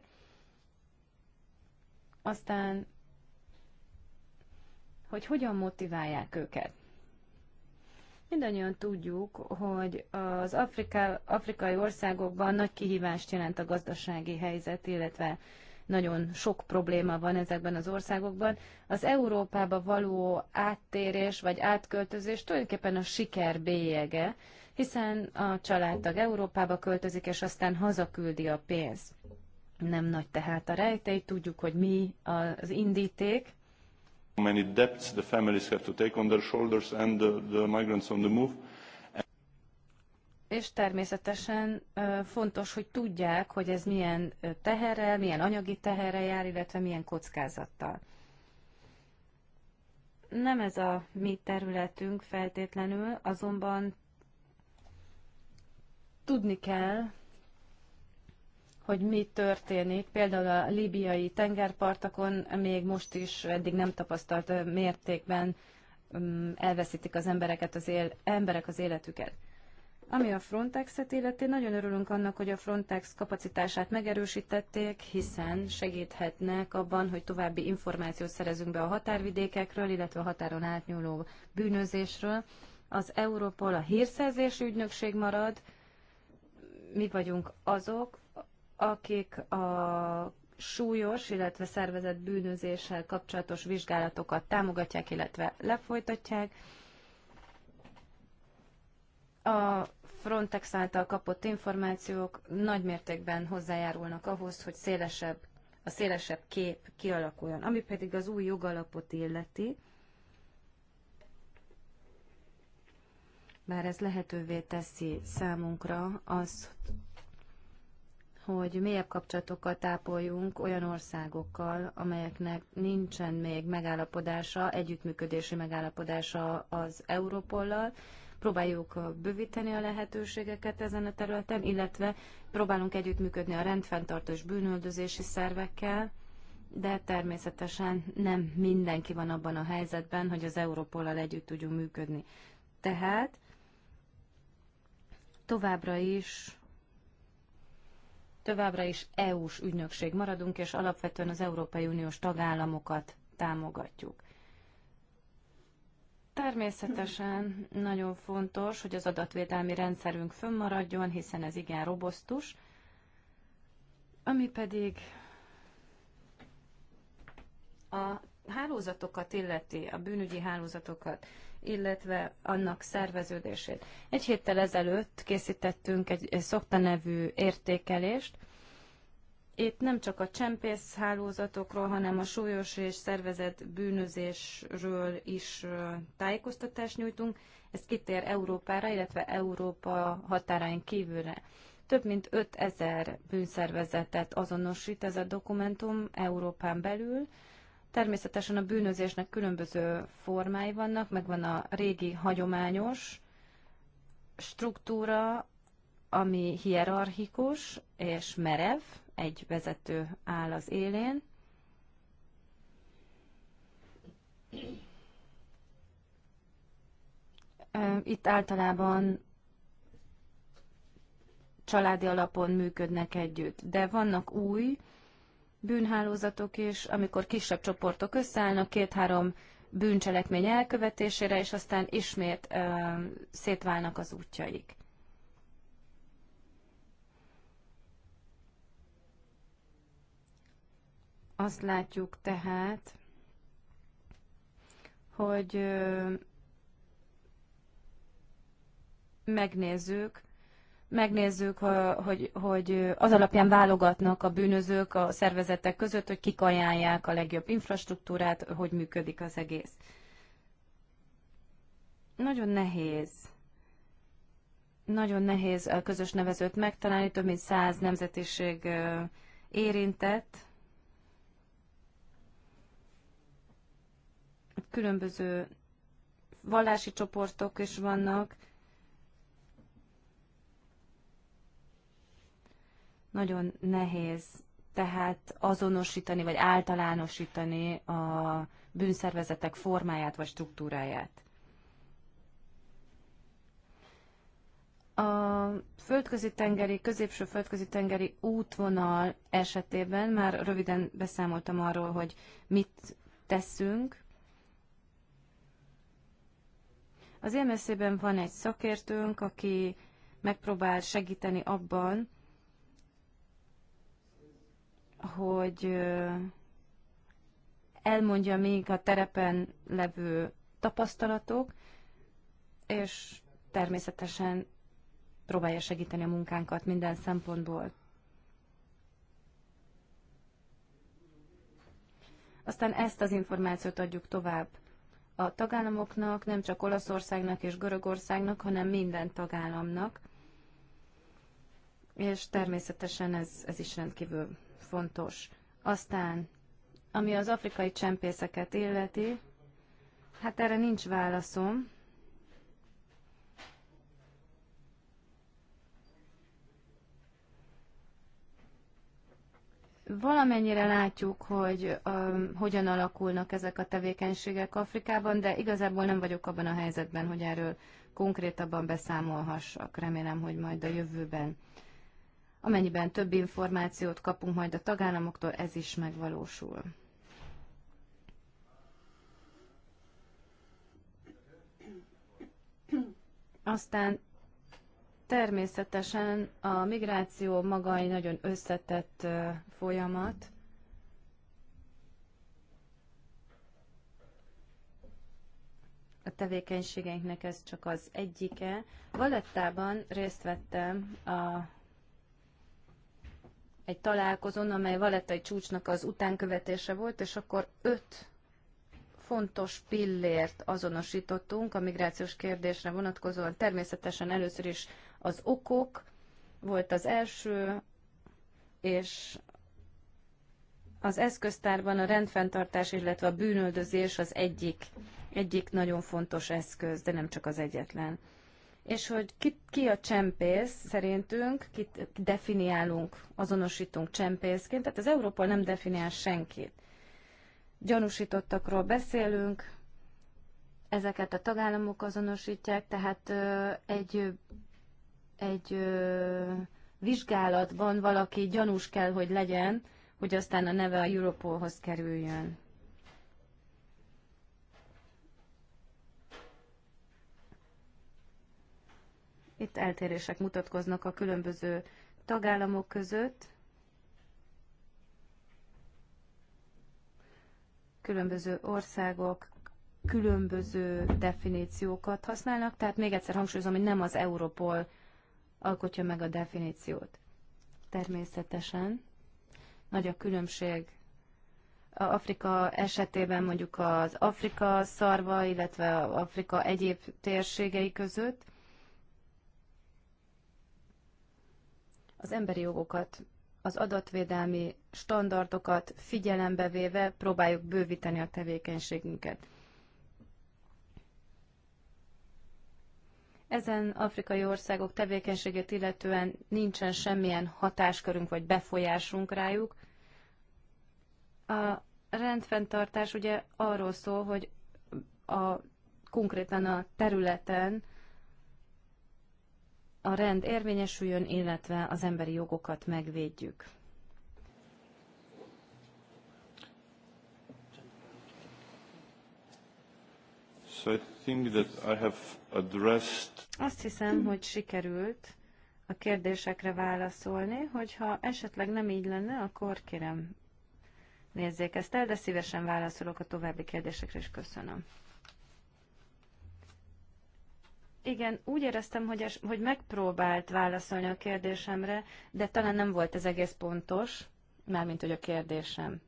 Aztán, hogy hogyan motiválják őket. Mindannyian tudjuk, hogy az Afrika, afrikai országokban nagy kihívást jelent a gazdasági helyzet, illetve nagyon sok probléma van ezekben az országokban. Az Európába való áttérés vagy átköltözés tulajdonképpen a siker bélyege, hiszen a családtag Európába költözik, és aztán hazaküldi a pénzt. Nem nagy tehát a rejtély, tudjuk, hogy mi az indíték. Many debts the families have to take on their shoulders and the, the migrants on the move és természetesen fontos, hogy tudják, hogy ez milyen teherrel, milyen anyagi teherrel jár, illetve milyen kockázattal. Nem ez a mi területünk feltétlenül, azonban tudni kell, hogy mi történik. Például a libiai tengerpartakon még most is eddig nem tapasztalt mértékben mm, elveszítik az embereket, az él, emberek az életüket. Ami a Frontexet illeti, nagyon örülünk annak, hogy a Frontex kapacitását megerősítették, hiszen segíthetnek abban, hogy további információt szerezünk be a határvidékekről, illetve a határon átnyúló bűnözésről. Az Európol a hírszerzés ügynökség marad, mi vagyunk azok, akik a súlyos, illetve szervezett bűnözéssel kapcsolatos vizsgálatokat támogatják, illetve lefolytatják. A Frontex által kapott információk nagy mértékben hozzájárulnak ahhoz, hogy szélesebb, a szélesebb kép kialakuljon. Ami pedig az új jogalapot illeti, bár ez lehetővé teszi számunkra azt, hogy mélyebb kapcsolatokat ápoljunk olyan országokkal, amelyeknek nincsen még megállapodása, együttműködési megállapodása az Európollal, próbáljuk bővíteni a lehetőségeket ezen a területen, illetve próbálunk együttműködni a rendfenntartó és bűnöldözési szervekkel, de természetesen nem mindenki van abban a helyzetben, hogy az Európollal együtt tudjunk működni. Tehát továbbra is továbbra is EU-s ügynökség maradunk, és alapvetően az Európai Uniós tagállamokat támogatjuk. Természetesen nagyon fontos, hogy az adatvédelmi rendszerünk fönnmaradjon, hiszen ez igen robosztus, ami pedig a hálózatokat illeti, a bűnügyi hálózatokat, illetve annak szerveződését. Egy héttel ezelőtt készítettünk egy szokta nevű értékelést, itt nem csak a csempész hálózatokról, hanem a súlyos és szervezett bűnözésről is tájékoztatást nyújtunk. Ez kitér Európára, illetve Európa határain kívülre. Több mint 5000 bűnszervezetet azonosít ez a dokumentum Európán belül. Természetesen a bűnözésnek különböző formái vannak, meg van a régi hagyományos struktúra, ami hierarchikus és merev, egy vezető áll az élén. Itt általában családi alapon működnek együtt, de vannak új bűnhálózatok is, amikor kisebb csoportok összeállnak, két-három bűncselekmény elkövetésére, és aztán ismét ö, szétválnak az útjaik. Azt látjuk tehát, hogy megnézzük, megnézzük, hogy, hogy az alapján válogatnak a bűnözők a szervezetek között, hogy kik ajánlják a legjobb infrastruktúrát, hogy működik az egész. Nagyon nehéz. Nagyon nehéz a közös nevezőt megtalálni, több mint száz nemzetiség érintett, különböző vallási csoportok is vannak. Nagyon nehéz tehát azonosítani vagy általánosítani a bűnszervezetek formáját vagy struktúráját. A földközi tengeri, középső földközi tengeri útvonal esetében már röviden beszámoltam arról, hogy mit teszünk. Az MSZ-ben van egy szakértőnk, aki megpróbál segíteni abban, hogy elmondja még a terepen levő tapasztalatok, és természetesen próbálja segíteni a munkánkat minden szempontból. Aztán ezt az információt adjuk tovább a tagállamoknak, nem csak Olaszországnak és Görögországnak, hanem minden tagállamnak. És természetesen ez, ez is rendkívül fontos. Aztán, ami az afrikai csempészeket illeti, hát erre nincs válaszom. Valamennyire látjuk, hogy um, hogyan alakulnak ezek a tevékenységek Afrikában, de igazából nem vagyok abban a helyzetben, hogy erről konkrétabban beszámolhassak. Remélem, hogy majd a jövőben, amennyiben több információt kapunk majd a tagállamoktól, ez is megvalósul. Aztán Természetesen a migráció maga egy nagyon összetett folyamat. A tevékenységeinknek ez csak az egyike. Valettában részt vettem a egy találkozón, amely valettai csúcsnak az utánkövetése volt, és akkor öt fontos pillért azonosítottunk a migrációs kérdésre vonatkozóan. Természetesen először is az okok volt az első, és az eszköztárban a rendfenntartás, illetve a bűnöldözés az egyik, egyik nagyon fontos eszköz, de nem csak az egyetlen. És hogy ki, ki a csempész szerintünk, kit definiálunk, azonosítunk csempészként, tehát az Európa nem definiál senkit. Gyanúsítottakról beszélünk, ezeket a tagállamok azonosítják, tehát egy egy ö, vizsgálatban valaki gyanús kell, hogy legyen, hogy aztán a neve a Europolhoz kerüljön. Itt eltérések mutatkoznak a különböző tagállamok között. Különböző országok különböző definíciókat használnak, tehát még egyszer hangsúlyozom, hogy nem az Europol alkotja meg a definíciót. Természetesen nagy a különbség a Afrika esetében mondjuk az Afrika szarva, illetve Afrika egyéb térségei között. Az emberi jogokat, az adatvédelmi standardokat figyelembe véve próbáljuk bővíteni a tevékenységünket. Ezen afrikai országok tevékenységét illetően nincsen semmilyen hatáskörünk vagy befolyásunk rájuk. A rendfenntartás ugye arról szól, hogy a, konkrétan a területen a rend érvényesüljön, illetve az emberi jogokat megvédjük. So I think that I have addressed... Azt hiszem, hogy sikerült a kérdésekre válaszolni, hogyha esetleg nem így lenne, akkor kérem nézzék ezt el, de szívesen válaszolok a további kérdésekre is köszönöm. Igen, úgy éreztem, hogy, es, hogy megpróbált válaszolni a kérdésemre, de talán nem volt ez egész pontos, mármint hogy a kérdésem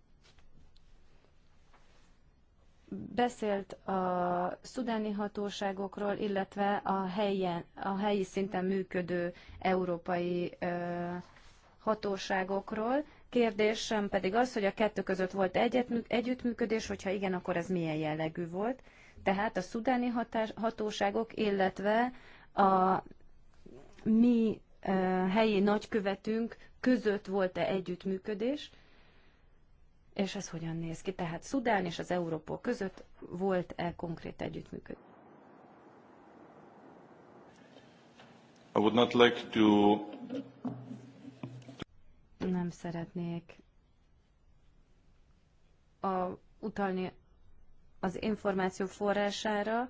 beszélt a szudáni hatóságokról, illetve a, helyen, a helyi szinten működő európai ö, hatóságokról. Kérdésem pedig az, hogy a kettő között volt együttműködés, hogyha igen, akkor ez milyen jellegű volt. Tehát a szudáni hatás, hatóságok, illetve a mi ö, helyi nagykövetünk között volt-e együttműködés, és ez hogyan néz ki. Tehát Szudán és az Európol között volt-e konkrét együttműködés? I would not like to... Nem szeretnék a, utalni az információ forrására.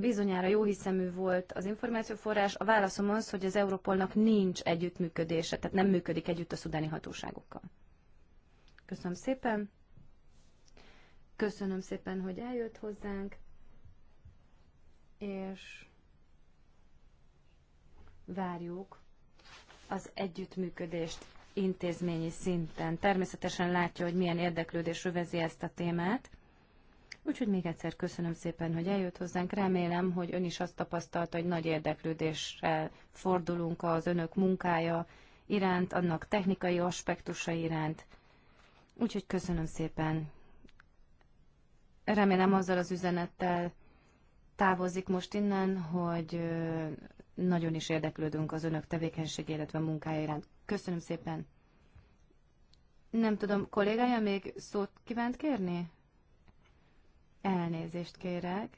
Bizonyára jó hiszemű volt az információforrás. A válaszom az, hogy az Európolnak nincs együttműködése, tehát nem működik együtt a szudáni hatóságokkal. Köszönöm szépen. Köszönöm szépen, hogy eljött hozzánk, és várjuk az együttműködést intézményi szinten. Természetesen látja, hogy milyen érdeklődés övezi ezt a témát. Úgyhogy még egyszer köszönöm szépen, hogy eljött hozzánk. Remélem, hogy ön is azt tapasztalta, hogy nagy érdeklődéssel fordulunk az önök munkája iránt, annak technikai aspektusa iránt. Úgyhogy köszönöm szépen. Remélem azzal az üzenettel távozik most innen, hogy nagyon is érdeklődünk az önök tevékenység, illetve munkája iránt. Köszönöm szépen. Nem tudom, kollégája még szót kívánt kérni? Elnézést kérek.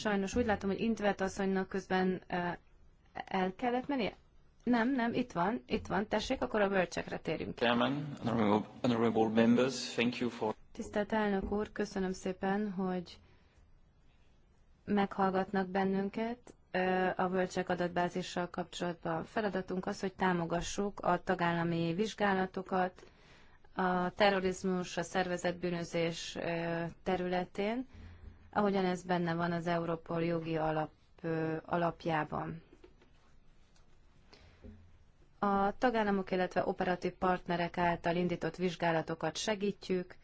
Sajnos úgy látom, hogy Intvert asszonynak közben el kellett menni. Nem, nem, itt van, itt van, tessék, akkor a bölcsekre térjünk. Tisztelt elnök úr, köszönöm szépen, hogy meghallgatnak bennünket a bölcsek adatbázissal kapcsolatban. Feladatunk az, hogy támogassuk a tagállami vizsgálatokat a terrorizmus, a szervezetbűnözés területén, ahogyan ez benne van az Európol jogi alap, alapjában. A tagállamok, illetve operatív partnerek által indított vizsgálatokat segítjük,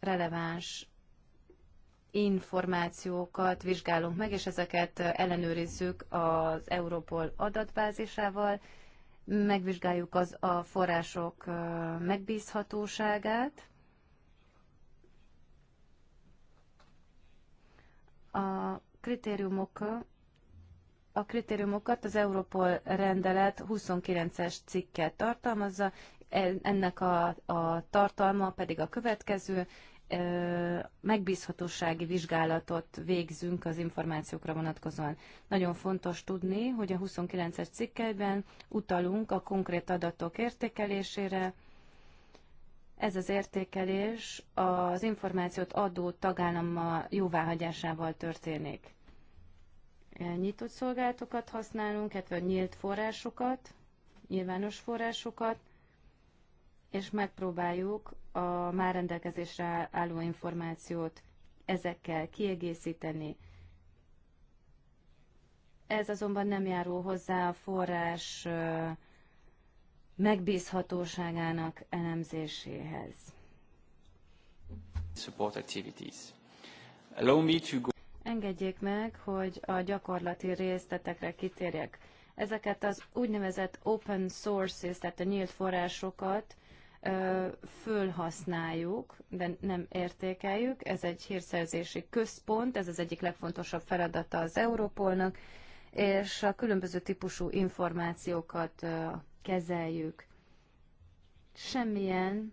releváns információkat vizsgálunk meg, és ezeket ellenőrizzük az Európol adatbázisával, megvizsgáljuk az a források megbízhatóságát, A kritériumok a kritériumokat az Europol rendelet 29-es cikke tartalmazza, ennek a, a tartalma pedig a következő, megbízhatósági vizsgálatot végzünk az információkra vonatkozóan. Nagyon fontos tudni, hogy a 29-es cikkelyben utalunk a konkrét adatok értékelésére, ez az értékelés az információt adó a jóváhagyásával történik. Nyitott szolgáltokat használunk, illetve nyílt forrásokat, nyilvános forrásokat, és megpróbáljuk a már rendelkezésre álló információt ezekkel kiegészíteni. Ez azonban nem járó hozzá a forrás megbízhatóságának elemzéséhez. Support activities. Allow me to go... Engedjék meg, hogy a gyakorlati részletekre kitérjek. Ezeket az úgynevezett open sources, tehát a nyílt forrásokat fölhasználjuk, de nem értékeljük. Ez egy hírszerzési központ, ez az egyik legfontosabb feladata az Európolnak, és a különböző típusú információkat kezeljük. Semmilyen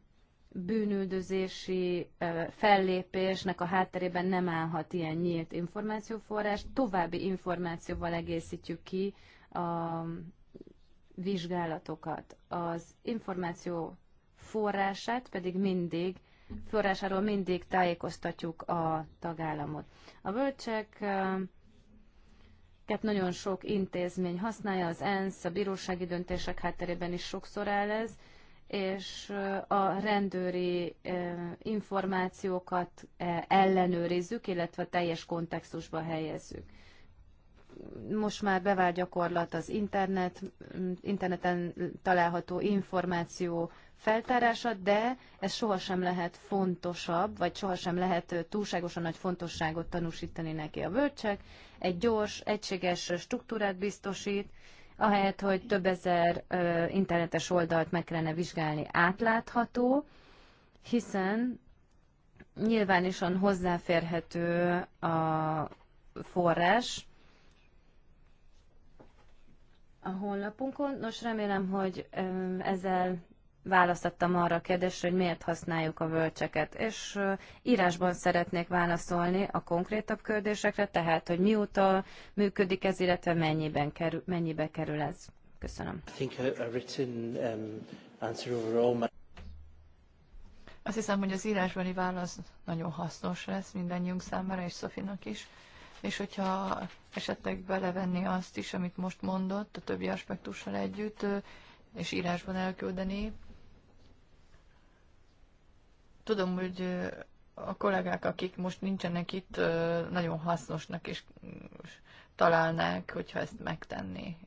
bűnüldözési fellépésnek a hátterében nem állhat ilyen nyílt információforrás. További információval egészítjük ki a vizsgálatokat. Az információ forrását pedig mindig, forrásáról mindig tájékoztatjuk a tagállamot. A bölcsek ezeket nagyon sok intézmény használja, az ENSZ, a bírósági döntések hátterében is sokszor áll ez, és a rendőri információkat ellenőrizzük, illetve teljes kontextusba helyezzük. Most már bevált gyakorlat az internet, interneten található információ feltárása, de ez sohasem lehet fontosabb, vagy sohasem lehet túlságosan nagy fontosságot tanúsítani neki a bölcsek. Egy gyors, egységes struktúrát biztosít, ahelyett, hogy több ezer ö, internetes oldalt meg kellene vizsgálni átlátható, hiszen nyilvánisan hozzáférhető a forrás a honlapunkon. Nos, remélem, hogy ezzel választottam arra a kérdésre, hogy miért használjuk a völcseket, és írásban szeretnék válaszolni a konkrétabb kérdésekre, tehát, hogy mióta működik ez, illetve mennyiben kerül, mennyibe kerül ez. Köszönöm. Um, azt hiszem, hogy az írásbeli válasz nagyon hasznos lesz mindannyiunk számára, és Szofinak is. És hogyha esetleg belevenni azt is, amit most mondott, a többi aspektussal együtt, és írásban elküldeni, Tudom, hogy a kollégák, akik most nincsenek itt, nagyon hasznosnak is találnák, hogyha ezt megtenni.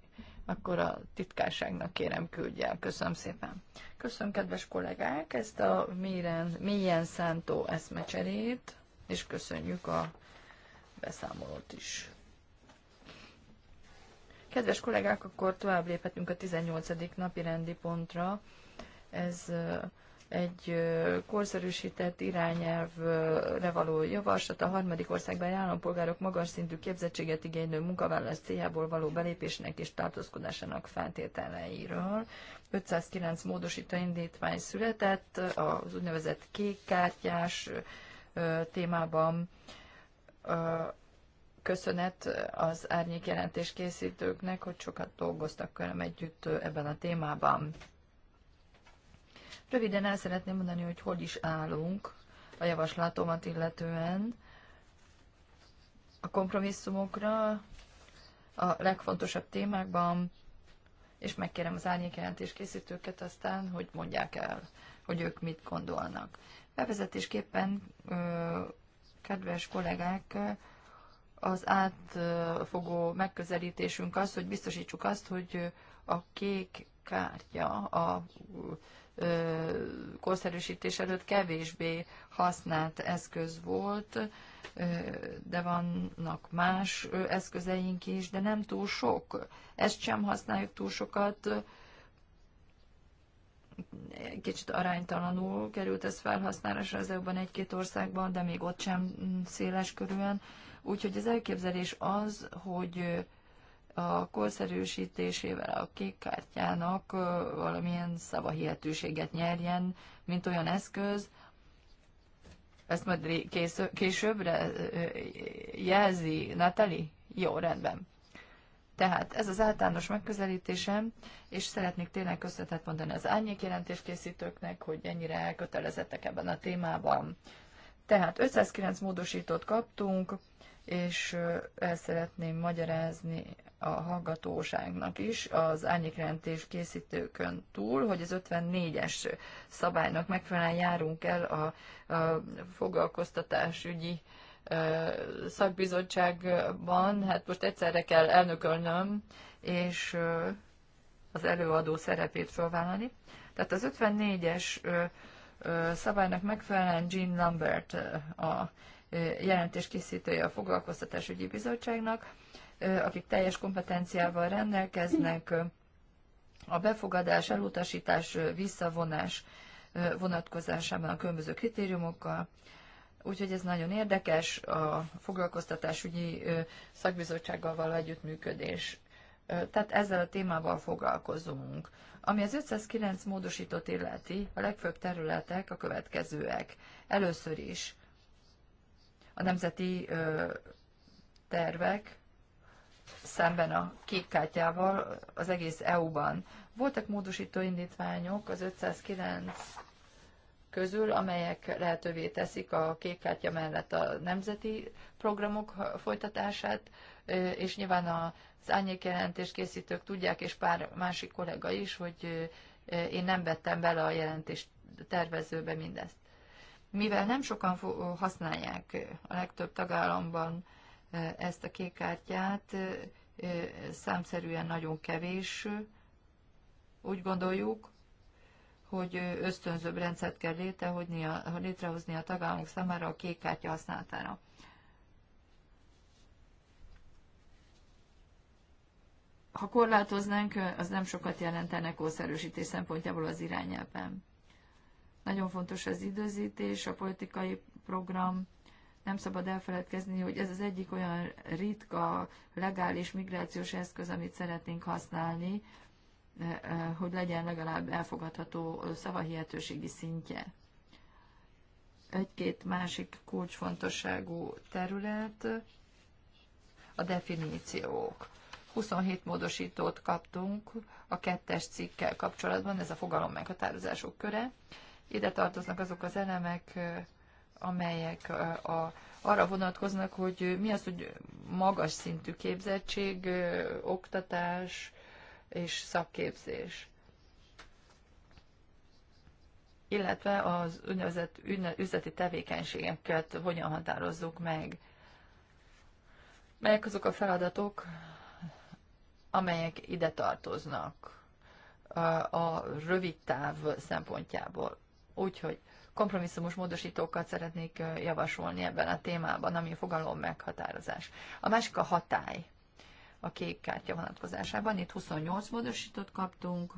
Akkor a titkárságnak kérem küldje el. Köszönöm szépen. Köszönöm, kedves kollégák, ezt a mélyen, mélyen szántó eszmecserét, és köszönjük a beszámolót is. Kedves kollégák, akkor tovább léphetünk a 18. napi rendi pontra. Ez egy korszerűsített irányelvre való javaslat a harmadik országban állampolgárok magas szintű képzettséget igénylő munkavállalás céljából való belépésnek és tartózkodásának feltételeiről. 509 módosító indítvány született az úgynevezett kékkártyás témában. Köszönet az árnyék jelentés készítőknek, hogy sokat dolgoztak velem együtt ebben a témában. Röviden el szeretném mondani, hogy hogy is állunk a javaslatomat illetően a kompromisszumokra, a legfontosabb témákban, és megkérem az árnyékjelentés készítőket aztán, hogy mondják el, hogy ők mit gondolnak. Bevezetésképpen, kedves kollégák, az átfogó megközelítésünk az, hogy biztosítsuk azt, hogy a kék kártya a korszerűsítés előtt kevésbé használt eszköz volt, de vannak más eszközeink is, de nem túl sok. Ezt sem használjuk túl sokat, kicsit aránytalanul került ez felhasználásra az EU-ban egy-két országban, de még ott sem széles körülön. Úgyhogy az elképzelés az, hogy a korszerűsítésével a kék kártyának valamilyen szavahihetőséget nyerjen, mint olyan eszköz, ezt majd későbbre jelzi Natali? Jó, rendben. Tehát ez az általános megközelítésem, és szeretnék tényleg köszönetet mondani az árnyék jelentéskészítőknek, hogy ennyire elkötelezettek ebben a témában. Tehát 509 módosítót kaptunk, és el szeretném magyarázni a hallgatóságnak is az árnyékjelentés készítőkön túl, hogy az 54-es szabálynak megfelelően járunk el a, a foglalkoztatásügyi szakbizottságban, hát most egyszerre kell elnökölnöm, és az előadó szerepét fölvállalni. Tehát az 54-es szabálynak megfelelően Jean Lambert a jelentéskészítője a Foglalkoztatásügyi Bizottságnak, akik teljes kompetenciával rendelkeznek a befogadás, elutasítás, visszavonás vonatkozásában a különböző kritériumokkal. Úgyhogy ez nagyon érdekes, a foglalkoztatásügyi szakbizottsággal való együttműködés. Tehát ezzel a témával foglalkozunk. Ami az 509 módosított illeti, a legfőbb területek a következőek. Először is a nemzeti tervek szemben a kék kártyával az egész EU-ban. Voltak módosító indítványok az 509 közül, amelyek lehetővé teszik a kék kártya mellett a nemzeti programok folytatását, és nyilván az jelentést készítők tudják, és pár másik kollega is, hogy én nem vettem bele a jelentés tervezőbe mindezt mivel nem sokan használják a legtöbb tagállamban ezt a kék kártyát, számszerűen nagyon kevés, úgy gondoljuk, hogy ösztönzőbb rendszert kell létrehozni a tagállamok számára a kék kártya használatára. Ha korlátoznánk, az nem sokat jelentene ószerűsítés szempontjából az irányelben. Nagyon fontos az időzítés, a politikai program. Nem szabad elfeledkezni, hogy ez az egyik olyan ritka legális migrációs eszköz, amit szeretnénk használni, eh, eh, hogy legyen legalább elfogadható szavahihetőségi szintje. Egy-két másik kulcsfontosságú terület a definíciók. 27 módosítót kaptunk a kettes cikkkel kapcsolatban, ez a fogalom meghatározások köre, ide tartoznak azok az elemek, amelyek a, arra vonatkoznak, hogy mi az, hogy magas szintű képzettség, oktatás és szakképzés. Illetve az úgynevezett üzleti tevékenységeket hogyan határozzuk meg. Melyek azok a feladatok, amelyek ide tartoznak a rövid táv szempontjából. Úgyhogy kompromisszumos módosítókat szeretnék javasolni ebben a témában, ami a fogalom meghatározás. A másik a hatály a kék kártya vonatkozásában. Itt 28 módosítót kaptunk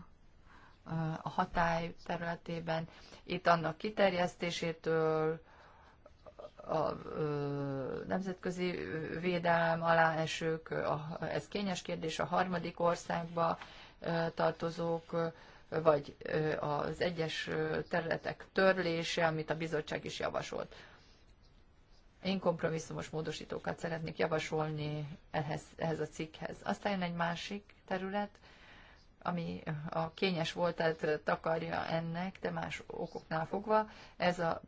a hatály területében. Itt annak kiterjesztésétől a nemzetközi védelem alá esők, ez kényes kérdés, a harmadik országba tartozók, vagy az egyes területek törlése, amit a bizottság is javasolt. Én kompromisszumos módosítókat szeretnék javasolni ehhez, ehhez a cikkhez. Aztán jön egy másik terület, ami a kényes voltát takarja ennek, de más okoknál fogva, ez a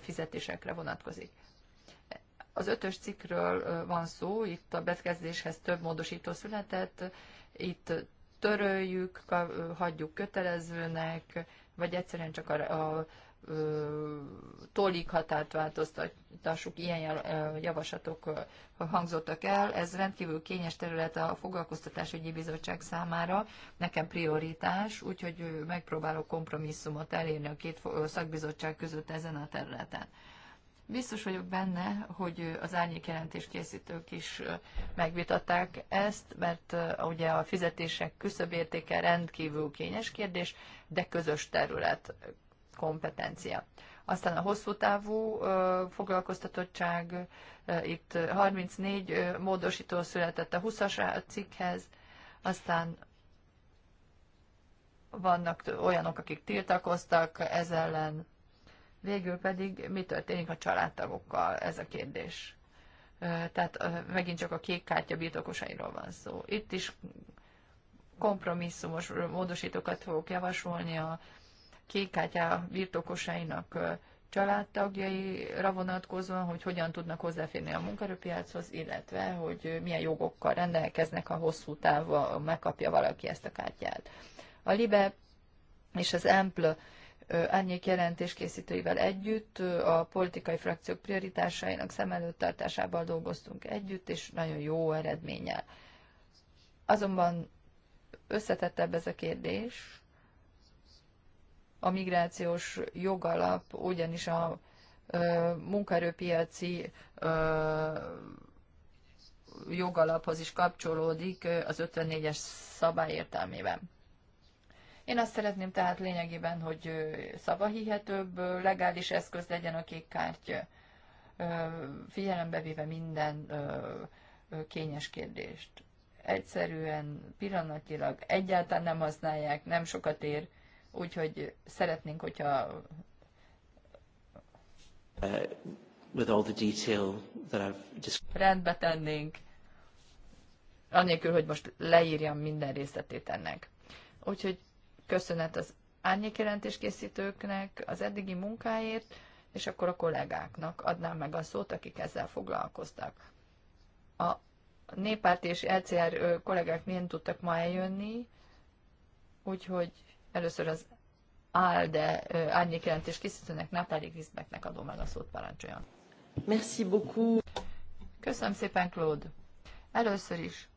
fizetésekre vonatkozik. Az ötös cikkről van szó, itt a bekezdéshez több módosító született, itt töröljük, hagyjuk kötelezőnek, vagy egyszerűen csak a, a tolik határt változtassuk, ilyen javaslatok hangzottak el. Ez rendkívül kényes terület a Foglalkoztatásügyi Bizottság számára, nekem prioritás, úgyhogy megpróbálok kompromisszumot elérni a két szakbizottság között ezen a területen. Biztos vagyok benne, hogy az árnyék készítők is megvitatták ezt, mert ugye a fizetések küszöbértéke rendkívül kényes kérdés, de közös terület kompetencia. Aztán a hosszú távú foglalkoztatottság, itt 34 módosító született a 20-as cikkhez, aztán vannak olyanok, akik tiltakoztak ez ellen, Végül pedig mi történik a családtagokkal, ez a kérdés. Tehát megint csak a kék kártya birtokosairól van szó. Itt is kompromisszumos módosítókat fogok javasolni a kék kártya birtokosainak családtagjaira vonatkozóan, hogy hogyan tudnak hozzáférni a munkerőpiachoz, illetve hogy milyen jogokkal rendelkeznek, ha hosszú távon megkapja valaki ezt a kártyát. A LIBE és az EMPL árnyék jelentés készítőivel együtt a politikai frakciók prioritásainak szem előtt tartásával dolgoztunk együtt, és nagyon jó eredménnyel. Azonban összetettebb ez a kérdés, a migrációs jogalap ugyanis a munkaerőpiaci jogalaphoz is kapcsolódik az 54-es szabály értelmében. Én azt szeretném tehát lényegében, hogy szavahihetőbb, legális eszköz legyen a kék kártya, figyelembe véve minden kényes kérdést. Egyszerűen, pillanatilag egyáltalán nem használják, nem sokat ér, úgyhogy szeretnénk, hogyha uh, with all the detail that I've just... rendbe tennénk, anélkül, hogy most leírjam minden részletét ennek. Úgyhogy köszönet az árnyékjelentés készítőknek az eddigi munkáért, és akkor a kollégáknak adnám meg a szót, akik ezzel foglalkoztak. A néppárt és LCR kollégák milyen tudtak ma eljönni, úgyhogy először az ALDE árnyékjelentés készítőnek, Natáli Griszbeknek adom meg a szót, parancsoljon. Merci beaucoup. Köszönöm szépen, Claude. Először is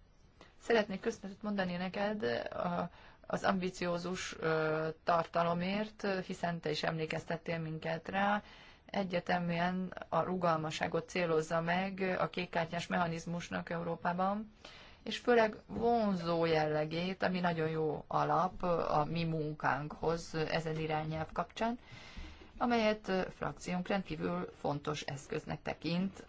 szeretnék köszönetet mondani neked az ambiciózus tartalomért, hiszen te is emlékeztettél minket rá, egyeteműen a rugalmaságot célozza meg a kékkártyás mechanizmusnak Európában, és főleg vonzó jellegét, ami nagyon jó alap a mi munkánkhoz ezen irányelv kapcsán, amelyet frakciónk rendkívül fontos eszköznek tekint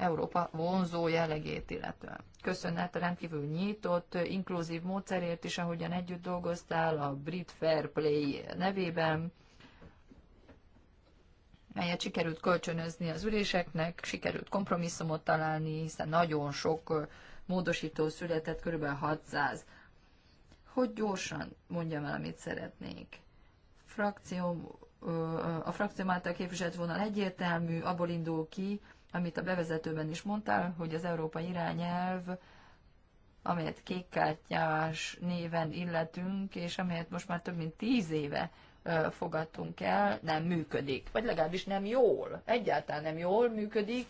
Európa vonzó jellegét illetően. Köszönet a rendkívül nyitott, inkluzív módszerért is, ahogyan együtt dolgoztál a Brit Fair Play nevében, melyet sikerült kölcsönözni az üléseknek, sikerült kompromisszumot találni, hiszen nagyon sok módosító született, kb. 600. Hogy gyorsan mondjam el, amit szeretnék. Frakcióm, a frakcióm által képviselt vonal egyértelmű, abból indul ki, amit a bevezetőben is mondtál, hogy az európai irányelv, amelyet kékkártyás néven illetünk, és amelyet most már több mint tíz éve fogadtunk el, nem működik. Vagy legalábbis nem jól, egyáltalán nem jól működik.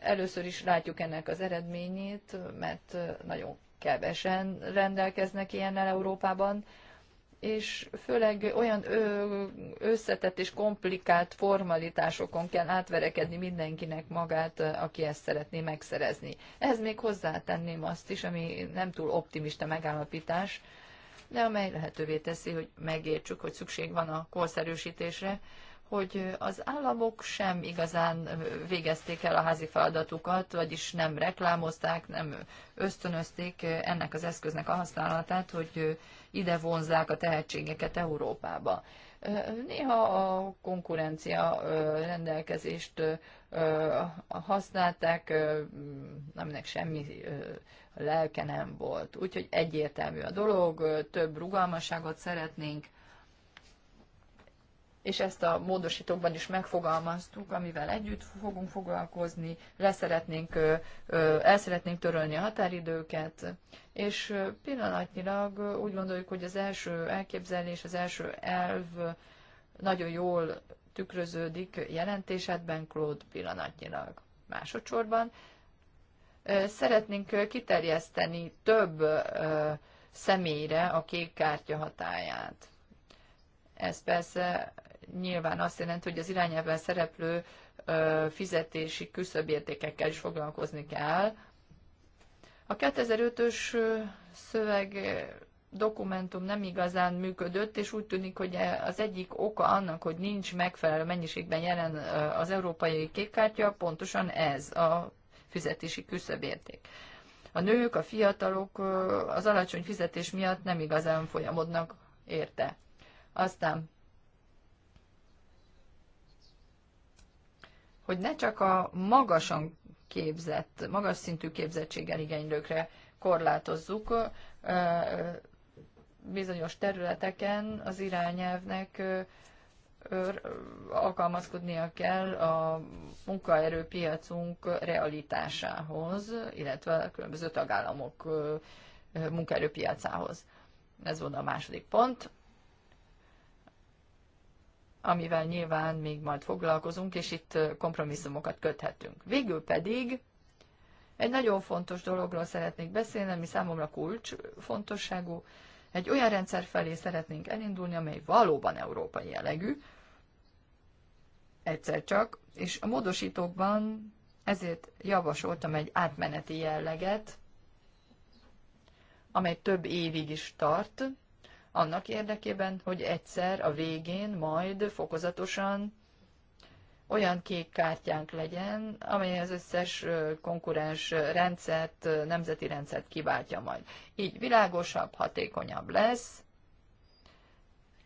Először is látjuk ennek az eredményét, mert nagyon kevesen rendelkeznek ilyennel Európában és főleg olyan összetett és komplikált formalitásokon kell átverekedni mindenkinek magát, aki ezt szeretné megszerezni. Ehhez még hozzátenném azt is, ami nem túl optimista megállapítás, de amely lehetővé teszi, hogy megértsük, hogy szükség van a korszerűsítésre, hogy az államok sem igazán végezték el a házi feladatukat, vagyis nem reklámozták, nem ösztönözték ennek az eszköznek a használatát, hogy ide vonzzák a tehetségeket Európába. Néha a konkurencia rendelkezést használták, aminek semmi lelke nem volt. Úgyhogy egyértelmű a dolog, több rugalmasságot szeretnénk, és ezt a módosítókban is megfogalmaztuk, amivel együtt fogunk foglalkozni, leszeretnénk, el szeretnénk törölni a határidőket, és pillanatnyilag úgy gondoljuk, hogy az első elképzelés, az első elv nagyon jól tükröződik jelentésedben, Claude pillanatnyilag másodszorban. Szeretnénk kiterjeszteni több személyre a kék kártya hatáját. Ez persze nyilván azt jelenti, hogy az irányelven szereplő fizetési küszöbértékekkel is foglalkozni kell. A 2005-ös szöveg dokumentum nem igazán működött, és úgy tűnik, hogy e, az egyik oka annak, hogy nincs megfelelő mennyiségben jelen az európai kékkártya, pontosan ez a fizetési küszöbérték. A nők, a fiatalok az alacsony fizetés miatt nem igazán folyamodnak érte. Aztán hogy ne csak a magasan képzett, magas szintű képzettséggel igénylőkre korlátozzuk, bizonyos területeken az irányelvnek alkalmazkodnia kell a munkaerőpiacunk realitásához, illetve a különböző tagállamok munkaerőpiacához. Ez volt a második pont amivel nyilván még majd foglalkozunk, és itt kompromisszumokat köthetünk. Végül pedig egy nagyon fontos dologról szeretnék beszélni, ami számomra kulcs fontosságú. Egy olyan rendszer felé szeretnénk elindulni, amely valóban európai jellegű, egyszer csak, és a módosítókban ezért javasoltam egy átmeneti jelleget, amely több évig is tart, annak érdekében, hogy egyszer a végén majd fokozatosan olyan kék kártyánk legyen, amely az összes konkurens rendszert, nemzeti rendszert kiváltja majd. Így világosabb, hatékonyabb lesz,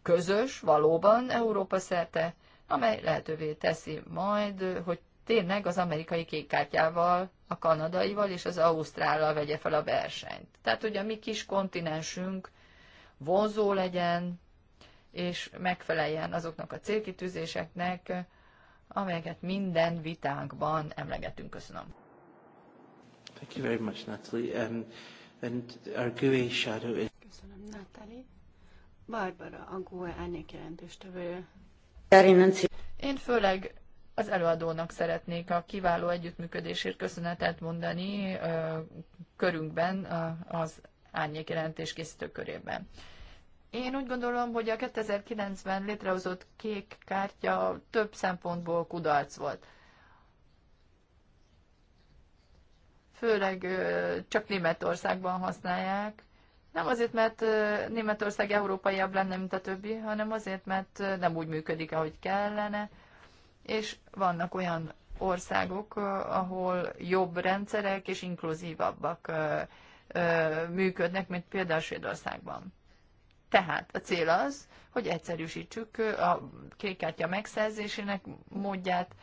közös, valóban Európa szerte, amely lehetővé teszi majd, hogy tényleg az amerikai kártyával, a kanadaival és az ausztrállal vegye fel a versenyt. Tehát, hogy a mi kis kontinensünk vonzó legyen, és megfeleljen azoknak a célkitűzéseknek, amelyeket minden vitánkban emlegetünk. Köszönöm. Thank you very much, Natalie. Um, and our GUI shadow is... Köszönöm, Natalie. Barbara, a GUE árnyék jelentőstevője. Én főleg az előadónak szeretnék a kiváló együttműködésért köszönetet mondani körünkben az jelentés készítő körében. Én úgy gondolom, hogy a 2009-ben létrehozott kék kártya több szempontból kudarc volt. Főleg csak Németországban használják. Nem azért, mert Németország európaiabb lenne, mint a többi, hanem azért, mert nem úgy működik, ahogy kellene. És vannak olyan országok, ahol jobb rendszerek és inkluzívabbak működnek, mint például Svédországban. Tehát a cél az, hogy egyszerűsítsük a kékkártya megszerzésének módját,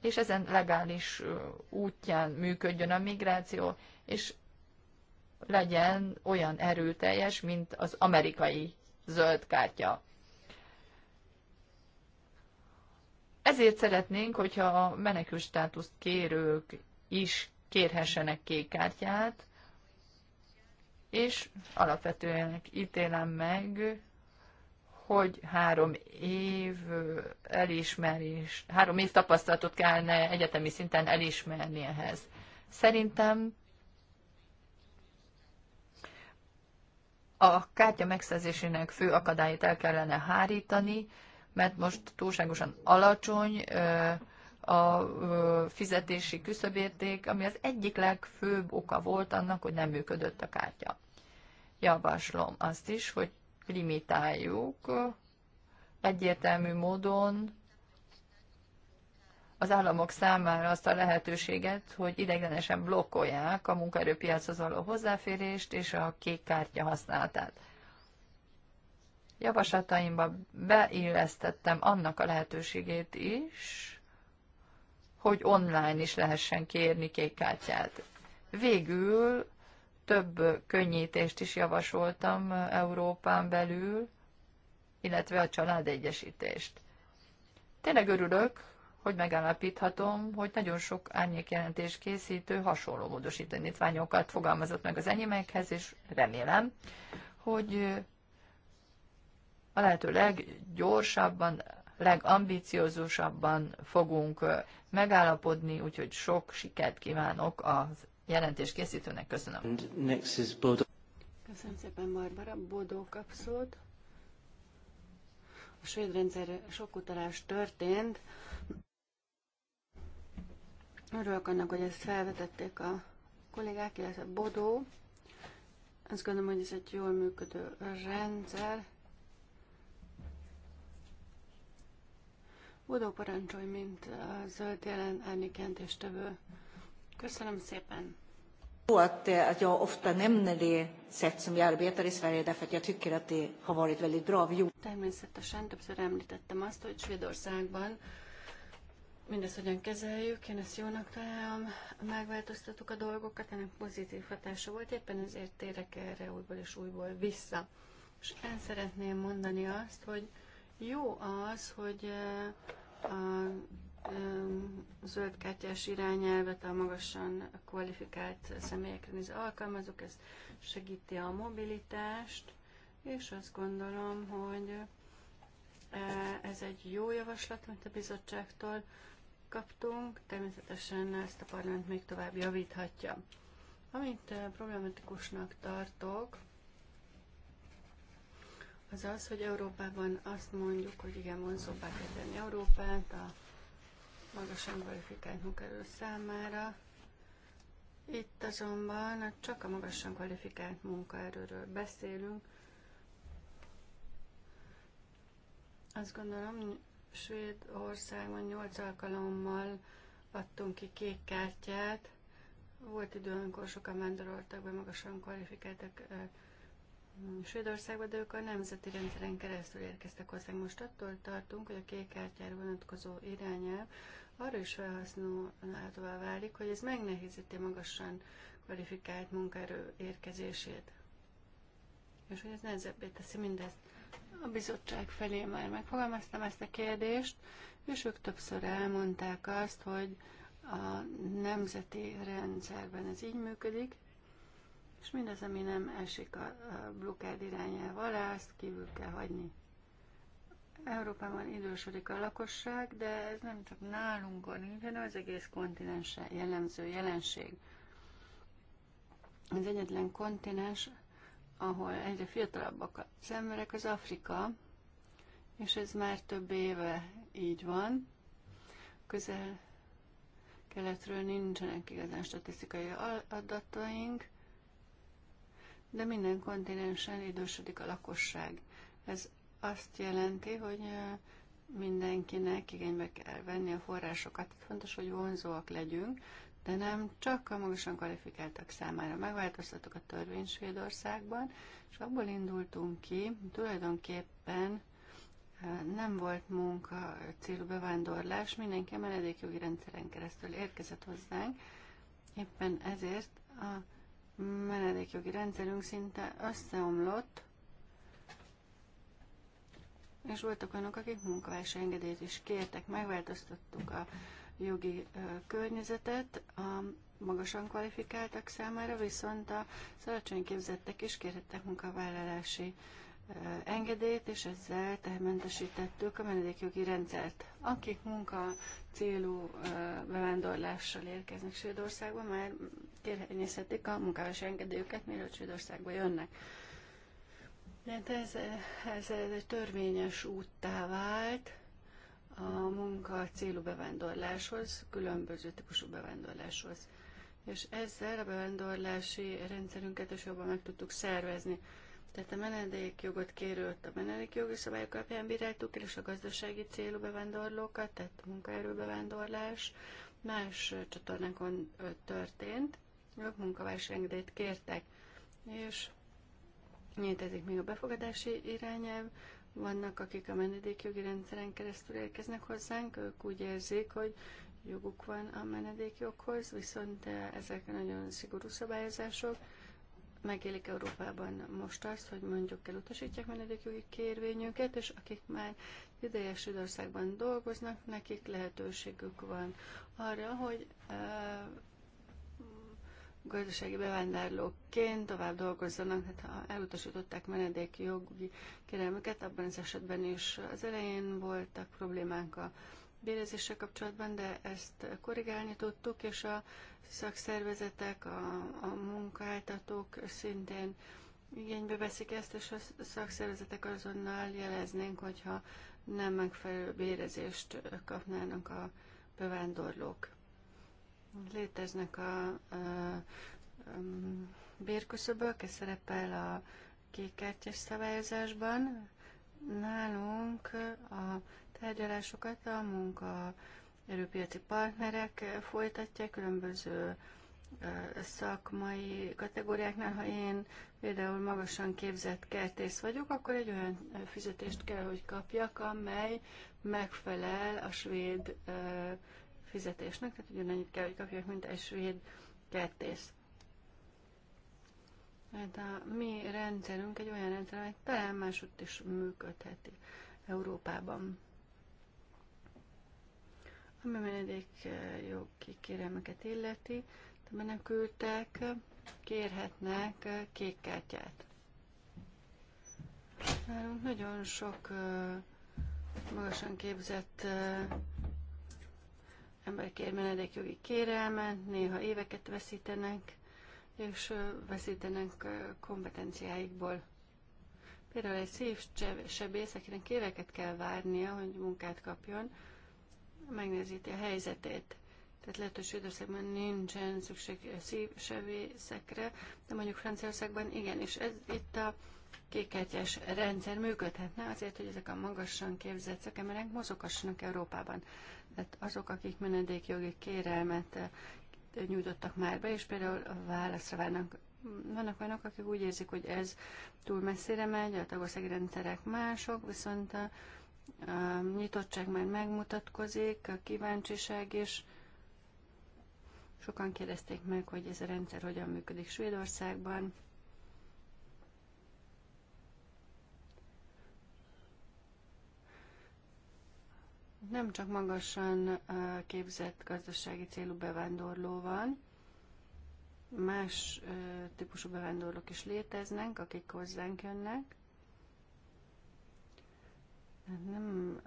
és ezen legális útján működjön a migráció, és legyen olyan erőteljes, mint az amerikai zöld kártya. Ezért szeretnénk, hogyha a menekül státuszt kérők is kérhessenek kék kártyát, és alapvetően ítélem meg, hogy három év elismerés, három év tapasztalatot kellene egyetemi szinten elismerni ehhez. Szerintem a kártya megszerzésének fő akadályt el kellene hárítani, mert most túlságosan alacsony a fizetési küszöbérték, ami az egyik legfőbb oka volt annak, hogy nem működött a kártya. Javaslom azt is, hogy limitáljuk egyértelmű módon az államok számára azt a lehetőséget, hogy ideiglenesen blokkolják a munkaerőpiachoz való hozzáférést és a kék kártya használatát. Javaslataimba beillesztettem annak a lehetőségét is, hogy online is lehessen kérni kékkártyát. Végül több könnyítést is javasoltam Európán belül, illetve a család egyesítést. Tényleg örülök, hogy megállapíthatom, hogy nagyon sok árnyékjelentés készítő hasonló módosítanítványokat fogalmazott meg az enyémekhez, és remélem, hogy a lehető leggyorsabban legambiciózusabban fogunk megállapodni, úgyhogy sok sikert kívánok a jelentés készítőnek. Köszönöm. Köszönöm szépen, Barbara. Bodó kapszót. A svéd rendszer sok utalás történt. Örülök annak, hogy ezt felvetették a kollégák, illetve Bodó. Azt gondolom, hogy ez egy jól működő rendszer. Budó parancsolj, mint a zöld jelen és tövő. Köszönöm szépen. Jó, Att hát, hát, jag ofta nämner det sätt som vi arbetar i Sverige därför att jag tycker att det har varit väldigt bra. Vi gjorde... Természetesen többször említettem azt, hogy Svédországban mindezt hogyan kezeljük, én ezt jónak találom, megváltoztatok a dolgokat, ennek pozitív hatása volt, éppen ezért térek erre újból és újból vissza. És el szeretném mondani azt, hogy jó az, hogy a zöldkártyás irányelvet a magasan kvalifikált személyekre néző alkalmazók ez segíti a mobilitást, és azt gondolom, hogy e, ez egy jó javaslat, amit a bizottságtól kaptunk, természetesen ezt a parlament még tovább javíthatja. Amit e, problematikusnak tartok, az az, hogy Európában azt mondjuk, hogy igen, vonzóbbá kell tenni Európát a magasan kvalifikált munkaerő számára. Itt azonban csak a magasan kvalifikált munkaerőről beszélünk. Azt gondolom, Svédországban 8 alkalommal adtunk ki kék kártyát. Volt idő, amikor sokan vándoroltak be magasan kvalifikáltak Svédországba, de ők a nemzeti rendszeren keresztül érkeztek hozzánk. Most attól tartunk, hogy a kékkártyára vonatkozó irányelv arra is felhasználhatóvá válik, hogy ez megnehézíti magasan kvalifikált munkaerő érkezését. És hogy ez nehezebbé teszi mindezt. A bizottság felé már megfogalmaztam ezt a kérdést, és ők többször elmondták azt, hogy a nemzeti rendszerben ez így működik, és mindaz, ami nem esik a, a blokkád irányába alá, azt kívül kell hagyni. Európában idősödik a lakosság, de ez nem csak nálunk van, így, hanem az egész kontinensen jellemző jelenség. Az egyetlen kontinens, ahol egyre fiatalabbak az emberek, az Afrika, és ez már több éve így van. Közel keletről nincsenek igazán statisztikai adataink, de minden kontinensen idősödik a lakosság. Ez azt jelenti, hogy mindenkinek igénybe kell venni a forrásokat. Fontos, hogy vonzóak legyünk, de nem csak a magasan kvalifikáltak számára. Megváltoztattuk a törvény Svédországban, és abból indultunk ki, tulajdonképpen nem volt munka célú bevándorlás, mindenki a menedékjogi rendszeren keresztül érkezett hozzánk, éppen ezért a menedékjogi rendszerünk szinte összeomlott, és voltak olyanok, akik munkavállalás engedélyt is kértek, megváltoztattuk a jogi környezetet a magasan kvalifikáltak számára, viszont a alacsony képzettek is kérhettek munkavállalási engedélyt, és ezzel tehermentesítettük a menedékjogi rendszert. Akik munka célú bevándorlással érkeznek Svédországba, már kérvényezhetik a munkálási engedélyüket, mielőtt Svédországba jönnek. De hát ez, ez, ez egy törvényes úttá vált a munka célú bevándorláshoz, különböző típusú bevándorláshoz. És ezzel a bevándorlási rendszerünket is jobban meg tudtuk szervezni. Tehát a menedékjogot kérőt a menedékjogi szabályok alapján bíráltuk el, és a gazdasági célú bevándorlókat, tehát munkaerőbevándorlás más csatornákon történt ők munkavársengedélyt kértek, és létezik még a befogadási irányelv, vannak, akik a menedékjogi rendszeren keresztül érkeznek hozzánk, ők úgy érzik, hogy joguk van a menedékjoghoz, viszont eh, ezek nagyon szigorú szabályozások. Megélik Európában most azt, hogy mondjuk elutasítják menedékjogi kérvényüket, és akik már idejes országban dolgoznak, nekik lehetőségük van arra, hogy eh, gazdasági bevándorlóként tovább dolgozzanak, tehát ha elutasították menedéki jogi kérelmüket, abban az esetben is az elején voltak problémánk a bérezéssel kapcsolatban, de ezt korrigálni tudtuk, és a szakszervezetek, a, a munkáltatók szintén igénybe veszik ezt, és a szakszervezetek azonnal jeleznénk, hogyha nem megfelelő bérezést kapnának a bevándorlók. Léteznek a, a, a bérküszöbök, ez szerepel a kékkártyás szabályozásban. Nálunk a tárgyalásokat a munka erőpiaci partnerek folytatják, különböző szakmai kategóriáknál, ha én például magasan képzett kertész vagyok, akkor egy olyan fizetést kell, hogy kapjak, amely megfelel a svéd fizetésnek, tehát ugyanannyit kell, hogy kapják, mint egy svéd kertész. Mert hát a mi rendszerünk egy olyan rendszer, amely talán másutt is működheti Európában. Ami menedék eh, jó kérelmeket illeti, a menekültek kérhetnek eh, kék kártyát. Nálunk nagyon sok eh, magasan képzett emberek ér jogi kérelmet, néha éveket veszítenek, és veszítenek kompetenciáikból. Például egy szívsebész, akinek éveket kell várnia, hogy munkát kapjon, megnézíti a helyzetét. Tehát lehet, hogy Svédországban nincsen szükség szívsebészekre, de mondjuk Franciaországban igen, és ez itt a kékkártyás rendszer működhetne azért, hogy ezek a magasan képzett szakemberek mozoghassanak Európában. Tehát azok, akik menedékjogi kérelmet eh, nyújtottak már be, és például a válaszra várnak. Vannak olyanok, akik úgy érzik, hogy ez túl messzire megy, a tagországi rendszerek mások, viszont a, a nyitottság már megmutatkozik, a kíváncsiság is. Sokan kérdezték meg, hogy ez a rendszer hogyan működik Svédországban. Nem csak magasan képzett gazdasági célú bevándorló van, más típusú bevándorlók is léteznek, akik hozzánk jönnek. Nem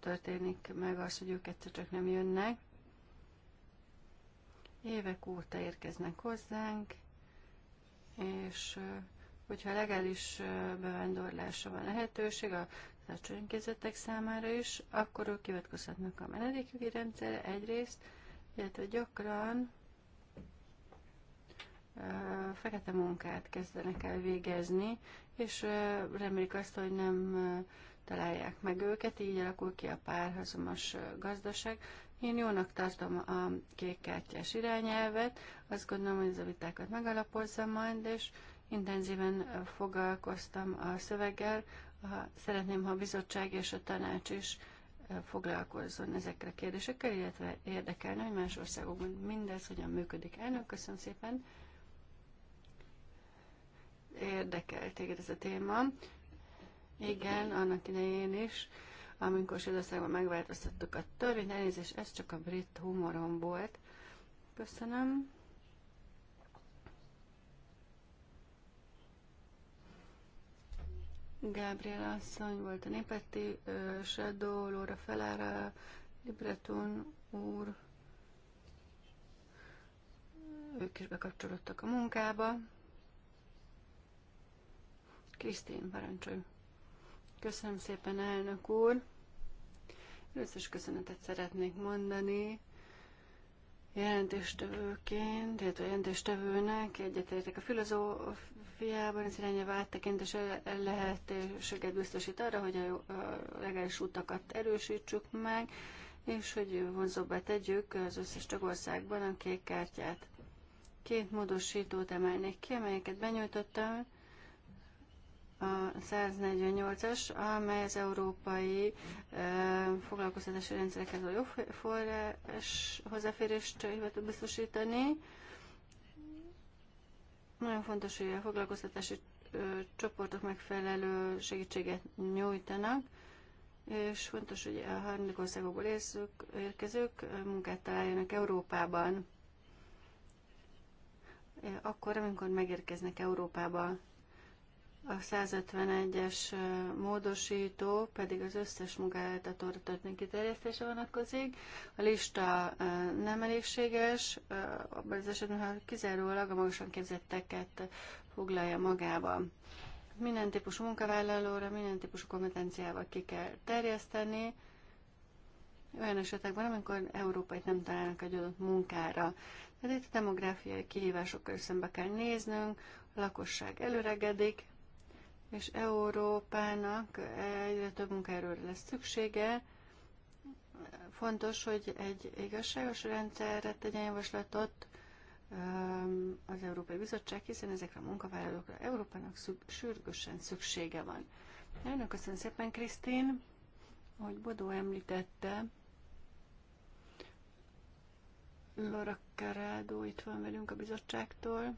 történik meg az, hogy ők egyszer csak nem jönnek. Évek óta érkeznek hozzánk, és hogyha legális bevándorlásra van lehetőség, a alacsony számára is, akkor ők hivatkozhatnak a menedékjogi rendszerre egyrészt, illetve gyakran fekete munkát kezdenek el végezni, és remélik azt, hogy nem találják meg őket, így alakul ki a párhazamos gazdaság. Én jónak tartom a kékkártyás irányelvet, azt gondolom, hogy ez a vitákat megalapozza majd, és intenzíven foglalkoztam a szöveggel, ha, szeretném, ha a bizottság és a tanács is foglalkozzon ezekre a kérdésekkel, illetve érdekelne, hogy más országokban mindez hogyan működik. Elnök, köszönöm szépen. Érdekel téged ez a téma. Igen, annak idején is, amikor Svédországban megváltoztattuk a törvényt, elnézést, ez csak a brit humorom volt. Köszönöm. Gabriel asszony volt a uh, Shadow, Laura Felára, Libretun úr. Ők is bekapcsolódtak a munkába. Krisztin, parancsolj! Köszönöm szépen, elnök úr! Először is köszönetet szeretnék mondani jelentéstevőként, illetve jelentéstevőnek egyetértek a Koreográfiában az irányába áttekintés lehetőséget biztosít arra, hogy a legális utakat erősítsük meg, és hogy vonzóbbá tegyük az összes tagországban a kék kártyát. Két módosítót emelnék ki, amelyeket benyújtottam. A 148-as, amely az európai eh, foglalkoztatási rendszerekhez jó forrás hozzáférést hivatott biztosítani. Nagyon fontos, hogy a foglalkoztatási csoportok megfelelő segítséget nyújtanak, és fontos, hogy a harmadik országokból érzők, érkezők munkát találjanak Európában. Akkor, amikor megérkeznek Európába, a 151-es módosító pedig az összes munkáltatóra történő kiterjesztése vonatkozik. A lista nem elégséges, abban az esetben, ha kizárólag a magasan képzetteket foglalja magába. Minden típusú munkavállalóra, minden típusú kompetenciával ki kell terjeszteni, olyan esetekben, amikor európai nem találnak egy adott munkára. Tehát itt a demográfiai kihívásokkal szembe kell néznünk, a lakosság előregedik, és Európának egyre több munkaerőre lesz szüksége. Fontos, hogy egy igazságos rendszerre tegyen javaslatot az Európai Bizottság, hiszen ezekre a munkavállalókra Európának sürgősen szüksége van. Nagyon köszönöm szépen, Krisztin, hogy Bodó említette, Laura Carrado itt van velünk a bizottságtól.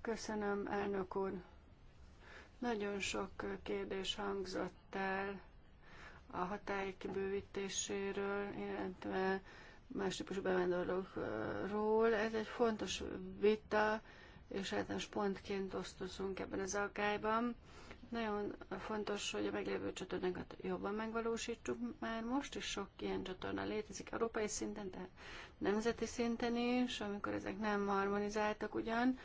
Köszönöm, elnök úr. Nagyon sok kérdés hangzott el a hatálykibővítéséről, kibővítéséről, illetve más típusú bevándorlókról. Ez egy fontos vita, és most pontként osztozunk ebben az aggályban. Nagyon fontos, hogy a meglévő csatornákat jobban megvalósítsuk már most, is sok ilyen csatorna létezik európai szinten, de nemzeti szinten is, amikor ezek nem harmonizáltak ugyan,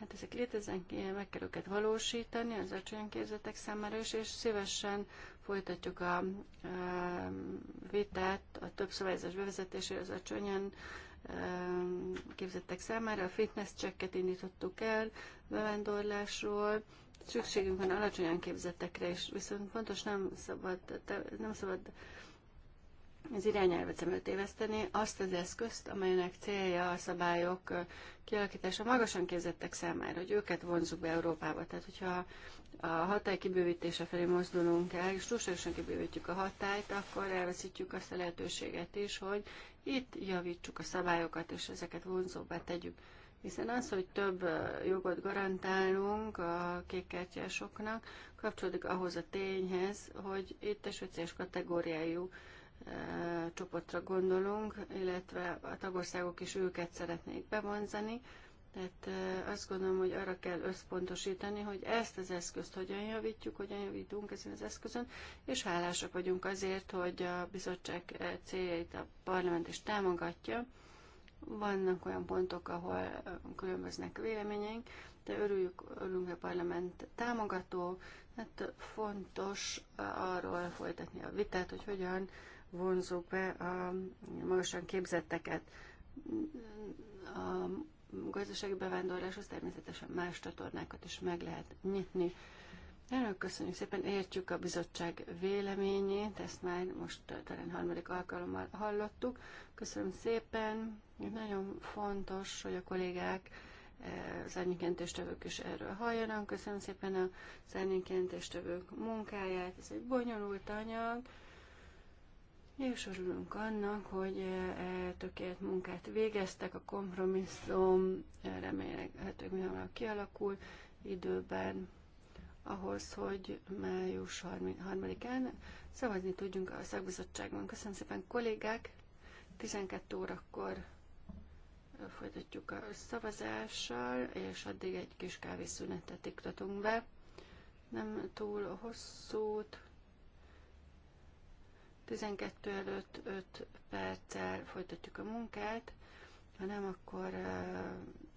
Hát ezek léteznek, meg kell őket valósítani az alacsony számára is, és szívesen folytatjuk a, a vitát a több szabályozás bevezetésére az alacsonyan képzettek számára. A fitness checket indítottuk el bevándorlásról, szükségünk van alacsonyan képzettekre, és viszont fontos nem szabad, nem szabad az irányelvet szem előtt azt az eszközt, amelynek célja a szabályok kialakítása magasan képzettek számára, hogy őket vonzuk be Európába. Tehát, hogyha a hatály kibővítése felé mozdulunk el, és túlságosan kibővítjük a hatályt, akkor elveszítjük azt a lehetőséget is, hogy itt javítsuk a szabályokat, és ezeket vonzóbbá tegyük. Hiszen az, hogy több jogot garantálunk a kékkártyásoknak, kapcsolódik ahhoz a tényhez, hogy itt a speciális kategóriájú csoportra gondolunk, illetve a tagországok is őket szeretnék bevonzani. Tehát azt gondolom, hogy arra kell összpontosítani, hogy ezt az eszközt hogyan javítjuk, hogyan javítunk ezen az eszközön, és hálásak vagyunk azért, hogy a bizottság céljait a parlament is támogatja. Vannak olyan pontok, ahol különböznek véleményeink, de örüljük, örülünk a parlament támogató. Hát fontos arról folytatni a vitát, hogy hogyan vonzuk be a magasan képzetteket. A gazdasági bevándorláshoz természetesen más csatornákat is meg lehet nyitni. Erről köszönjük szépen, értjük a bizottság véleményét, ezt már most talán harmadik alkalommal hallottuk. Köszönöm szépen, nagyon fontos, hogy a kollégák eh, az árnyékjelentéstevők is erről halljanak. Köszönöm szépen az árnyékjelentéstevők munkáját, ez egy bonyolult anyag, és örülünk annak, hogy e, e, tökélet munkát végeztek, a kompromisszum e, remélhetőleg mindenhol kialakul időben, ahhoz, hogy május 3-án szavazni tudjunk a szakbizottságban. Köszönöm szépen kollégák, 12 órakor folytatjuk a szavazással, és addig egy kis kávészünetet iktatunk be. Nem túl hosszút, 12 előtt 5 perccel folytatjuk a munkát, ha nem, akkor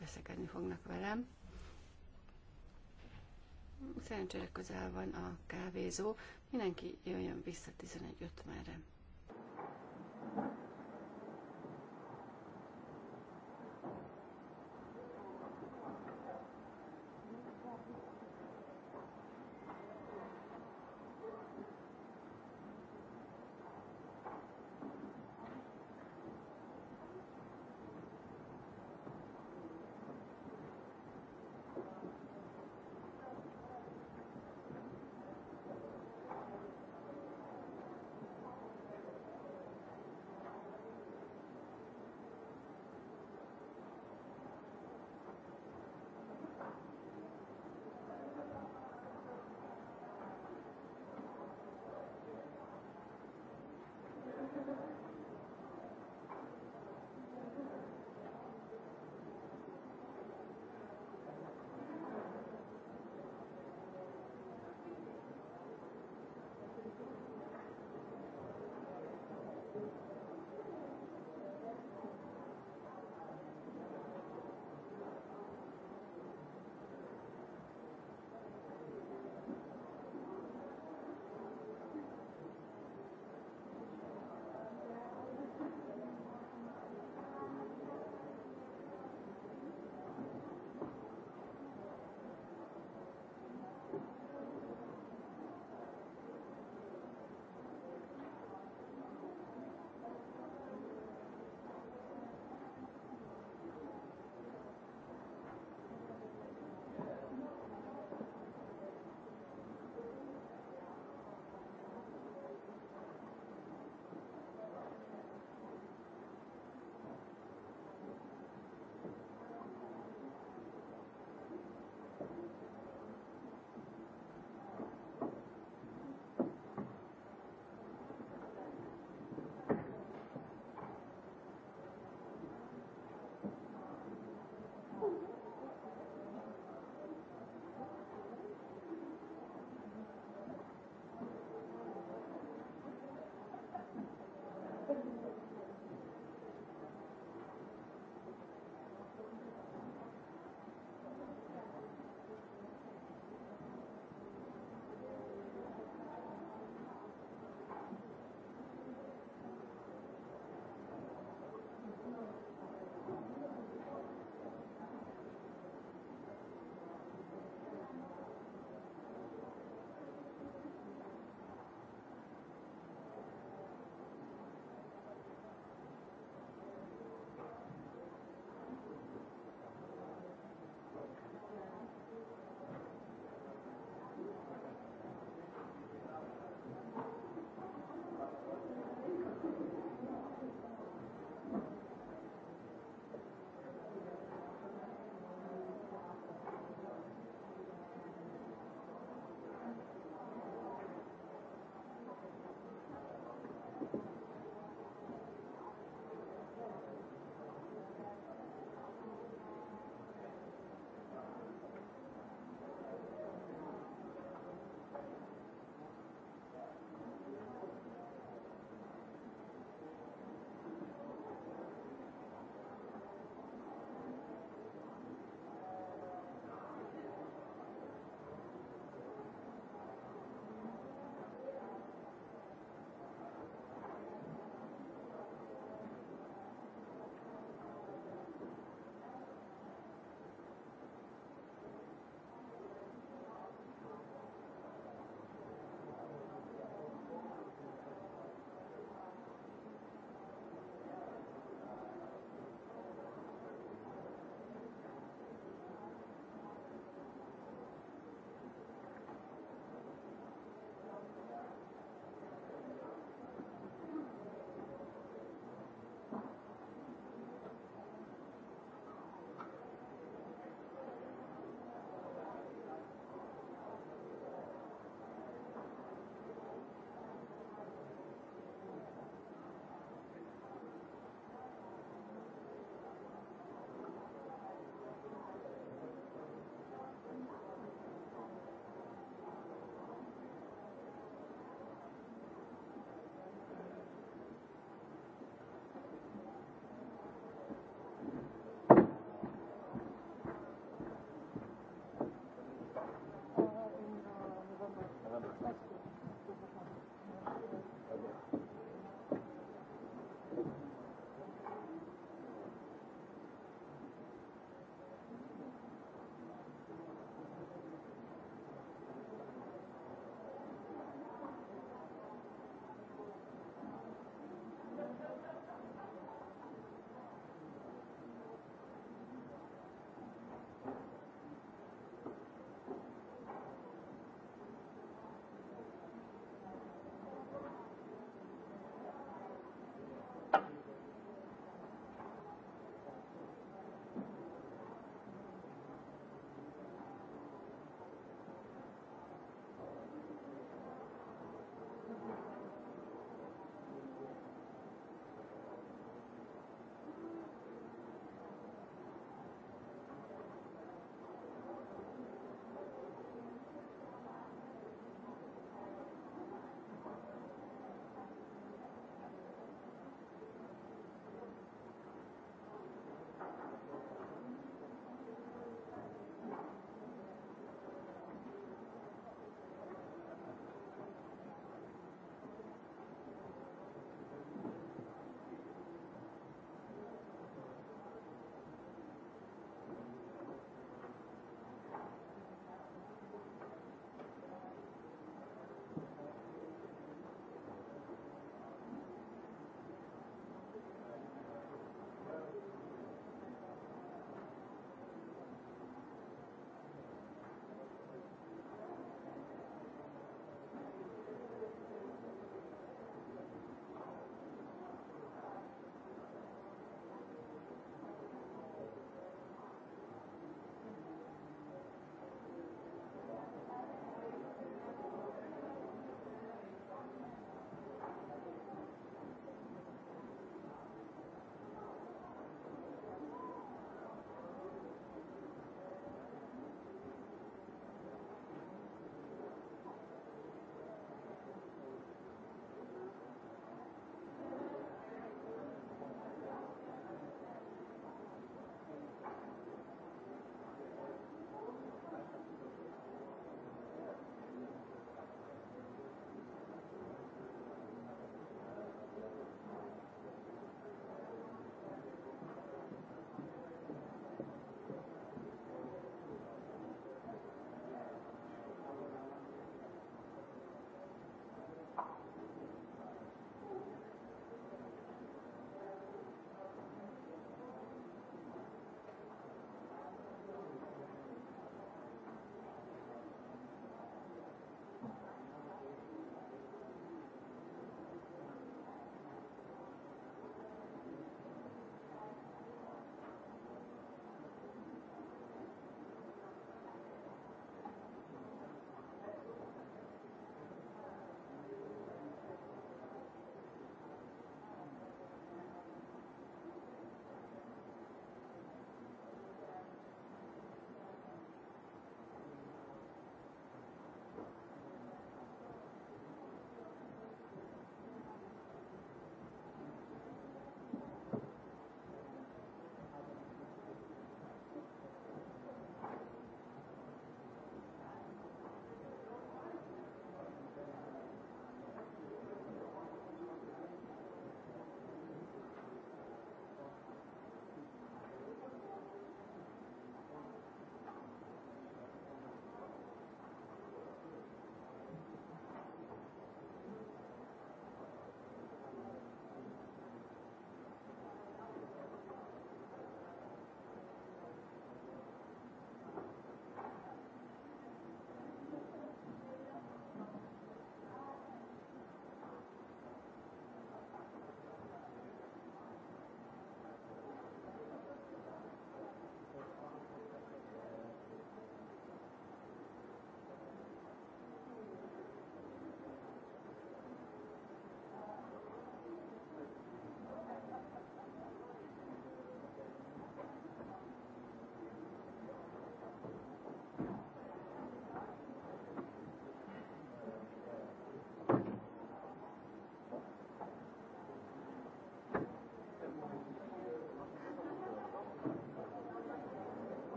veszekedni fognak velem. Szerencsére közel van a kávézó, mindenki jöjjön vissza 11.50-re.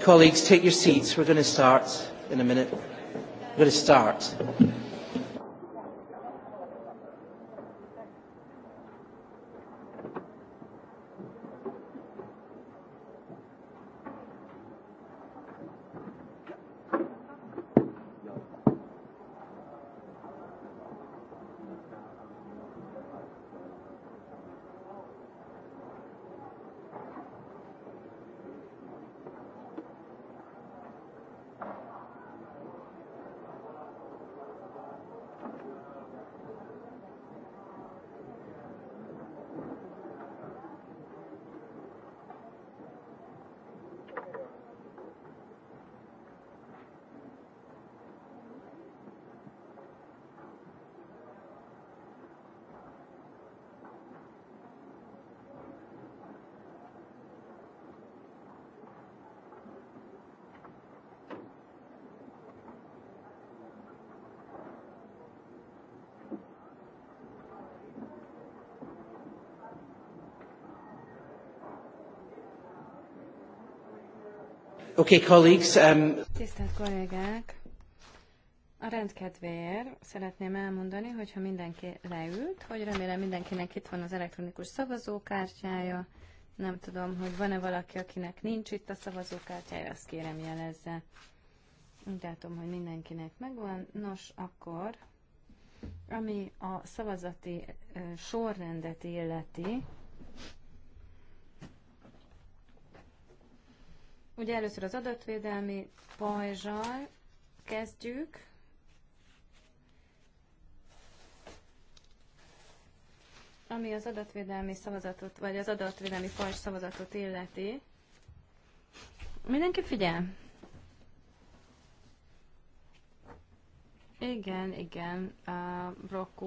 Colleagues, take your seats. We're going to start in a minute. We're going to start. Okay, colleagues, um... Tisztelt kollégák! A rendkedvéért szeretném elmondani, hogyha mindenki leült, hogy remélem mindenkinek itt van az elektronikus szavazókártyája. Nem tudom, hogy van-e valaki, akinek nincs itt a szavazókártyája, azt kérem jelezze. Úgy látom, hogy mindenkinek megvan. Nos, akkor, ami a szavazati sorrendet illeti, Ugye először az adatvédelmi pajzsal kezdjük. Ami az adatvédelmi szavazatot, vagy az adatvédelmi pajzs szavazatot illeti, mindenki figyel. Igen, igen, uh, Brokk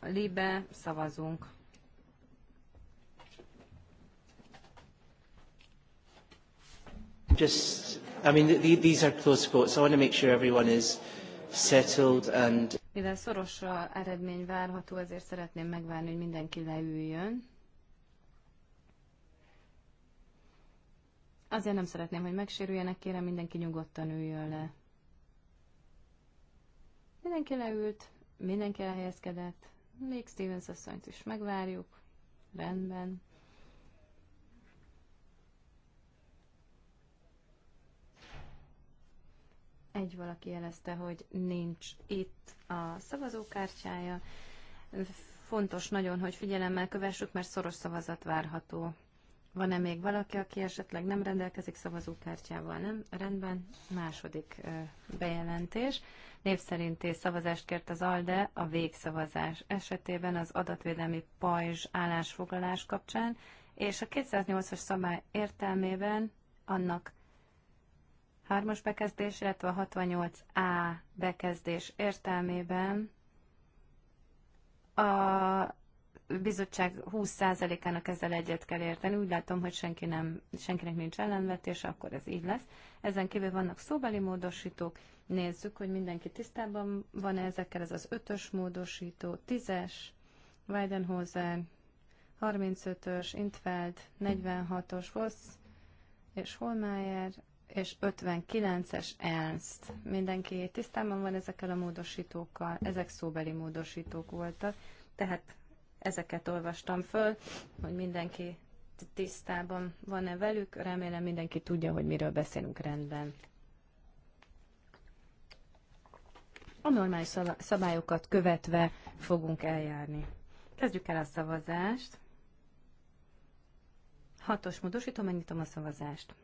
Libe, szavazunk. Just, I mean, the, these are close votes. I want to make sure everyone is settled and... Mivel szoros eredmény várható, ezért szeretném megvárni, hogy mindenki leüljön. Azért nem szeretném, hogy megsérüljenek, kérem mindenki nyugodtan üljön le. Mindenki leült, mindenki elhelyezkedett, még Stevens asszonyt is megvárjuk. Rendben. Egy valaki jelezte, hogy nincs itt a szavazókártyája. Fontos nagyon, hogy figyelemmel kövessük, mert szoros szavazat várható. Van-e még valaki, aki esetleg nem rendelkezik szavazókártyával? Nem? Rendben. Második bejelentés. Név szerinti szavazást kért az ALDE a végszavazás esetében az adatvédelmi pajzs állásfoglalás kapcsán, és a 208-as szabály értelmében annak hármas bekezdés, illetve a 68A bekezdés értelmében a bizottság 20%-ának ezzel egyet kell érteni. Úgy látom, hogy senki nem, senkinek nincs ellenvetés, akkor ez így lesz. Ezen kívül vannak szóbeli módosítók, nézzük, hogy mindenki tisztában van -e ezekkel, ez az ötös módosító, tízes, Weidenhozer, 35-ös, Intfeld, 46-os, Voss és Holmeyer, és 59-es Ernst. Mindenki tisztában van ezekkel a módosítókkal, ezek szóbeli módosítók voltak, tehát ezeket olvastam föl, hogy mindenki tisztában van-e velük, remélem mindenki tudja, hogy miről beszélünk rendben. A normális szabályokat követve fogunk eljárni. Kezdjük el a szavazást. Hatos módosítom, megnyitom a szavazást.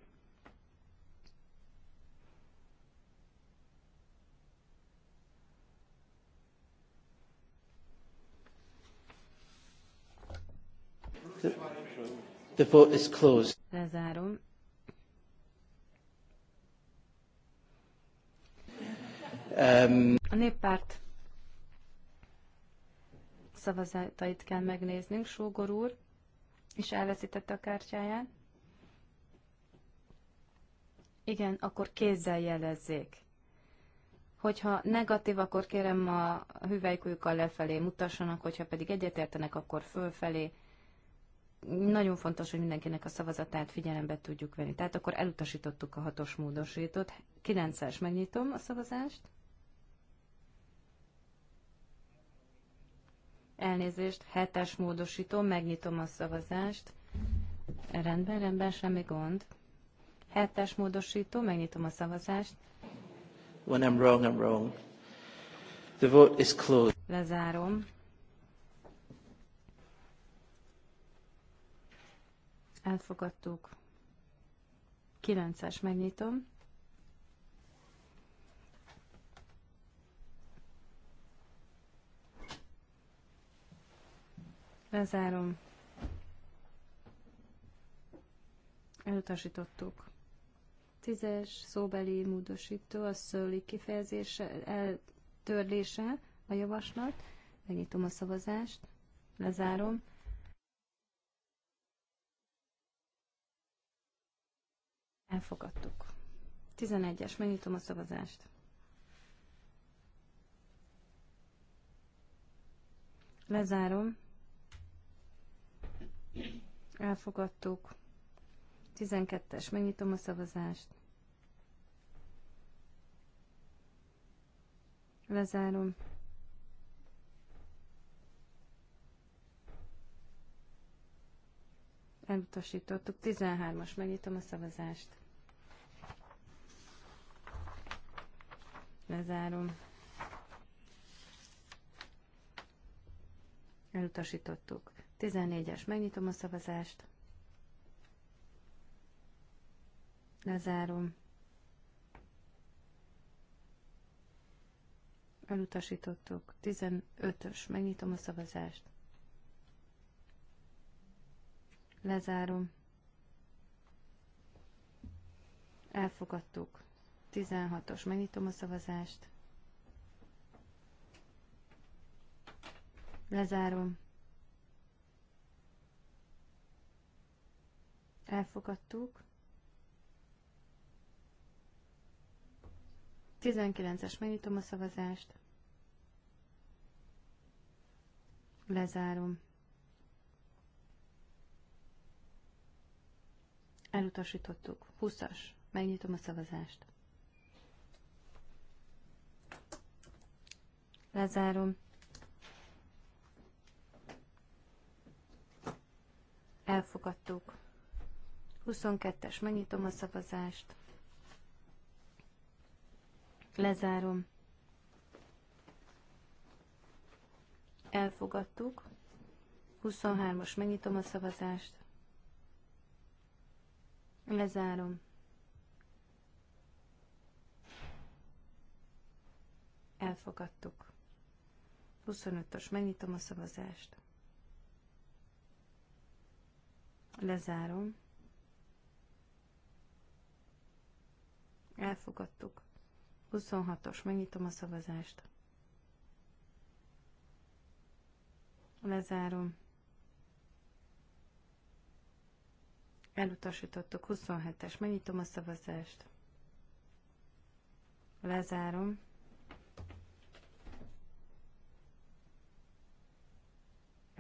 The vote is closed. Lezárom. Um, a néppárt szavazatait kell megnéznünk. Sógor úr is elveszítette a kártyáját. Igen, akkor kézzel jelezzék. Hogyha negatív, akkor kérem a hüvelykújukkal lefelé mutassanak, hogyha pedig egyetértenek, akkor fölfelé nagyon fontos, hogy mindenkinek a szavazatát figyelembe tudjuk venni. Tehát akkor elutasítottuk a hatos módosítót. 9-es megnyitom a szavazást. Elnézést, hetes módosító, megnyitom a szavazást. Rendben, rendben, semmi gond. Hetes módosító, megnyitom a szavazást. When I'm wrong, I'm wrong. The vote is closed. Lezárom. elfogadtuk. 9-es megnyitom. Lezárom. Elutasítottuk. Tízes szóbeli módosító, a szőli kifejezése, eltörlése a javaslat. Megnyitom a szavazást, lezárom. Elfogadtuk. 11-es, megnyitom a szavazást. Lezárom. Elfogadtuk. 12-es, megnyitom a szavazást. Lezárom. Elutasítottuk. 13-as, megnyitom a szavazást. Lezárom. Elutasítottuk. 14-es, megnyitom a szavazást. Lezárom. Elutasítottuk. 15-ös, megnyitom a szavazást. Lezárom. Elfogadtuk. 16-os, megnyitom a szavazást. Lezárom. Elfogadtuk. 19-es, megnyitom a szavazást. Lezárom. Elutasítottuk. 20-as. Megnyitom a szavazást. Lezárom. Elfogadtuk. 22-es, megnyitom a szavazást. Lezárom. Elfogadtuk. 23-as, megnyitom a szavazást. Lezárom. Elfogadtuk. 25-ös, megnyitom a szavazást. Lezárom. Elfogadtuk. 26-os, megnyitom a szavazást. Lezárom. Elutasítottuk 27-es, megnyitom a szavazást. Lezárom.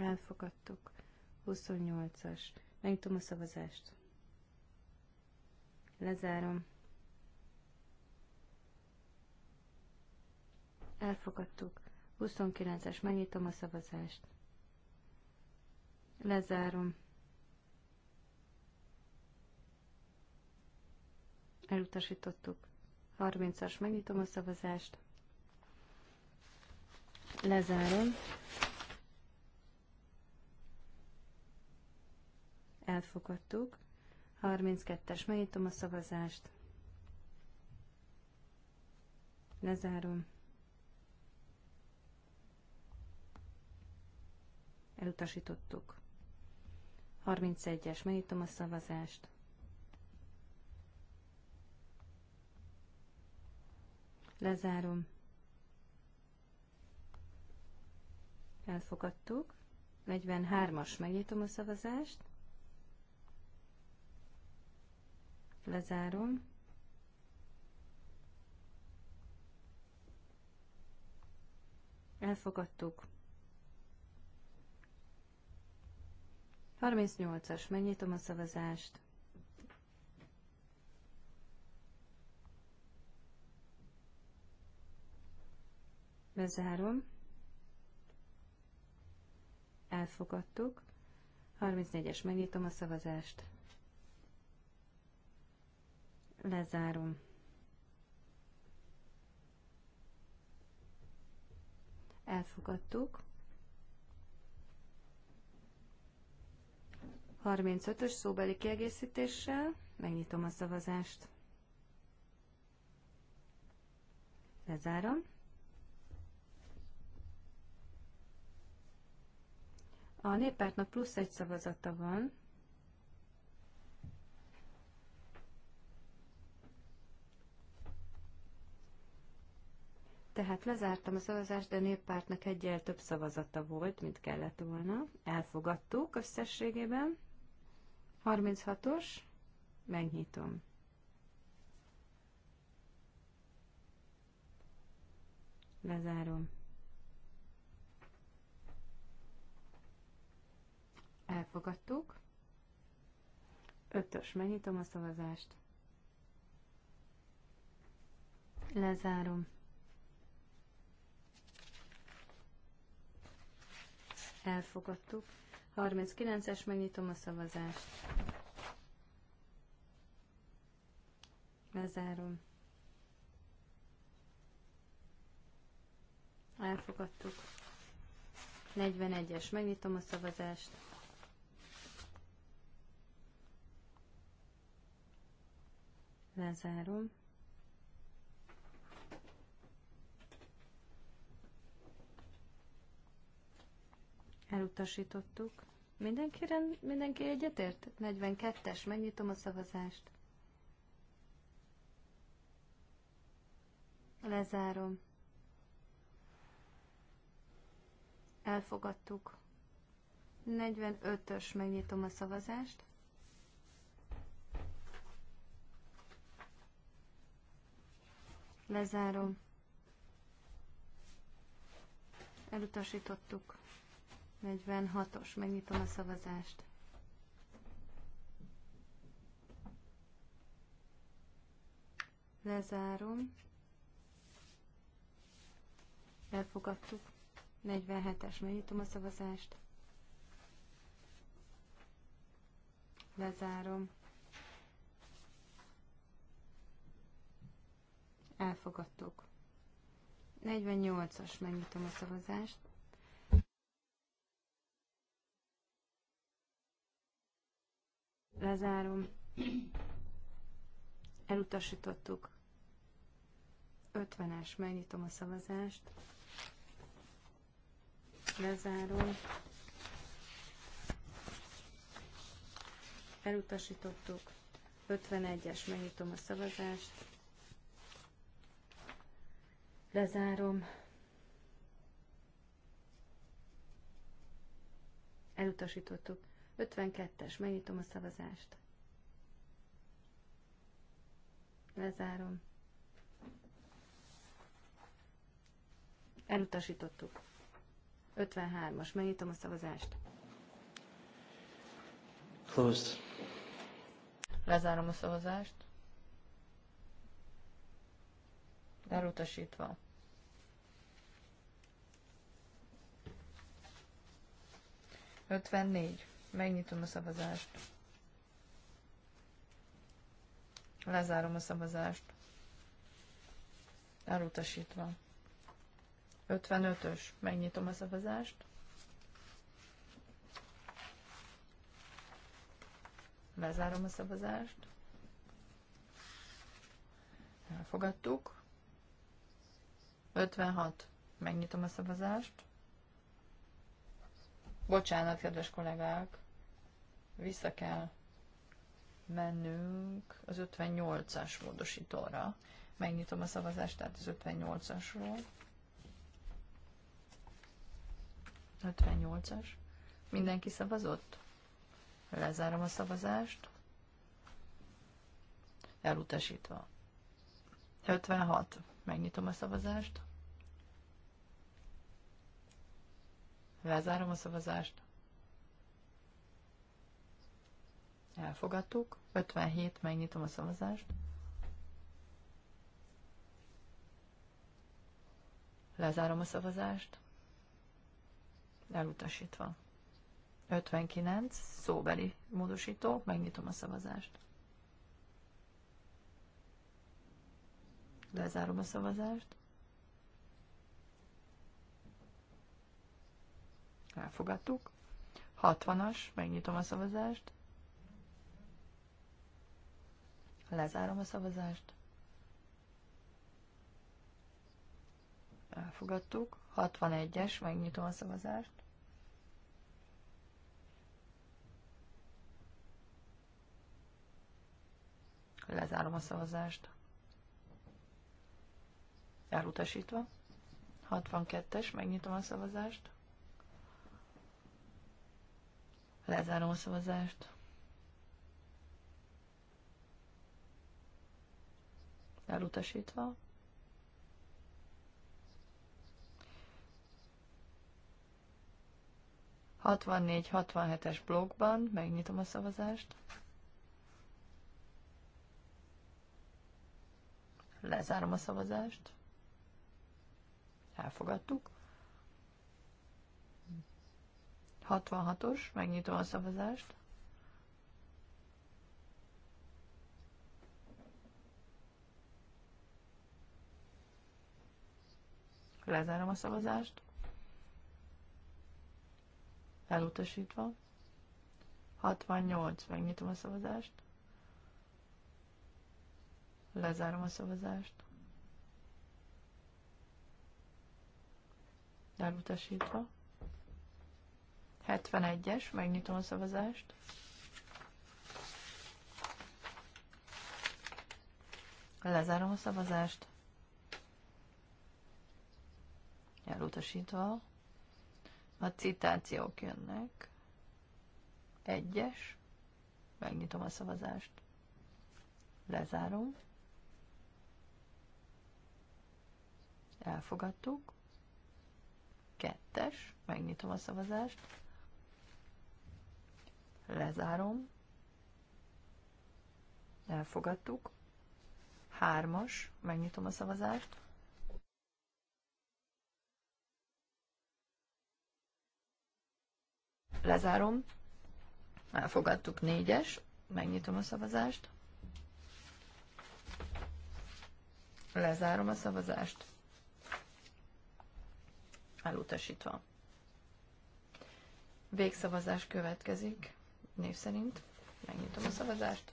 elfogadtuk. 28-as. Megnyitom a szavazást. Lezárom. Elfogadtuk. 29-es. Megnyitom a szavazást. Lezárom. Elutasítottuk. 30-as. Megnyitom a szavazást. Lezárom. elfogadtuk. 32-es, megnyitom a szavazást. Lezárom. Elutasítottuk. 31-es, megnyitom a szavazást. Lezárom. Elfogadtuk. 43-as, megnyitom a szavazást. lezárom. Elfogadtuk. 38-as, megnyitom a szavazást. Bezárom. Elfogadtuk. 34-es, megnyitom a szavazást. Lezárom. Elfogadtuk. 35-ös szóbeli kiegészítéssel megnyitom a szavazást. Lezárom. A néppártnak plusz egy szavazata van, Tehát lezártam a szavazást, de a néppártnak egyel több szavazata volt, mint kellett volna. Elfogadtuk összességében. 36-os, megnyitom. Lezárom. Elfogadtuk. 5-ös, megnyitom a szavazást. Lezárom. elfogadtuk. 39-es, megnyitom a szavazást. Lezárom. Elfogadtuk. 41-es, megnyitom a szavazást. Lezárom. Elutasítottuk. Mindenki, rend, mindenki egyetért? 42-es, megnyitom a szavazást. Lezárom. Elfogadtuk. 45-ös, megnyitom a szavazást. Lezárom. Elutasítottuk. 46-os, megnyitom a szavazást. Lezárom. Elfogadtuk. 47-es, megnyitom a szavazást. Lezárom. Elfogadtuk. 48-as, megnyitom a szavazást. Lezárom. Elutasítottuk. 50-es, megnyitom a szavazást. Lezárom. Elutasítottuk. 51-es, megnyitom a szavazást. Lezárom. Elutasítottuk. 52-es, megnyitom a szavazást. Lezárom. Elutasítottuk. 53-as, megnyitom a szavazást. Closed. Lezárom a szavazást. Elutasítva. Ötvennégy. Megnyitom a szavazást. Lezárom a szavazást. Elutasítva. 55-ös. Megnyitom a szavazást. Lezárom a szavazást. Elfogadtuk. 56. Megnyitom a szavazást. Bocsánat, kedves kollégák, vissza kell mennünk az 58-as módosítóra. Megnyitom a szavazást, tehát az 58-asról. 58-as. Mindenki szavazott? Lezárom a szavazást. Elutasítva. 56. Megnyitom a szavazást. Lezárom a szavazást. Elfogadtuk. 57, megnyitom a szavazást. Lezárom a szavazást. Elutasítva. 59, szóbeli módosító, megnyitom a szavazást. Lezárom a szavazást. elfogadtuk. 60-as, megnyitom a szavazást. Lezárom a szavazást. Elfogadtuk. 61-es, megnyitom a szavazást. Lezárom a szavazást. Elutasítva. 62-es, megnyitom a szavazást. Lezárom a szavazást. Elutasítva. hatvan hetes blogban megnyitom a szavazást. Lezárom a szavazást. Elfogadtuk. 66-os, megnyitom a szavazást. Lezárom a szavazást. Elutasítva. 68, megnyitom a szavazást. Lezárom a szavazást. Elutasítva. 71-es, megnyitom a szavazást. Lezárom a szavazást. Elutasítva. A citációk jönnek. Egyes. Megnyitom a szavazást. Lezárom. Elfogadtuk. Kettes. Megnyitom a szavazást. Lezárom. Elfogadtuk. Hármas. Megnyitom a szavazást. Lezárom. Elfogadtuk négyes. Megnyitom a szavazást. Lezárom a szavazást. Elutasítva. Végszavazás következik név szerint. Megnyitom a szavazást.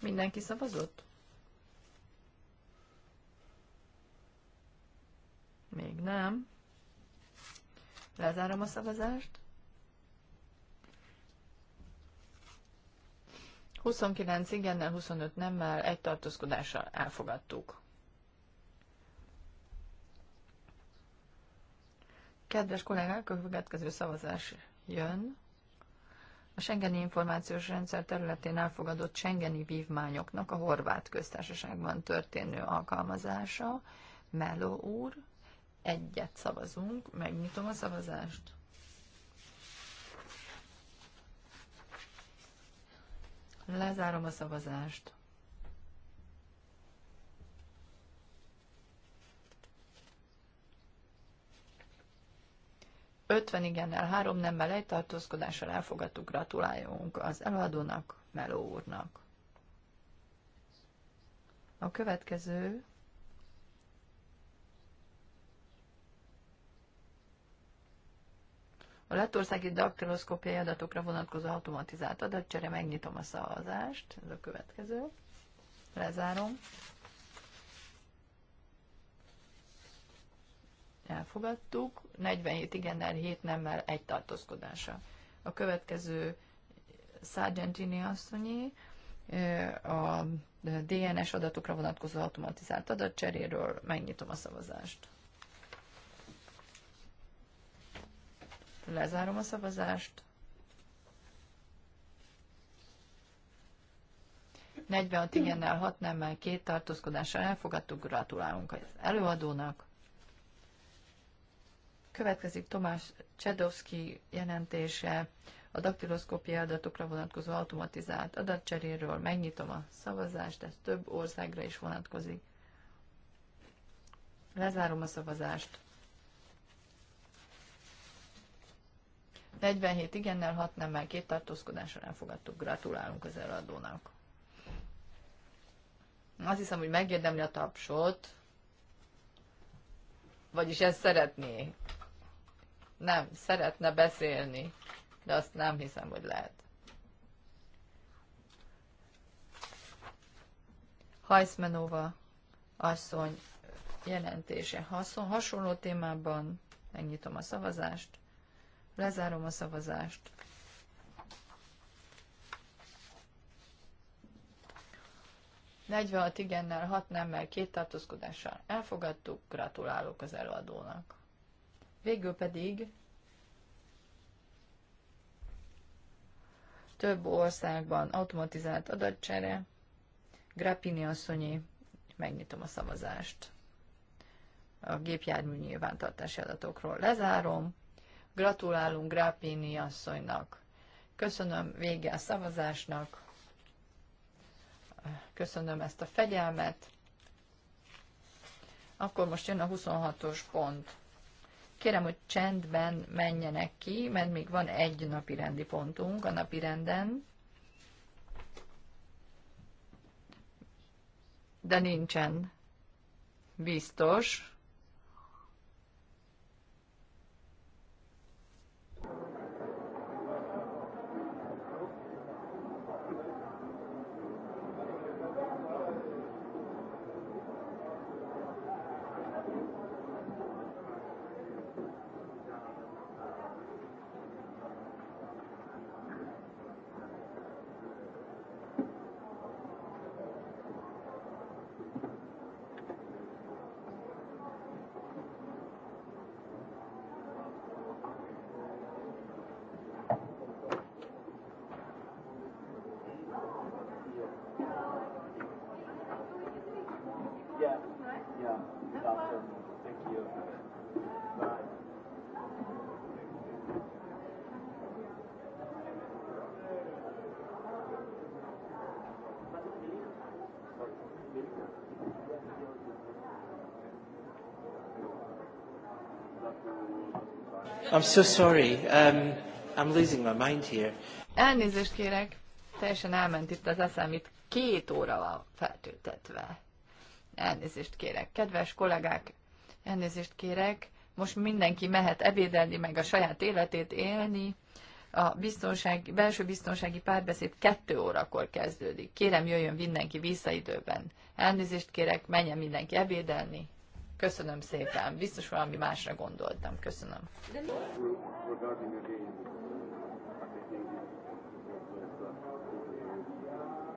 Mindenki szavazott? Még nem. Lezárom a szavazást. 29 igennel, 25 nemmel, egy tartózkodással elfogadtuk. Kedves kollégák, a következő szavazás jön. A Schengeni Információs Rendszer területén elfogadott Schengeni vívmányoknak a horvát köztársaságban történő alkalmazása. Meló úr, egyet szavazunk, megnyitom a szavazást. Lezárom a szavazást. 50 igennel, 3 nemmel egy tartózkodással elfogadtuk. Gratuláljunk az előadónak, Meló úrnak. A következő A lettországi daktiloszkópiai adatokra vonatkozó automatizált adatcsere, megnyitom a szavazást, ez a következő, lezárom. elfogadtuk, 47 igennel, 7 nemmel, egy tartózkodása. A következő Sargentini asszonyi a DNS adatokra vonatkozó automatizált adatcseréről megnyitom a szavazást. Lezárom a szavazást. 46 igennel, 6 nemmel, két tartózkodással elfogadtuk, gratulálunk az előadónak. Következik Tomás Csedowski jelentése a daktiloszkópia adatokra vonatkozó automatizált adatcseréről. Megnyitom a szavazást, ez több országra is vonatkozik. Lezárom a szavazást. 47 igennel, 6 nemmel, két tartózkodással elfogadtuk. Gratulálunk az eladónak. Azt hiszem, hogy megérdemli a tapsot. Vagyis ezt szeretné. Nem, szeretne beszélni, de azt nem hiszem, hogy lehet. Hajszmenova asszony jelentése hasonló témában. Megnyitom a szavazást, lezárom a szavazást. Negyvenhat igennel, hat nemmel, két tartózkodással elfogadtuk, gratulálok az előadónak. Végül pedig több országban automatizált adatcsere, Grappini asszonyi, megnyitom a szavazást. A gépjármű nyilvántartási adatokról lezárom. Gratulálunk Grappini asszonynak. Köszönöm vége a szavazásnak. Köszönöm ezt a fegyelmet. Akkor most jön a 26-os pont. Kérem, hogy csendben menjenek ki, mert még van egy napi rendi pontunk a napi renden. De nincsen biztos. I'm so sorry. Um, I'm losing my mind here. Elnézést kérek. Teljesen elment itt az eszem, itt két óra van feltöltetve. Elnézést kérek. Kedves kollégák, elnézést kérek. Most mindenki mehet ebédelni, meg a saját életét élni. A biztonság, belső biztonsági párbeszéd kettő órakor kezdődik. Kérem, jöjjön mindenki vissza időben. Elnézést kérek, menjen mindenki ebédelni. Köszönöm szépen. Biztos valami másra gondoltam. Köszönöm.